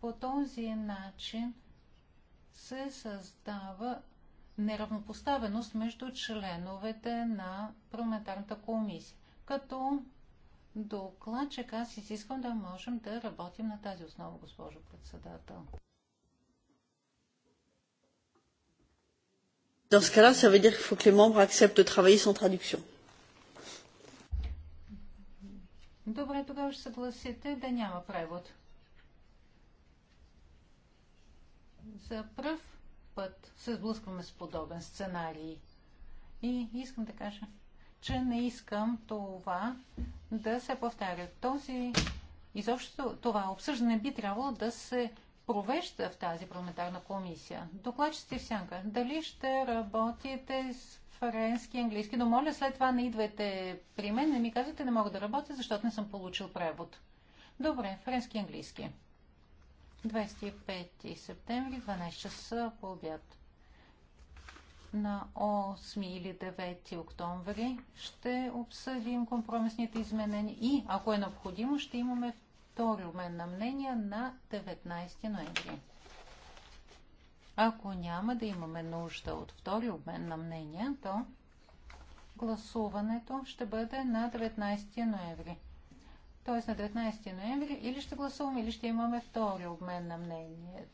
по този начин – се създава неравнопоставеност между членовете на парламентарната комисия. Като докладчик аз изисквам да можем да работим на тази основа, госпожо председател.
Dans ce cas-là, ça veut dire qu'il faut que les membres acceptent de travailler sans traduction.
Добре, тогава ще съгласите да няма превод. За пръв път се сблъскваме с подобен сценарий. И искам да кажа, че не искам това да се повтаря. Този изобщо това обсъждане би трябвало да се провежда в тази парламентарна комисия. Докладчиците в сянка, дали ще работите с френски, английски, но моля след това не идвайте при мен, не ми казвате, не мога да работя, защото не съм получил превод. Добре, френски, английски. 25 септември, 12 часа по обяд. На 8 или 9 октомври ще обсъдим компромисните изменения и, ако е необходимо, ще имаме втори обмен на мнения на 19 ноември. Ако няма да имаме нужда от втори обмен на мнения, то гласуването ще бъде на 19 ноември т.е. на 19 ноември, или ще гласуваме, или ще имаме втори обмен на мнение.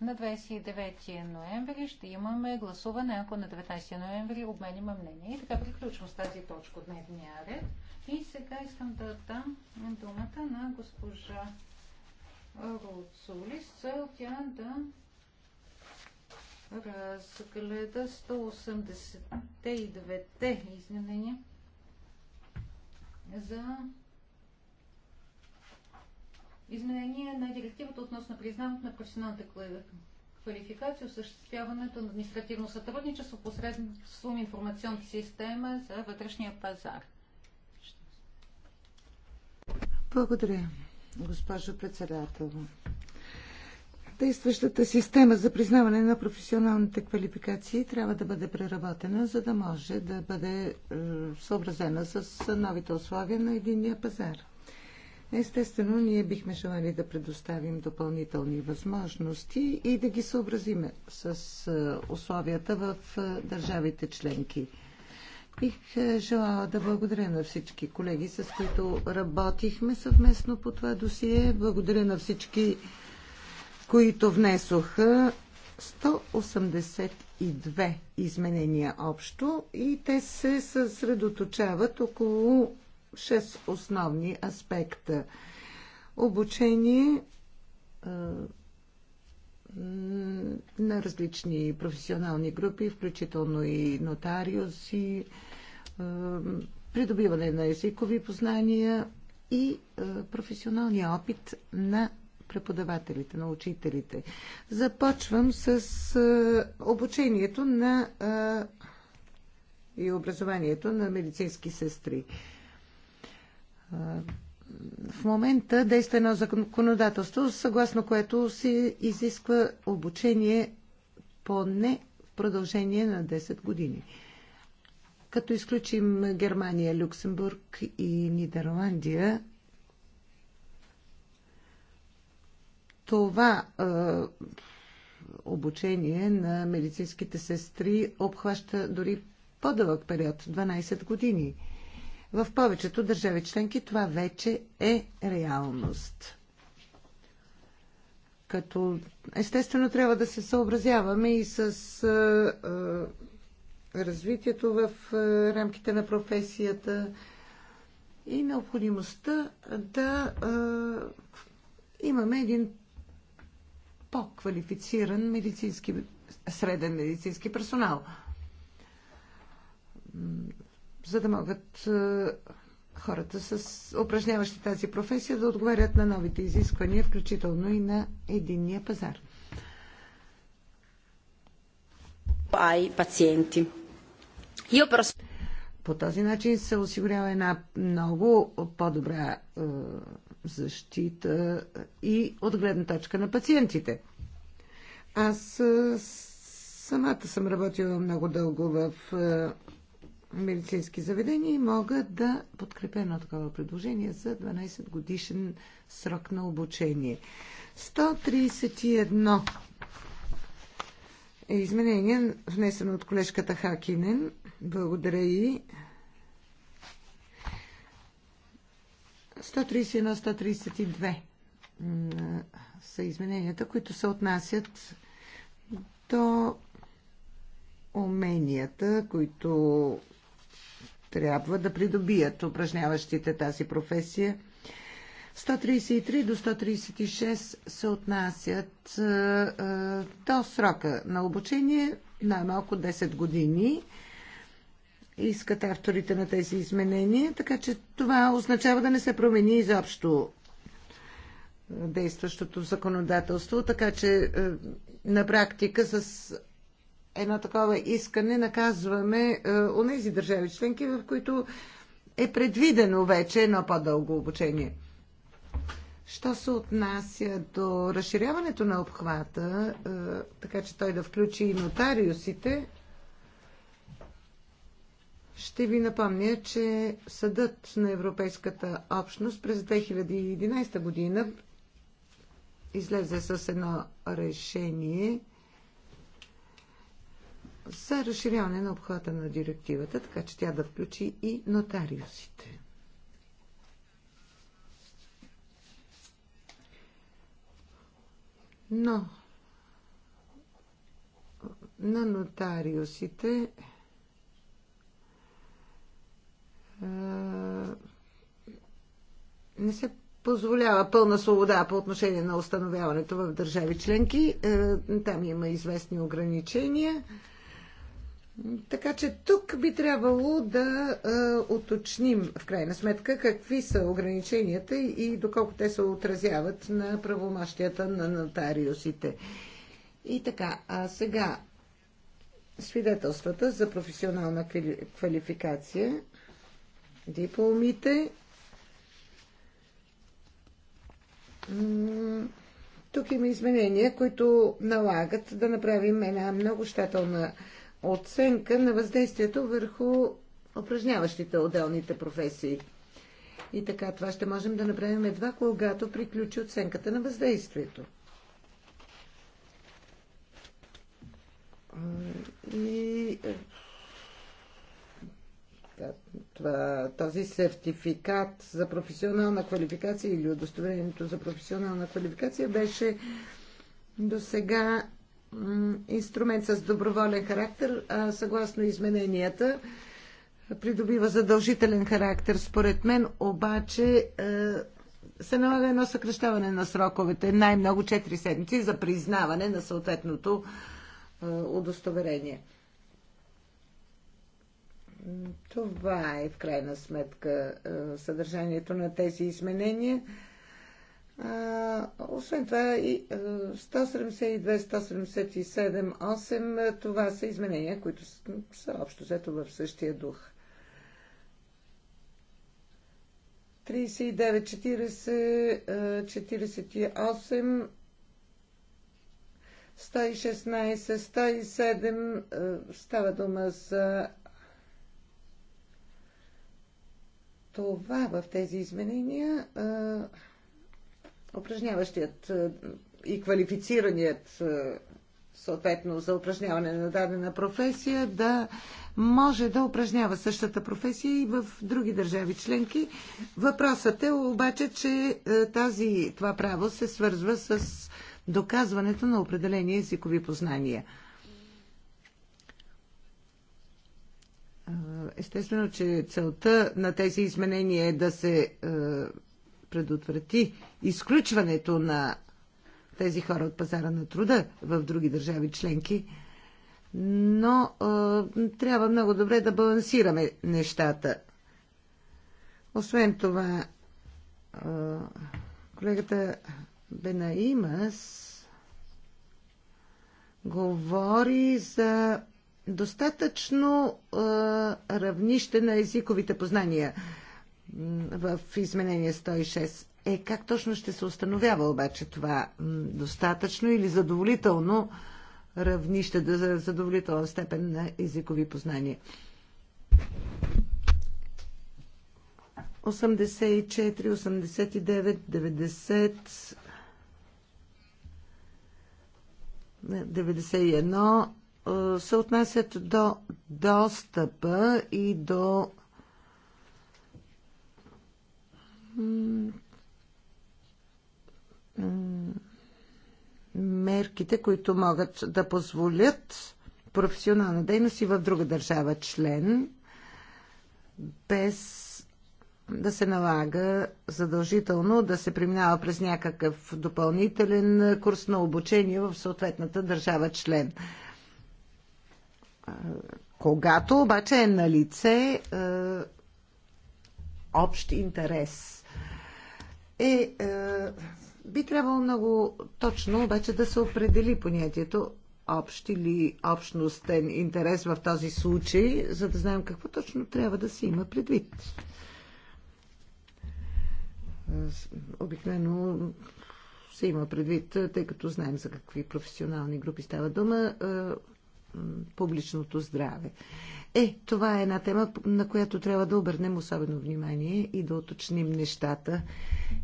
На 29 ноември ще имаме гласуване, ако на 19 ноември обменим мнение. И така приключвам с тази точка от дневния ред. И сега искам да дам думата на госпожа Руцулис, цел тя да разгледа 189 те изменения за изменение на директивата относно признаването на професионалната квалификация, осъществяването на административно сътрудничество посредством информационната система за вътрешния пазар.
Благодаря, госпожо председател. Действащата система за признаване на професионалните квалификации трябва да бъде преработена, за да може да бъде е, съобразена с новите условия на единния пазар. Естествено, ние бихме желали да предоставим допълнителни възможности и да ги съобразиме с е, условията в е, държавите членки. Бих желала да благодаря на всички колеги, с които работихме съвместно по това досие. Благодаря на всички които внесоха 182 изменения общо и те се съсредоточават около 6 основни аспекта. Обучение на различни професионални групи, включително и нотариуси, придобиване на езикови познания и професионалния опит на преподавателите, на учителите. Започвам с обучението на и образованието на медицински сестри. В момента действа едно законодателство, съгласно което се изисква обучение поне в продължение на 10 години. Като изключим Германия, Люксембург и Нидерландия, Това е, обучение на медицинските сестри обхваща дори по-дълъг период 12 години. В повечето държави членки това вече е реалност. Като естествено трябва да се съобразяваме и с е, е, развитието в е, рамките на професията и необходимостта да е, имаме един по-квалифициран медицински, среден медицински персонал. За да могат е, хората с упражняващи тази професия да отговарят на новите изисквания, включително и на единния пазар. Пай пациенти. Io però... По този начин се осигурява една много по-добра е, защита и от гледна точка на пациентите. Аз е, самата съм работила много дълго в е, медицински заведения и мога да подкрепя едно такова предложение за 12 годишен срок на обучение. 131 е изменение, внесено от колежката Хакинен – благодаря и 131-132 са измененията, които се отнасят до уменията, които трябва да придобият упражняващите тази професия. 133 до 136 се отнасят до срока на обучение най-малко 10 години искат авторите на тези изменения, така че това означава да не се промени изобщо е, действащото законодателство, така че е, на практика с едно такова искане наказваме у е, нези държави членки, в които е предвидено вече едно по-дълго обучение. Що се отнася до разширяването на обхвата, така че той да включи и нотариусите, ще ви напомня, че Съдът на Европейската общност през 2011 година излезе с едно решение за разширяване на обхвата на директивата, така че тя да включи и нотариусите. Но на нотариусите Е, не се позволява пълна свобода по отношение на установяването в държави членки. Е, там има известни ограничения. Така че тук би трябвало да а, е, уточним в крайна сметка какви са ограниченията и доколко те се отразяват на правомащията на нотариусите. И така, а сега свидетелствата за професионална квалификация дипломите. Тук има изменения, които налагат да направим една много щателна оценка на въздействието върху упражняващите отделните професии. И така, това ще можем да направим едва когато приключи оценката на въздействието. И е, това, този сертификат за професионална квалификация или удостоверението за професионална квалификация беше до сега инструмент с доброволен характер, а съгласно измененията придобива задължителен характер. Според мен обаче е, се налага едно съкрещаване на сроковете, най-много 4 седмици за признаване на съответното е, удостоверение. Това е в крайна сметка е, съдържанието на тези изменения. освен това, и, 172, 177, 8, това са изменения, които са общо взето в същия дух. 39, 40, 48, 116, 107 става дума за това в тези изменения упражняващият и квалифицираният съответно за упражняване на дадена професия да може да упражнява същата професия и в други държави членки. Въпросът е обаче, че тази, това право се свързва с доказването на определени езикови познания – Естествено, че целта на тези изменения е да се е, предотврати изключването на тези хора от пазара на труда в други държави членки, но е, трябва много добре да балансираме нещата. Освен това, е, колегата Бенаимас говори за достатъчно а, равнище на езиковите познания в изменение 106. Е, как точно ще се установява обаче това достатъчно или задоволително равнище, за задоволителна степен на езикови познания? 84, 89, 90, 91, е, се отнасят до достъпа и до мерките, които могат да позволят професионална дейност и в друга държава член, без да се налага задължително да се преминава през някакъв допълнителен курс на обучение в съответната държава член. Когато обаче е на лице е, общ интерес, е, е, би трябвало много точно обаче да се определи понятието общ или общностен интерес в този случай, за да знаем какво точно трябва да се има предвид. Обикновено се има предвид, тъй като знаем за какви професионални групи става дума, е, публичното здраве. Е, това е една тема, на която трябва да обърнем особено внимание и да уточним нещата.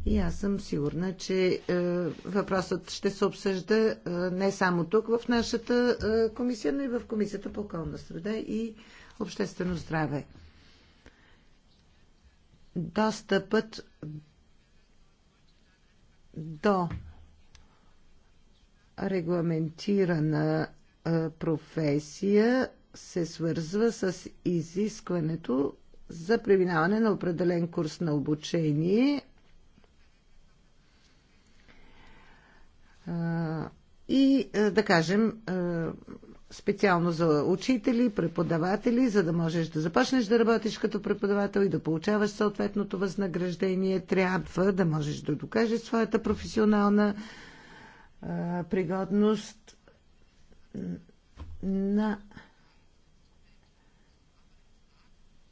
И аз съм сигурна, че е, въпросът ще се обсъжда е, не само тук в нашата е, комисия, но и в Комисията по околна среда и обществено здраве. Достъпът до регламентирана професия се свързва с изискването за преминаване на определен курс на обучение и, да кажем, специално за учители, преподаватели, за да можеш да започнеш да работиш като преподавател и да получаваш съответното възнаграждение, трябва да можеш да докажеш своята професионална пригодност на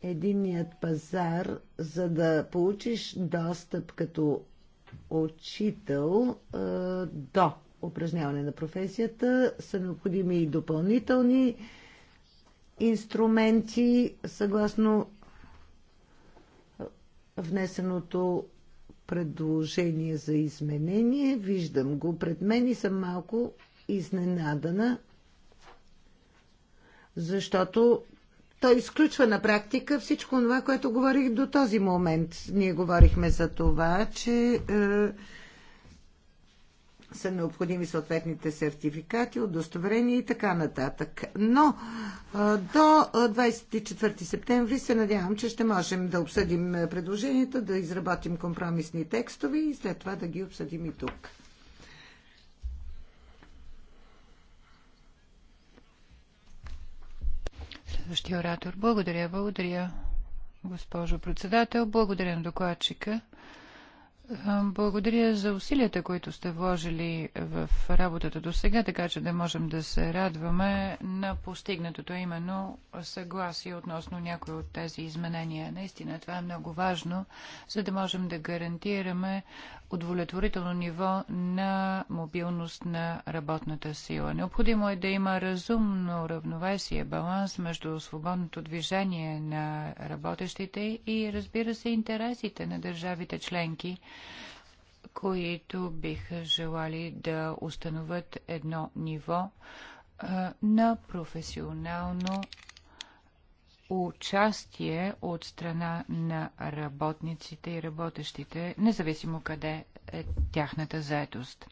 единият пазар, за да получиш достъп като учител до упражняване на професията, са необходими и допълнителни инструменти, съгласно внесеното предложение за изменение. Виждам го пред мен и съм малко изненадана защото той изключва на практика всичко това, което говорих до този момент. Ние говорихме за това, че е, са необходими съответните сертификати, удостоверения и така нататък. Но е, до 24 е, септември се надявам, че ще можем да обсъдим предложенията, да изработим компромисни текстове и след това да ги обсъдим и тук. Следващия оратор.
Благодаря, благодаря, госпожо председател. Благодаря на докладчика. Благодаря за усилията, които сте вложили в работата до сега, така че да можем да се радваме на постигнатото именно съгласие относно някои от тези изменения. Наистина това е много важно, за да можем да гарантираме удовлетворително ниво на мобилност на работната сила. Необходимо е да има разумно равновесие, баланс между свободното движение на работещите и, разбира се, интересите на държавите членки, които биха желали да установят едно ниво на професионално участие от страна на работниците и работещите, независимо къде е тяхната заедост.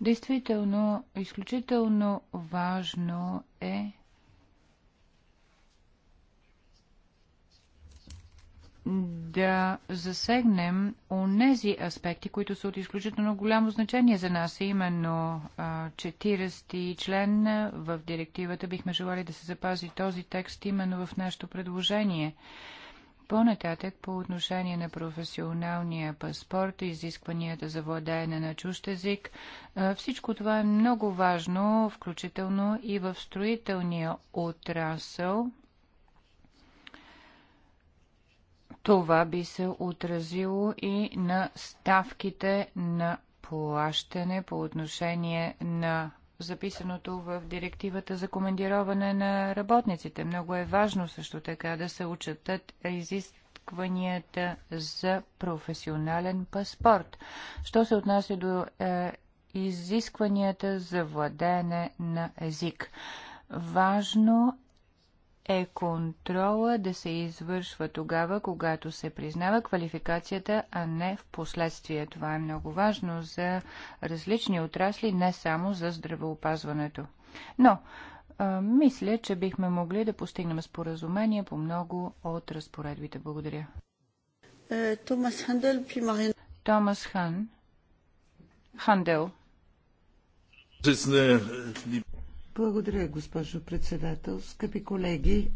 Действително, изключително важно е да засегнем онези аспекти, които са от изключително голямо значение за нас, именно 40 член в директивата бихме желали да се запази този текст именно в нашето предложение. По-нататък, по отношение на професионалния паспорт, изискванията за владеене на чужд език, всичко това е много важно, включително и в строителния отрасъл, Това би се отразило и на ставките на плащане по отношение на записаното в директивата за командироване на работниците. Много е важно също така да се учетат изискванията за професионален паспорт. Що се отнася до е, изискванията за владеене на език? Важно е контрола да се извършва тогава, когато се признава квалификацията, а не в последствие. Това е много важно за различни отрасли, не само за здравеопазването. Но, а, мисля, че бихме могли да постигнем споразумение по много от разпоредбите. Благодаря. Е, Томас Хандел,
Томас Хан. Хандел. Благодаря, госпожо председател. Скъпи колеги,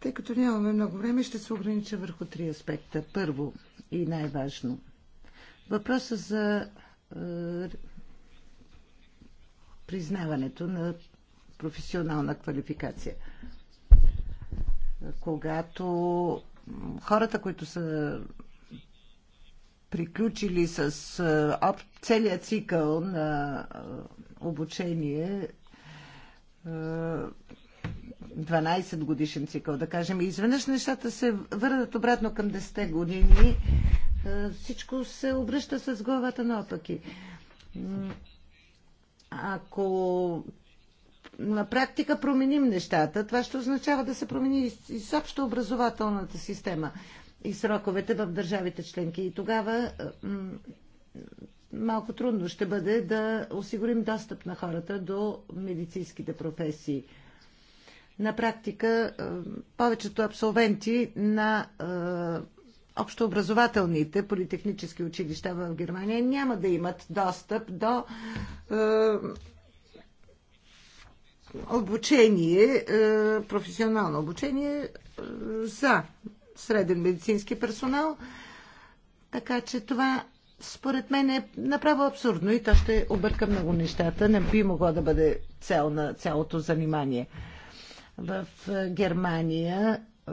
тъй като нямаме много време, ще се огранича върху три аспекта. Първо и най-важно. Въпросът за е, признаването на професионална квалификация. Когато хората, които са приключили с е, целият цикъл на е, обучение 12 годишен цикъл, да кажем. И изведнъж нещата се върнат обратно към 10 години. Е, всичко се обръща с главата наопаки. Ако на практика променим нещата, това ще означава да се промени изобщо образователната система и сроковете в държавите членки. И тогава малко трудно ще бъде да осигурим достъп на хората до медицинските професии. На практика е, повечето абсолвенти на е, общообразователните политехнически училища в Германия няма да имат достъп до е, обучение, професионално обучение за среден медицински персонал. Така че това според мен е направо абсурдно и то ще обърка много нещата. Не би могло да бъде цел на цялото занимание. В е, Германия е,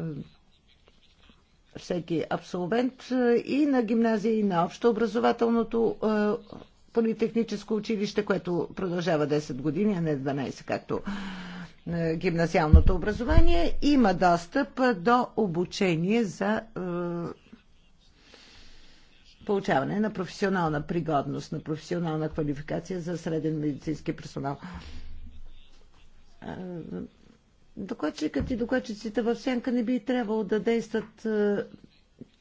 всеки абсолвент е, и на гимназия, и на общообразователното политехническо училище, което продължава 10 години, а не 12, както гимназиалното образование, има достъп до обучение за получаване на професионална пригодност, на професионална квалификация за среден медицински персонал. Докладчикът и докладчиците в сянка не би трябвало да действат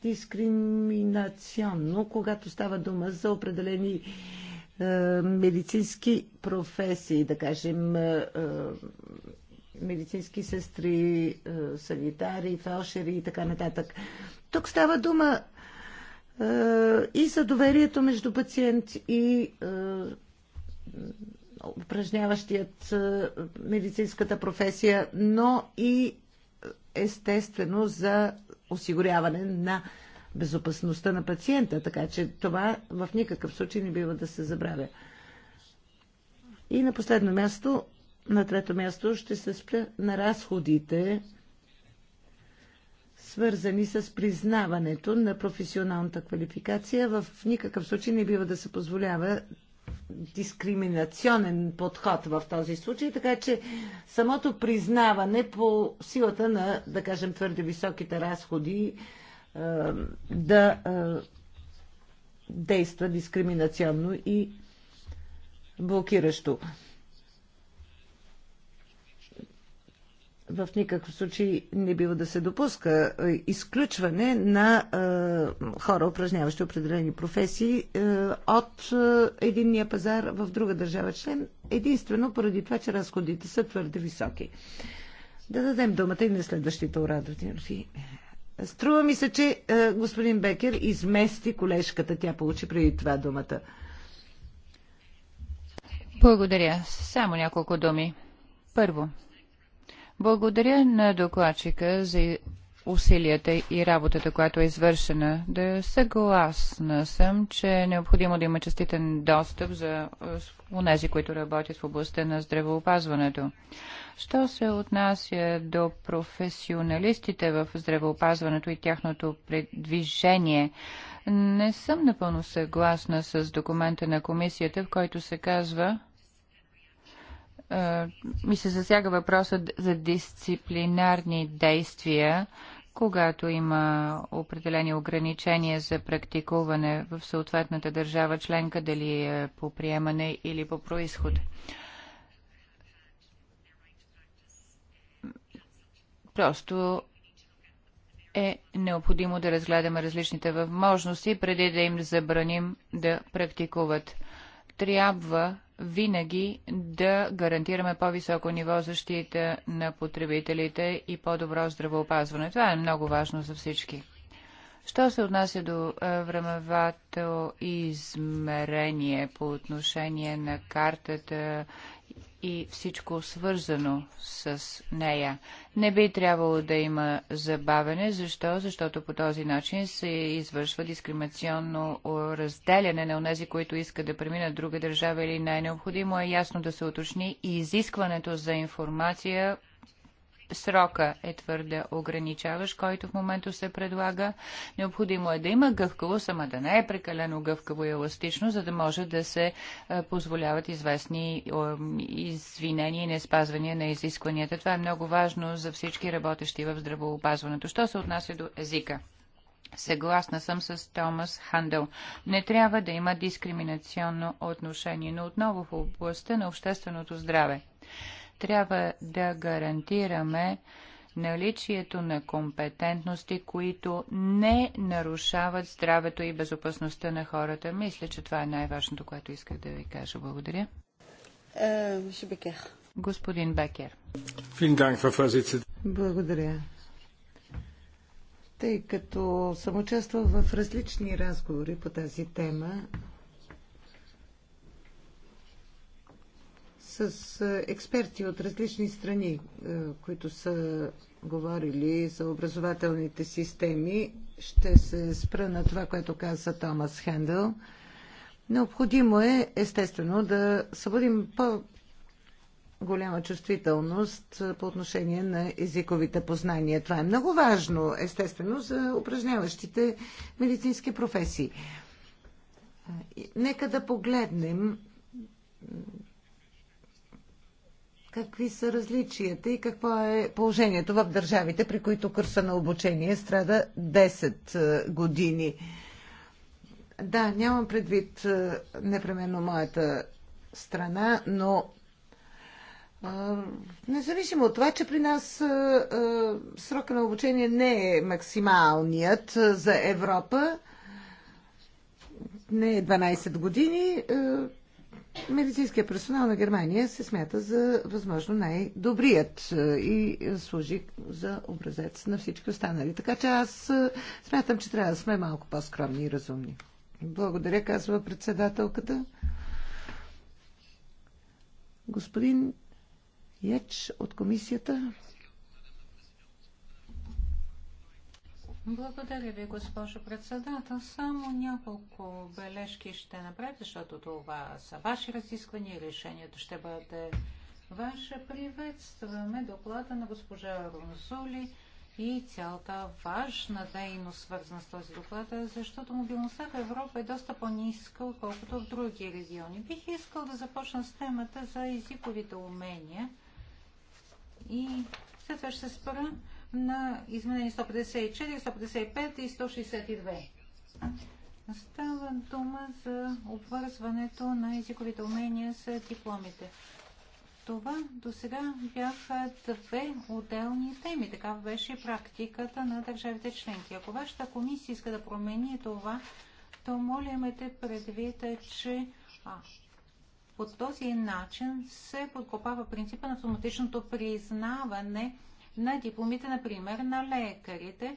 дискриминационно, когато става дума за определени медицински професии, да кажем медицински сестри, санитари, фелшери и така нататък. Тук става дума е, и за доверието между пациент и е, упражняващият е, медицинската професия, но и естествено за осигуряване на безопасността на пациента, така че това в никакъв случай не бива да се забравя. И на последно място, на трето място ще се спря на разходите, свързани с признаването на професионалната квалификация. В никакъв случай не бива да се позволява дискриминационен подход в този случай, така че самото признаване по силата на, да кажем, твърде високите разходи е, да е, действа дискриминационно и блокиращо. в никакъв случай не бива да се допуска изключване на хора, упражняващи определени професии от единния пазар в друга държава член, единствено поради това, че разходите са твърде високи. Да дадем думата и на следващите оратори. Струва ми се, че господин Бекер измести колежката. Тя получи преди това думата.
Благодаря. Само няколко думи. Първо, благодаря на докладчика за усилията и работата, която е извършена. Да съгласна съм, че е необходимо да има частитен достъп за е, онези, които работят в областта на здравеопазването. Що се отнася до професионалистите в здравеопазването и тяхното предвижение, не съм напълно съгласна с документа на комисията, в който се казва, е, ми се засяга въпросът за дисциплинарни действия, когато има определени ограничения за практикуване в съответната държава членка, дали е по приемане или по происход. Просто е необходимо да разгледаме различните възможности, преди да им забраним да практикуват. Трябва винаги да гарантираме по-високо ниво защита на потребителите и по-добро здравеопазване. Това е много важно за всички. Що се отнася до е, времевато измерение по отношение на картата и всичко свързано с нея. Не би трябвало да има забавене. Защо? Защото по този начин се извършва дискриминационно разделяне на онези, които искат да преминат друга държава или най-необходимо е ясно да се уточни и изискването за информация срока е твърде ограничаващ, който в момента се предлага. Необходимо е да има гъвкаво, само да не е прекалено гъвкаво и еластично, за да може да се позволяват известни извинения и не спазвания на изискванията. Това е много важно за всички работещи в здравоопазването. Що се отнася до езика? Съгласна съм с Томас Хандъл. Не трябва да има дискриминационно отношение, но отново в областта на общественото здраве трябва да гарантираме наличието на компетентности, които не нарушават здравето и безопасността на хората. Мисля, че това е най-важното, което исках да ви кажа. Благодаря. Е,
Господин Бекер. Благодаря. Тъй като съм участвал в различни разговори по тази тема, с експерти от различни страни, които са говорили за образователните системи. Ще се спра на това, което каза Томас Хендъл. Необходимо е, естествено, да събудим по голяма чувствителност по отношение на езиковите познания. Това е много важно, естествено, за упражняващите медицински професии. Нека да погледнем Какви са различията и какво е положението в държавите, при които курса на обучение страда 10 е, години? Да, нямам предвид е, непременно моята страна, но е, Независимо от това, че при нас а, а, срока на обучение не е максималният за Европа, не е 12 години, а, медицинския персонал на Германия се смята за възможно най-добрият е, и служи за образец на всички останали. Така че аз е, смятам, че трябва да сме малко по-скромни и разумни. Благодаря, казва председателката. Господин Яч от комисията.
Благодаря ви, госпожо председател. Само няколко бележки ще направя, защото това са ваши разисквания и решението ще бъде ваше. Приветстваме доклада на госпожа Рунзули и цялата важна дейност, свързана с този доклад, защото мобилността в Европа е доста по-ниска, отколкото в други региони. Бих искал да започна с темата за езиковите умения и след това ще спра на изменение 154, 155 и 162. Става дума за обвързването на езиковите умения с дипломите. Това до сега бяха две отделни теми. Така беше практиката на държавите членки. Ако вашата комисия иска да промени това, то моля те, предвид, че а, по този начин се подкопава принципа на автоматичното признаване на дипломите, например, на лекарите.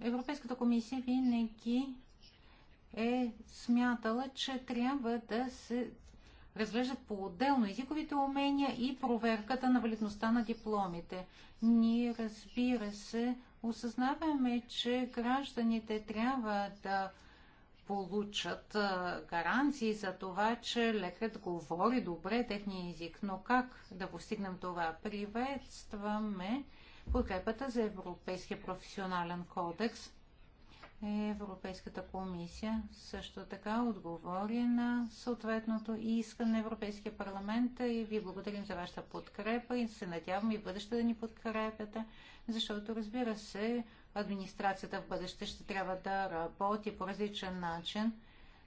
Европейската комисия винаги е смятала, че трябва да се разглеждат по-отделно езиковите умения и проверката на валидността на дипломите. Ние, разбира се, осъзнаваме, че гражданите трябва да получат гаранции за това, че лекарят говори добре техния език. Но как да постигнем това? Приветстваме подкрепата за Европейския професионален кодекс. Европейската комисия също така отговори на съответното искане на Европейския парламент и ви благодарим за вашата подкрепа и се надявам и бъдеще да ни подкрепяте, защото разбира се, администрацията в бъдеще ще трябва да работи по различен начин.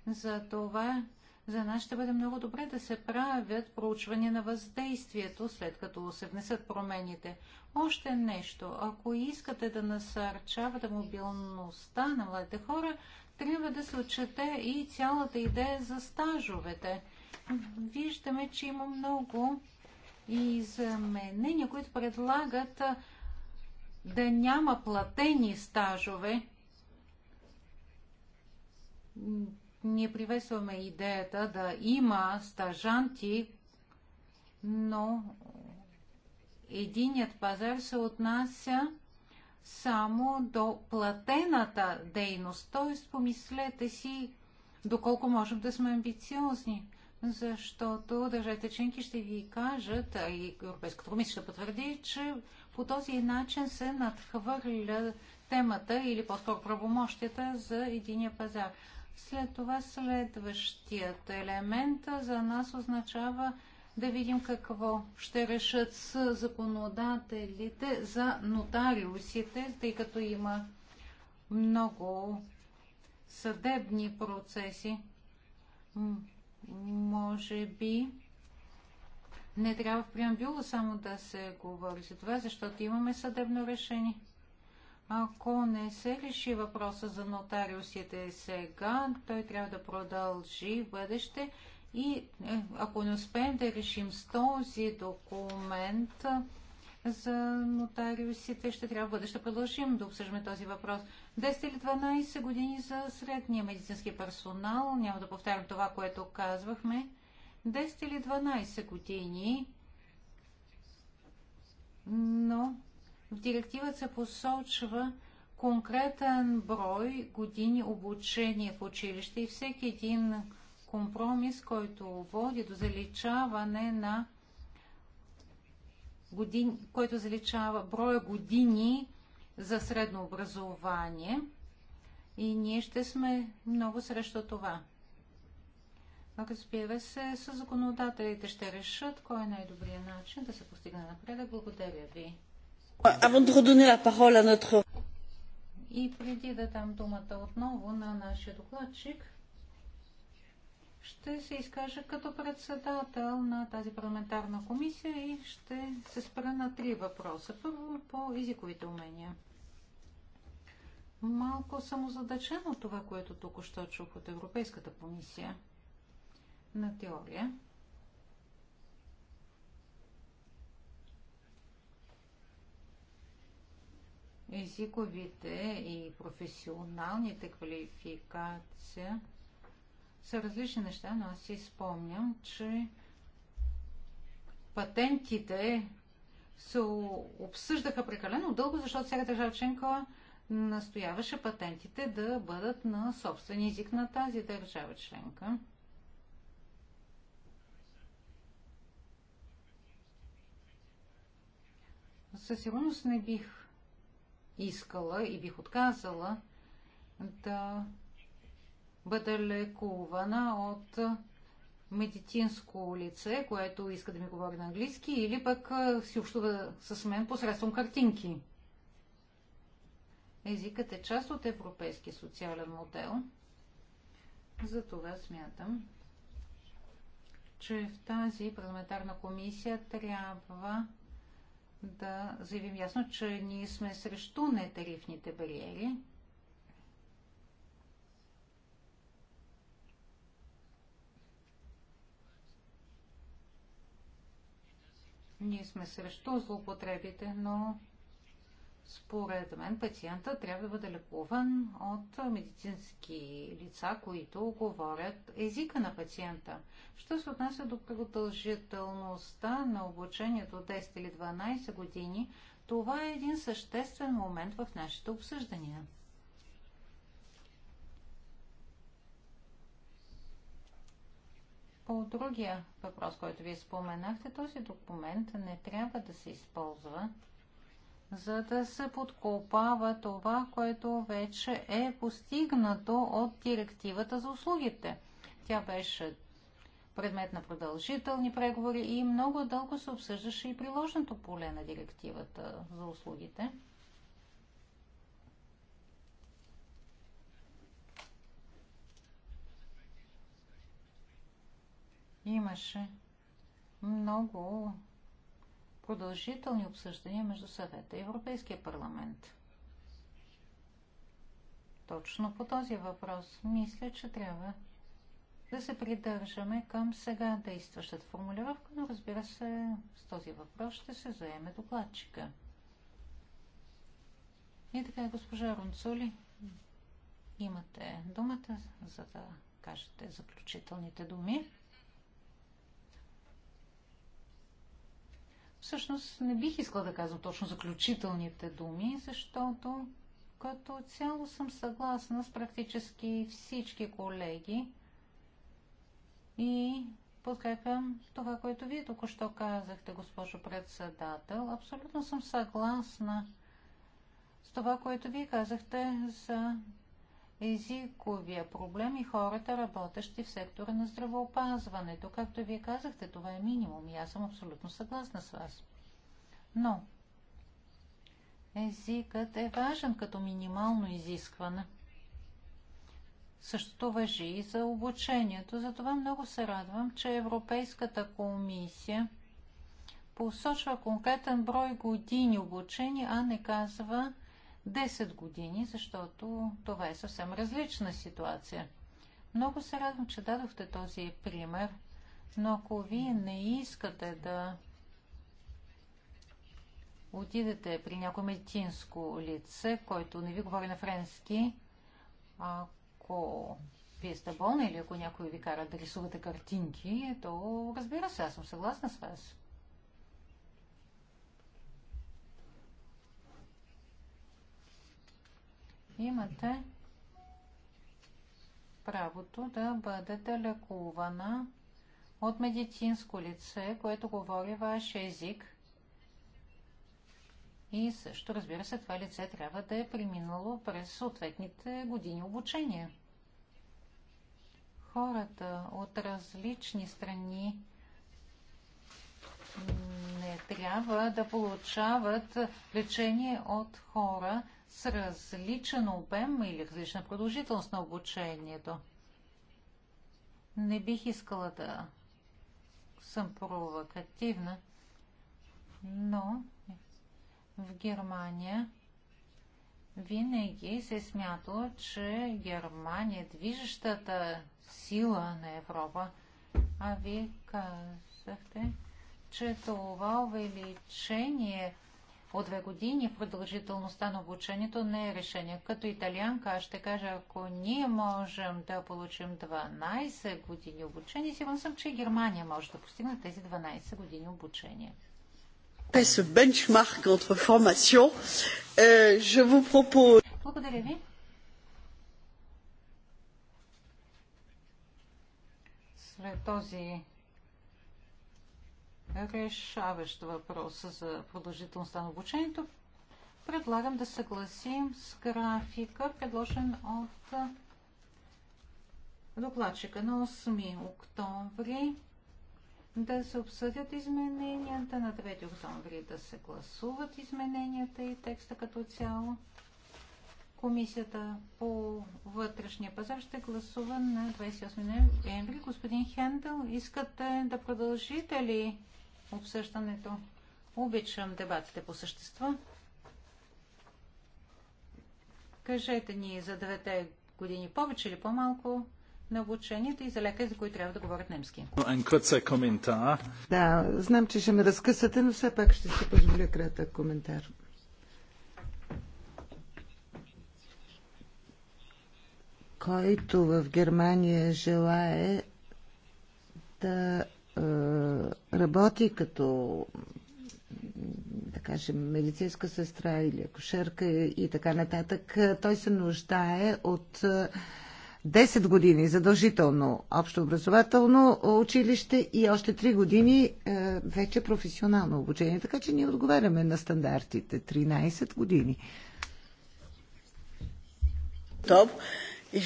За това за нас ще бъде много добре да се правят проучвания на въздействието, след като се внесат промените. Още нещо. Ако искате да насърчавате мобилността на младите хора, трябва да се отчете и цялата идея за стажовете. Виждаме, че има много изменения, които предлагат да няма платени стажове. Ние приветстваме идеята да има стажанти, но единият пазар се отнася само до платената дейност. Т.е. помислете си доколко можем да сме амбициозни, защото държавите членки ще ви кажат, а и Европейската комисия ще потвърди, че по този начин се надхвърля темата или по-скоро правомощията за единия пазар. След това следващият елемент за нас означава да видим какво ще решат с законодателите за нотариусите, тъй като има много съдебни процеси. Може би не трябва в преамбюла само да се говори за това, защото имаме съдебно решение. Ако не се реши въпроса за нотариусите сега, той трябва да продължи в бъдеще и е, ако не успеем да решим с този документ е, за нотариусите, ще трябва в бъдеще да продължим да обсъждаме този въпрос. 10 или 12 години за средния медицински персонал, няма да повтарям това, което казвахме. 10 или 12 години, но в директивата се посочва конкретен брой години обучение в училище и всеки един компромис, който води до заличаване на години, който заличава броя години за средно образование. И ние ще сме много срещу това. Разбира се, с законодателите ще решат кой е най-добрият начин да се постигне напредък. Благодаря ви. И преди да дам думата отново на нашия докладчик, ще се изкажа като председател на тази парламентарна комисия и ще се спра на три въпроса. Първо по езиковите умения. Малко съм озадачена от това, което тук що чух от Европейската комисия – на теория. Езиковите и професионалните квалификации са различни неща, но аз си спомням, че патентите се обсъждаха прекалено дълго, защото всяка държава членка настояваше патентите да бъдат на собствен език на тази държава членка. със сигурност не бих искала и бих отказала да бъда лекувана от медицинско лице, което иска да ми говори на английски, или пък си общува с мен посредством картинки. Езикът е част от европейския социален модел. Затова смятам, че в тази парламентарна комисия трябва да заявим ясно, че ние сме срещу нетарифните бариери. Ние сме срещу злоупотребите, но според мен пациента трябва да бъде лекуван от медицински лица, които говорят езика на пациента. Що се отнася до продължителността на обучението 10 или 12 години, това е един съществен момент в нашите обсъждания. По другия въпрос, който вие споменахте, този документ не трябва да се използва за да се подкопава това, което вече е постигнато от директивата за услугите. Тя беше предмет на продължителни преговори и много дълго се обсъждаше и приложното поле на директивата за услугите. Имаше много продължителни обсъждания между съвета и Европейския парламент. Точно по този въпрос мисля, че трябва да се придържаме към сега действащата формулировка, но разбира се, с този въпрос ще се заеме докладчика. И така, госпожа Рунцули, имате думата, за да кажете заключителните думи. Всъщност не бих искала да казвам точно заключителните думи, защото като цяло съм съгласна с практически всички колеги и подкрепям това, което вие току-що казахте, госпожо председател. Абсолютно съм съгласна с това, което вие казахте за езиковия проблем и хората, работещи в сектора на здравеопазването. Както вие казахте, това е минимум и аз съм абсолютно съгласна с вас. Но езикът е важен като минимално изискване. Същото въжи и за обучението. Затова много се радвам, че Европейската комисия посочва конкретен брой години обучение, а не казва 10 години, защото това е съвсем различна ситуация. Много се радвам, че дадохте този пример, но ако вие не искате да отидете при някое медицинско лице, който не ви говори на френски, ако вие сте болни или ако някой ви кара да рисувате картинки, то разбира се, аз съм съгласна с вас. имате правото да бъдете лекувана от медицинско лице, което говори ваш език. И също, разбира се, това лице трябва да е преминало през съответните години обучение. Хората от различни страни не трябва да получават лечение от хора, с различен обем или различна продължителност на обучението. Не бих искала да съм провокативна, но в Германия винаги се е смятало, че Германия е движещата сила на Европа. А вие казахте, че това увеличение – от две години продължителността на обучението не е решение. Като италианка аз ще кажа, ако ние можем да получим 12 години обучение, сигурен съм, че Германия може да постигне тези 12 години обучение.
Ce benchmark entre euh, je vous propose...
Благодаря ви. След този решаващ въпрос за продължителността на обучението, предлагам да съгласим с графика, предложен от докладчика на 8 октомври да се обсъдят измененията, на 9 октомври да се гласуват измененията и текста като цяло. Комисията по вътрешния пазар ще гласува на 28 ноември. Господин Хендъл, искате да продължите ли обсъждането. Обичам дебатите по същество. Кажете ни за девете години повече или по-малко на обучението и за лекари, за които трябва да говорят немски.
Да, знам, че ще ме разкъсате, но все пак ще си позволя кратък коментар. който в Германия желае да е, работи като да кажем, медицинска сестра или акушерка и така нататък, е, той се нуждае от 10 е, години задължително общообразователно училище и още 3 години вече професионално обучение. Така че ние отговаряме на стандартите. 13 години. Топ. И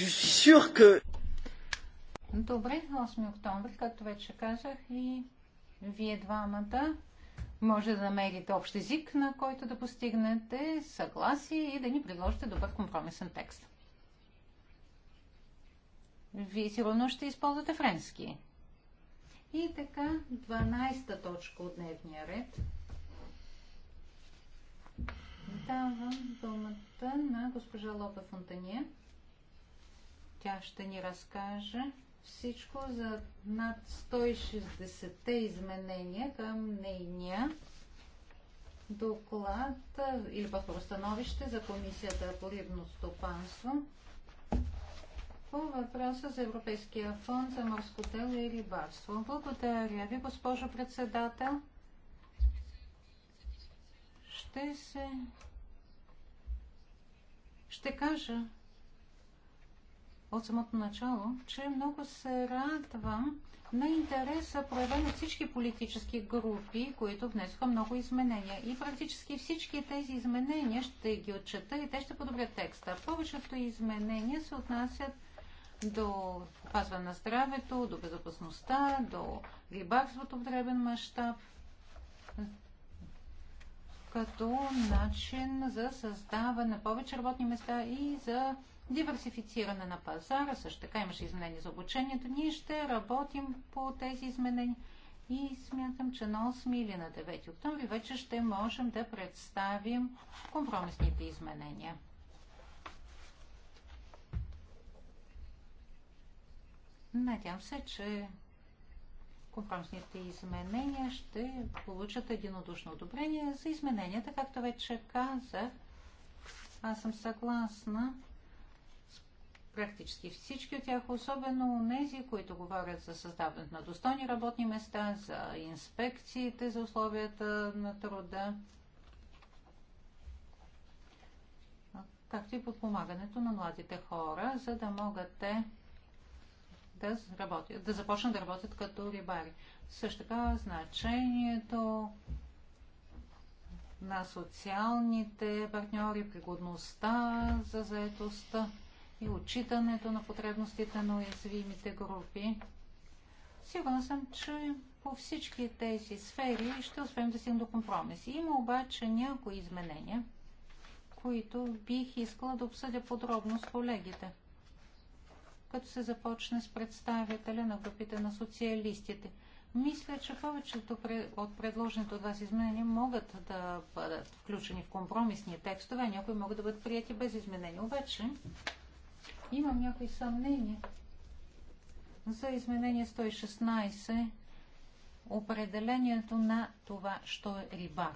Добре, 8 октомври, както вече казах, и вие двамата може да намерите общ език, на който да постигнете съгласие и да ни предложите добър компромисен текст. Вие сигурно ще използвате френски. И така, 12-та точка от дневния ред. Давам думата на госпожа Лопе Фонтания. Тя ще ни разкаже всичко за над 160-те изменения към нейния доклад или пък становище за Комисията по рибно стопанство по въпроса за Европейския фонд за морско дело и рибарство. Благодаря ви, госпожо председател. Ще се... Ще кажа, от самото начало, че много се радвам на интереса, проявен от всички политически групи, които внесоха много изменения. И практически всички тези изменения ще ги отчета и те ще подобрят текста. Повечето изменения се отнасят до опазване на здравето, до безопасността, до рибарството в дребен мащаб, като начин за създаване на повече работни места и за диверсифициране на пазара, също така имаше изменения за обучението. Ние ще работим по тези изменения и смятам, че на 8 или на 9 октомври вече ще можем да представим компромисните изменения. Надявам се, че компромисните изменения ще получат единодушно одобрение за измененията, както вече казах. Аз съм съгласна практически всички от тях, особено тези, които говорят за създаването на достойни работни места, за инспекциите, за условията на труда, както и подпомагането на младите хора, за да могат те да, работят, да започнат да работят като рибари. Също така значението на социалните партньори, пригодността за заетостта и отчитането на потребностите на уязвимите групи. Сигурна съм, че по всички тези сфери ще успеем да стигнем до компромиси. Има обаче някои изменения, които бих искала да обсъдя подробно с колегите. Като се започне с представителя на групите на социалистите. Мисля, че повечето от предложените от вас изменения могат да бъдат включени в компромисни текстове, някои могат да бъдат прияти без изменения. Обаче, Имам някои съмнения за изменение 116 определението на това, що е рибар.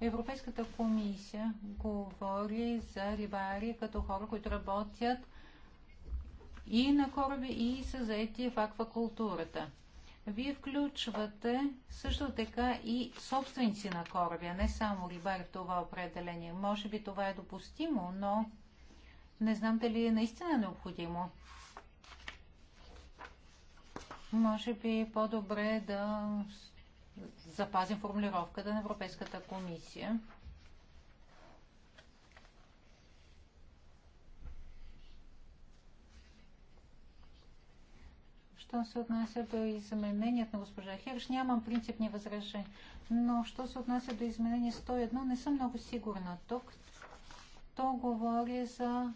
Европейската комисия говори за рибари като хора, които работят и на кораби, и са заети в аквакултурата. Вие включвате също така и собственици на кораби, а не само рибари в това определение. Може би това е допустимо, но не знам дали е наистина е необходимо. Може би е по-добре да запазим формулировката на Европейската комисия. що се отнася до изменението на госпожа Хирш, нямам принципни възражения. Но що се отнася до изменение 101, не съм много сигурна тук. То говори за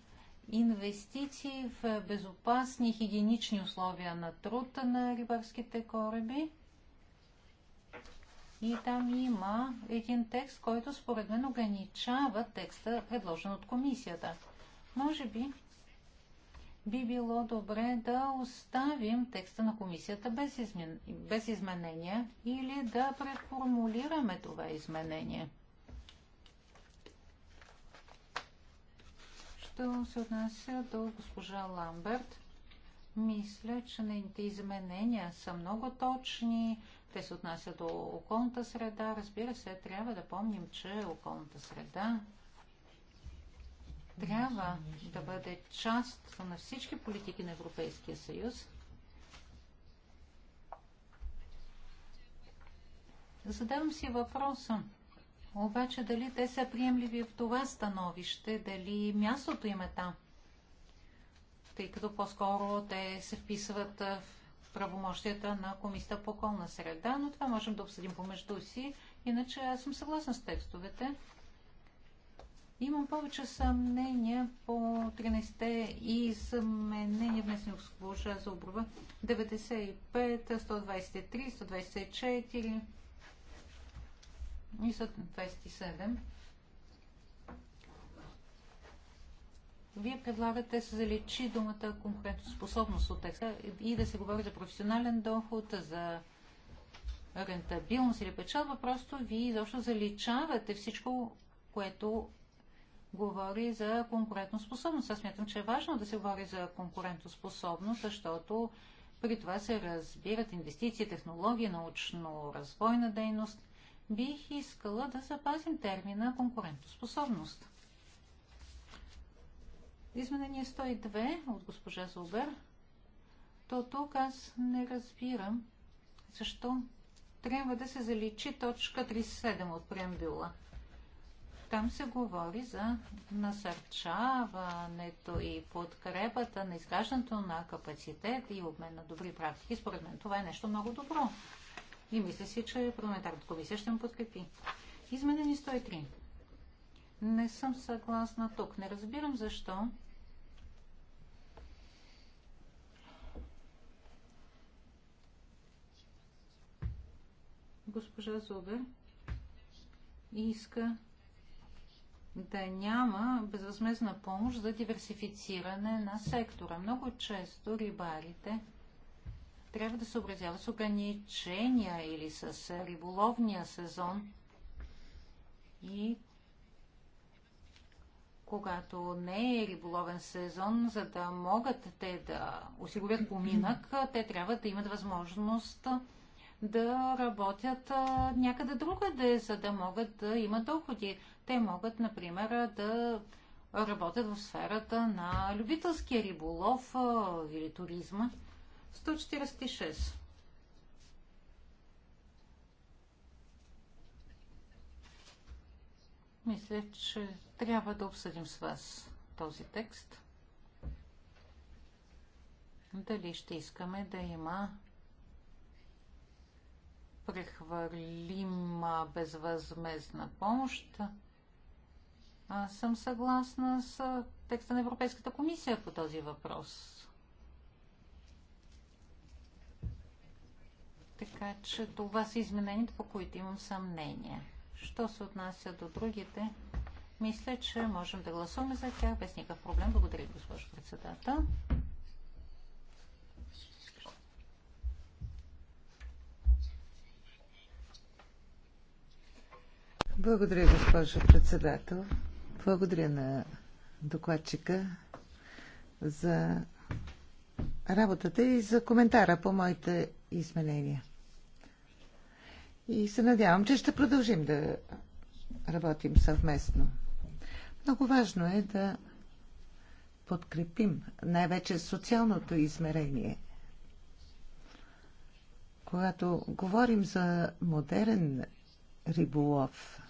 инвестиции в безопасни хигиенични условия на труд на рибарските кораби. И там има един текст, който според мен ограничава текста, предложен от комисията. Може би би било добре да оставим текста на комисията без, измен... без изменения или да преформулираме това изменение. което се отнася до госпожа Ламберт, мисля, че нейните изменения са много точни. Те се отнасят до околната среда. Разбира се, трябва да помним, че околната среда трябва да бъде част на всички политики на Европейския съюз. Задавам си въпроса обаче дали те са приемливи в това становище, дали мястото им е там, тъй като по-скоро те се вписват в правомощията на Комисията по околна среда, но това можем да обсъдим помежду си, иначе аз съм съгласна с текстовете. Имам повече съмнения по 13-те и съмнения внесени в за обрува. 95, 123, 124, на 27. Вие предлагате да се заличи думата конкурентоспособност от текста и да се говори за професионален доход, за рентабилност или печалба, просто вие изобщо заличавате всичко, което говори за конкурентоспособност. Аз смятам, че е важно да се говори за конкурентоспособност, защото при това се разбират инвестиции, технологии, научно-развойна дейност – бих искала да запазим термина конкурентоспособност. Изменение 102 от госпожа Зубер. То тук аз не разбирам защо трябва да се заличи точка 37 от преамбюла. Там се говори за насърчаването и подкрепата на изграждането на капацитет и обмен на добри практики. Според мен това е нещо много добро и мисля си, че парламентарната комисия ще му подкрепи. Изменени 103. Не съм съгласна тук. Не разбирам защо. Госпожа Зубер иска да няма безвъзмезна помощ за диверсифициране на сектора. Много често рибарите трябва да съобразява с ограничения или с риболовния сезон. И когато не е риболовен сезон, за да могат те да осигурят поминък, те трябва да имат възможност да работят някъде другаде, за да могат да имат доходи. Те могат, например, да работят в сферата на любителския риболов или туризма. 146. Мисля, че трябва да обсъдим с вас този текст. Дали ще искаме да има прехвърлима безвъзмезна помощ. Аз съм съгласна с текста на Европейската комисия по този въпрос. така че това са измененията, по които имам съмнение. Що се отнася до другите, мисля, че можем да гласуваме за тях без никакъв проблем. Благодаря, госпожо председател.
Благодаря, госпожо председател. Благодаря на докладчика за работата и за коментара по моите изменения. И се надявам, че ще продължим да работим съвместно. Много важно е да подкрепим най-вече социалното измерение. Когато говорим за модерен риболов,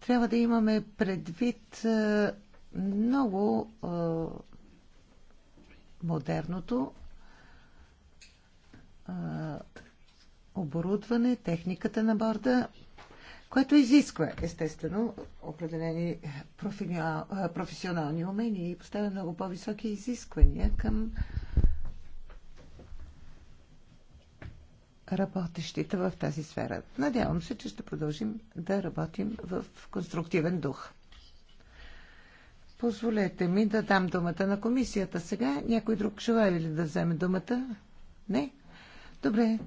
трябва да имаме предвид е, много е, модерното е, оборудване, техниката на борда, което изисква, естествено, определени професионални умения и поставя много по-високи изисквания към работещите в тази сфера. Надявам се, че ще продължим да работим в конструктивен дух. Позволете ми да дам думата на комисията сега. Някой друг желая ли да вземе думата? Не? Добре,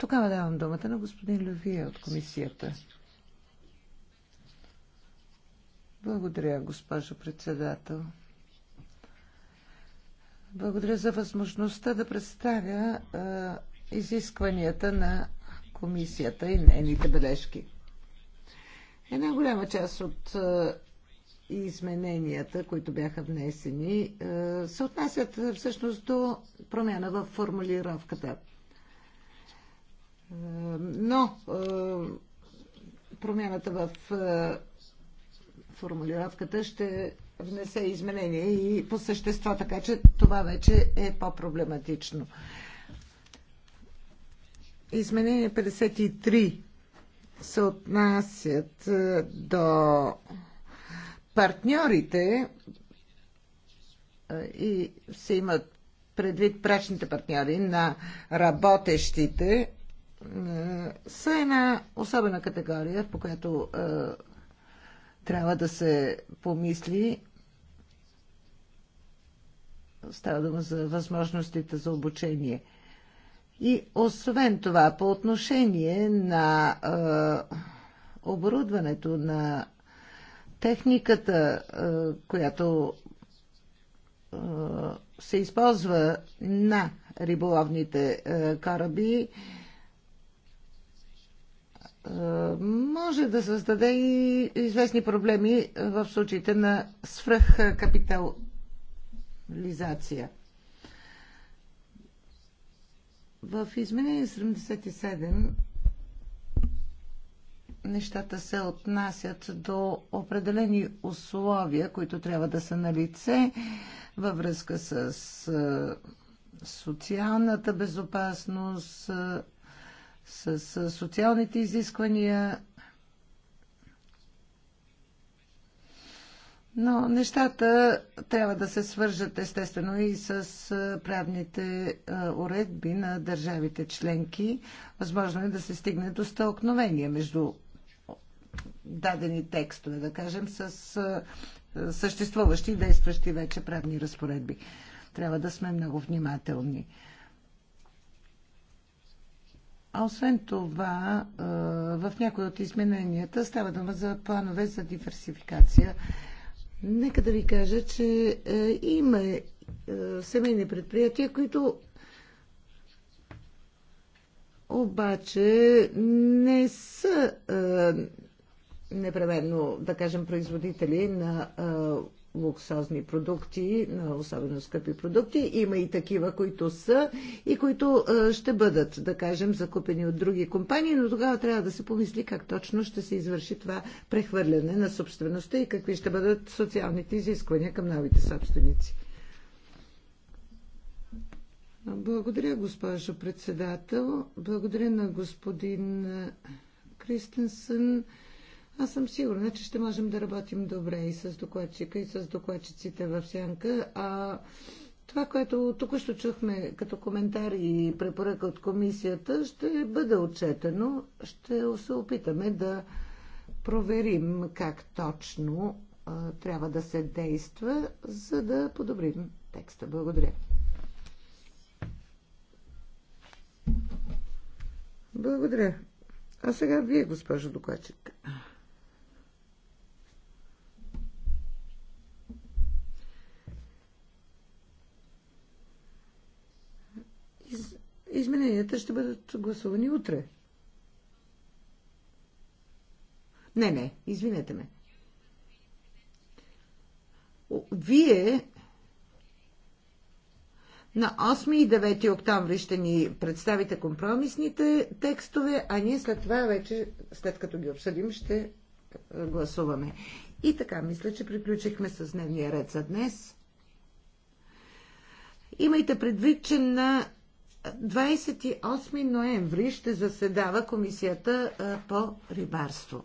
тогава давам думата на господин Левия от комисията. Благодаря, госпожо председател. Благодаря за възможността да представя е, изискванията на комисията и нейните бележки. Една голяма част от е, измененията, които бяха внесени, е, се отнасят всъщност до промяна в формулировката. Но промяната в формулировката ще внесе изменения и по същество, така че това вече е по-проблематично. Изменение 53 се отнасят до партньорите и се имат предвид прачните партньори на работещите са една особена категория, по която е, трябва да се помисли. Става дума за възможностите за обучение. И освен това, по отношение на е, оборудването на техниката, е, която е, се използва на риболовните е, кораби, е, може да създаде и известни проблеми в случаите на свръхкапитализация. В изменение 77 нещата се отнасят до определени условия, които трябва да са на лице във връзка с социалната безопасност, с социалните изисквания. Но нещата трябва да се свържат естествено и с правните уредби на държавите членки. Възможно е да се стигне до стълкновение между дадени текстове, да кажем, с съществуващи и действащи вече правни разпоредби. Трябва да сме много внимателни. А освен това, в някои от измененията става дума за планове за диверсификация. Нека да ви кажа, че е, има е, семейни предприятия, които обаче не са е, непременно, да кажем, производители на луксозни продукти, на особено скъпи продукти. Има и такива, които са и които е, ще бъдат, да кажем, закупени от други компании, но тогава трябва да се помисли как точно ще се извърши това прехвърляне на собствеността и какви ще бъдат социалните изисквания към новите собственици. Благодаря, госпожо председател. Благодаря на господин Кристенсън. Аз съм сигурна, че ще можем да работим добре и с докладчика, и с докладчиците в сянка. А това, което тук ще чухме като коментар и препоръка от комисията, ще бъде отчетено. Ще се опитаме да проверим как точно а, трябва да се действа, за да подобрим текста. Благодаря. Благодаря. А сега вие, госпожо докладчика. Измененията ще бъдат гласувани утре. Не, не, извинете ме. Вие на 8 и 9 октомври ще ни представите компромисните текстове, а ние след това вече, след като ги обсъдим, ще е, гласуваме. И така, мисля, че приключихме с дневния ред за днес. Имайте предвид, че на 28 ноември ще заседава комисията по рибарство.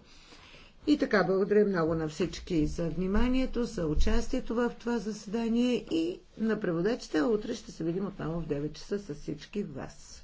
И така, благодаря много на всички за вниманието, за участието в това заседание и на преводачите. Утре ще се видим отново в 9 часа с всички вас.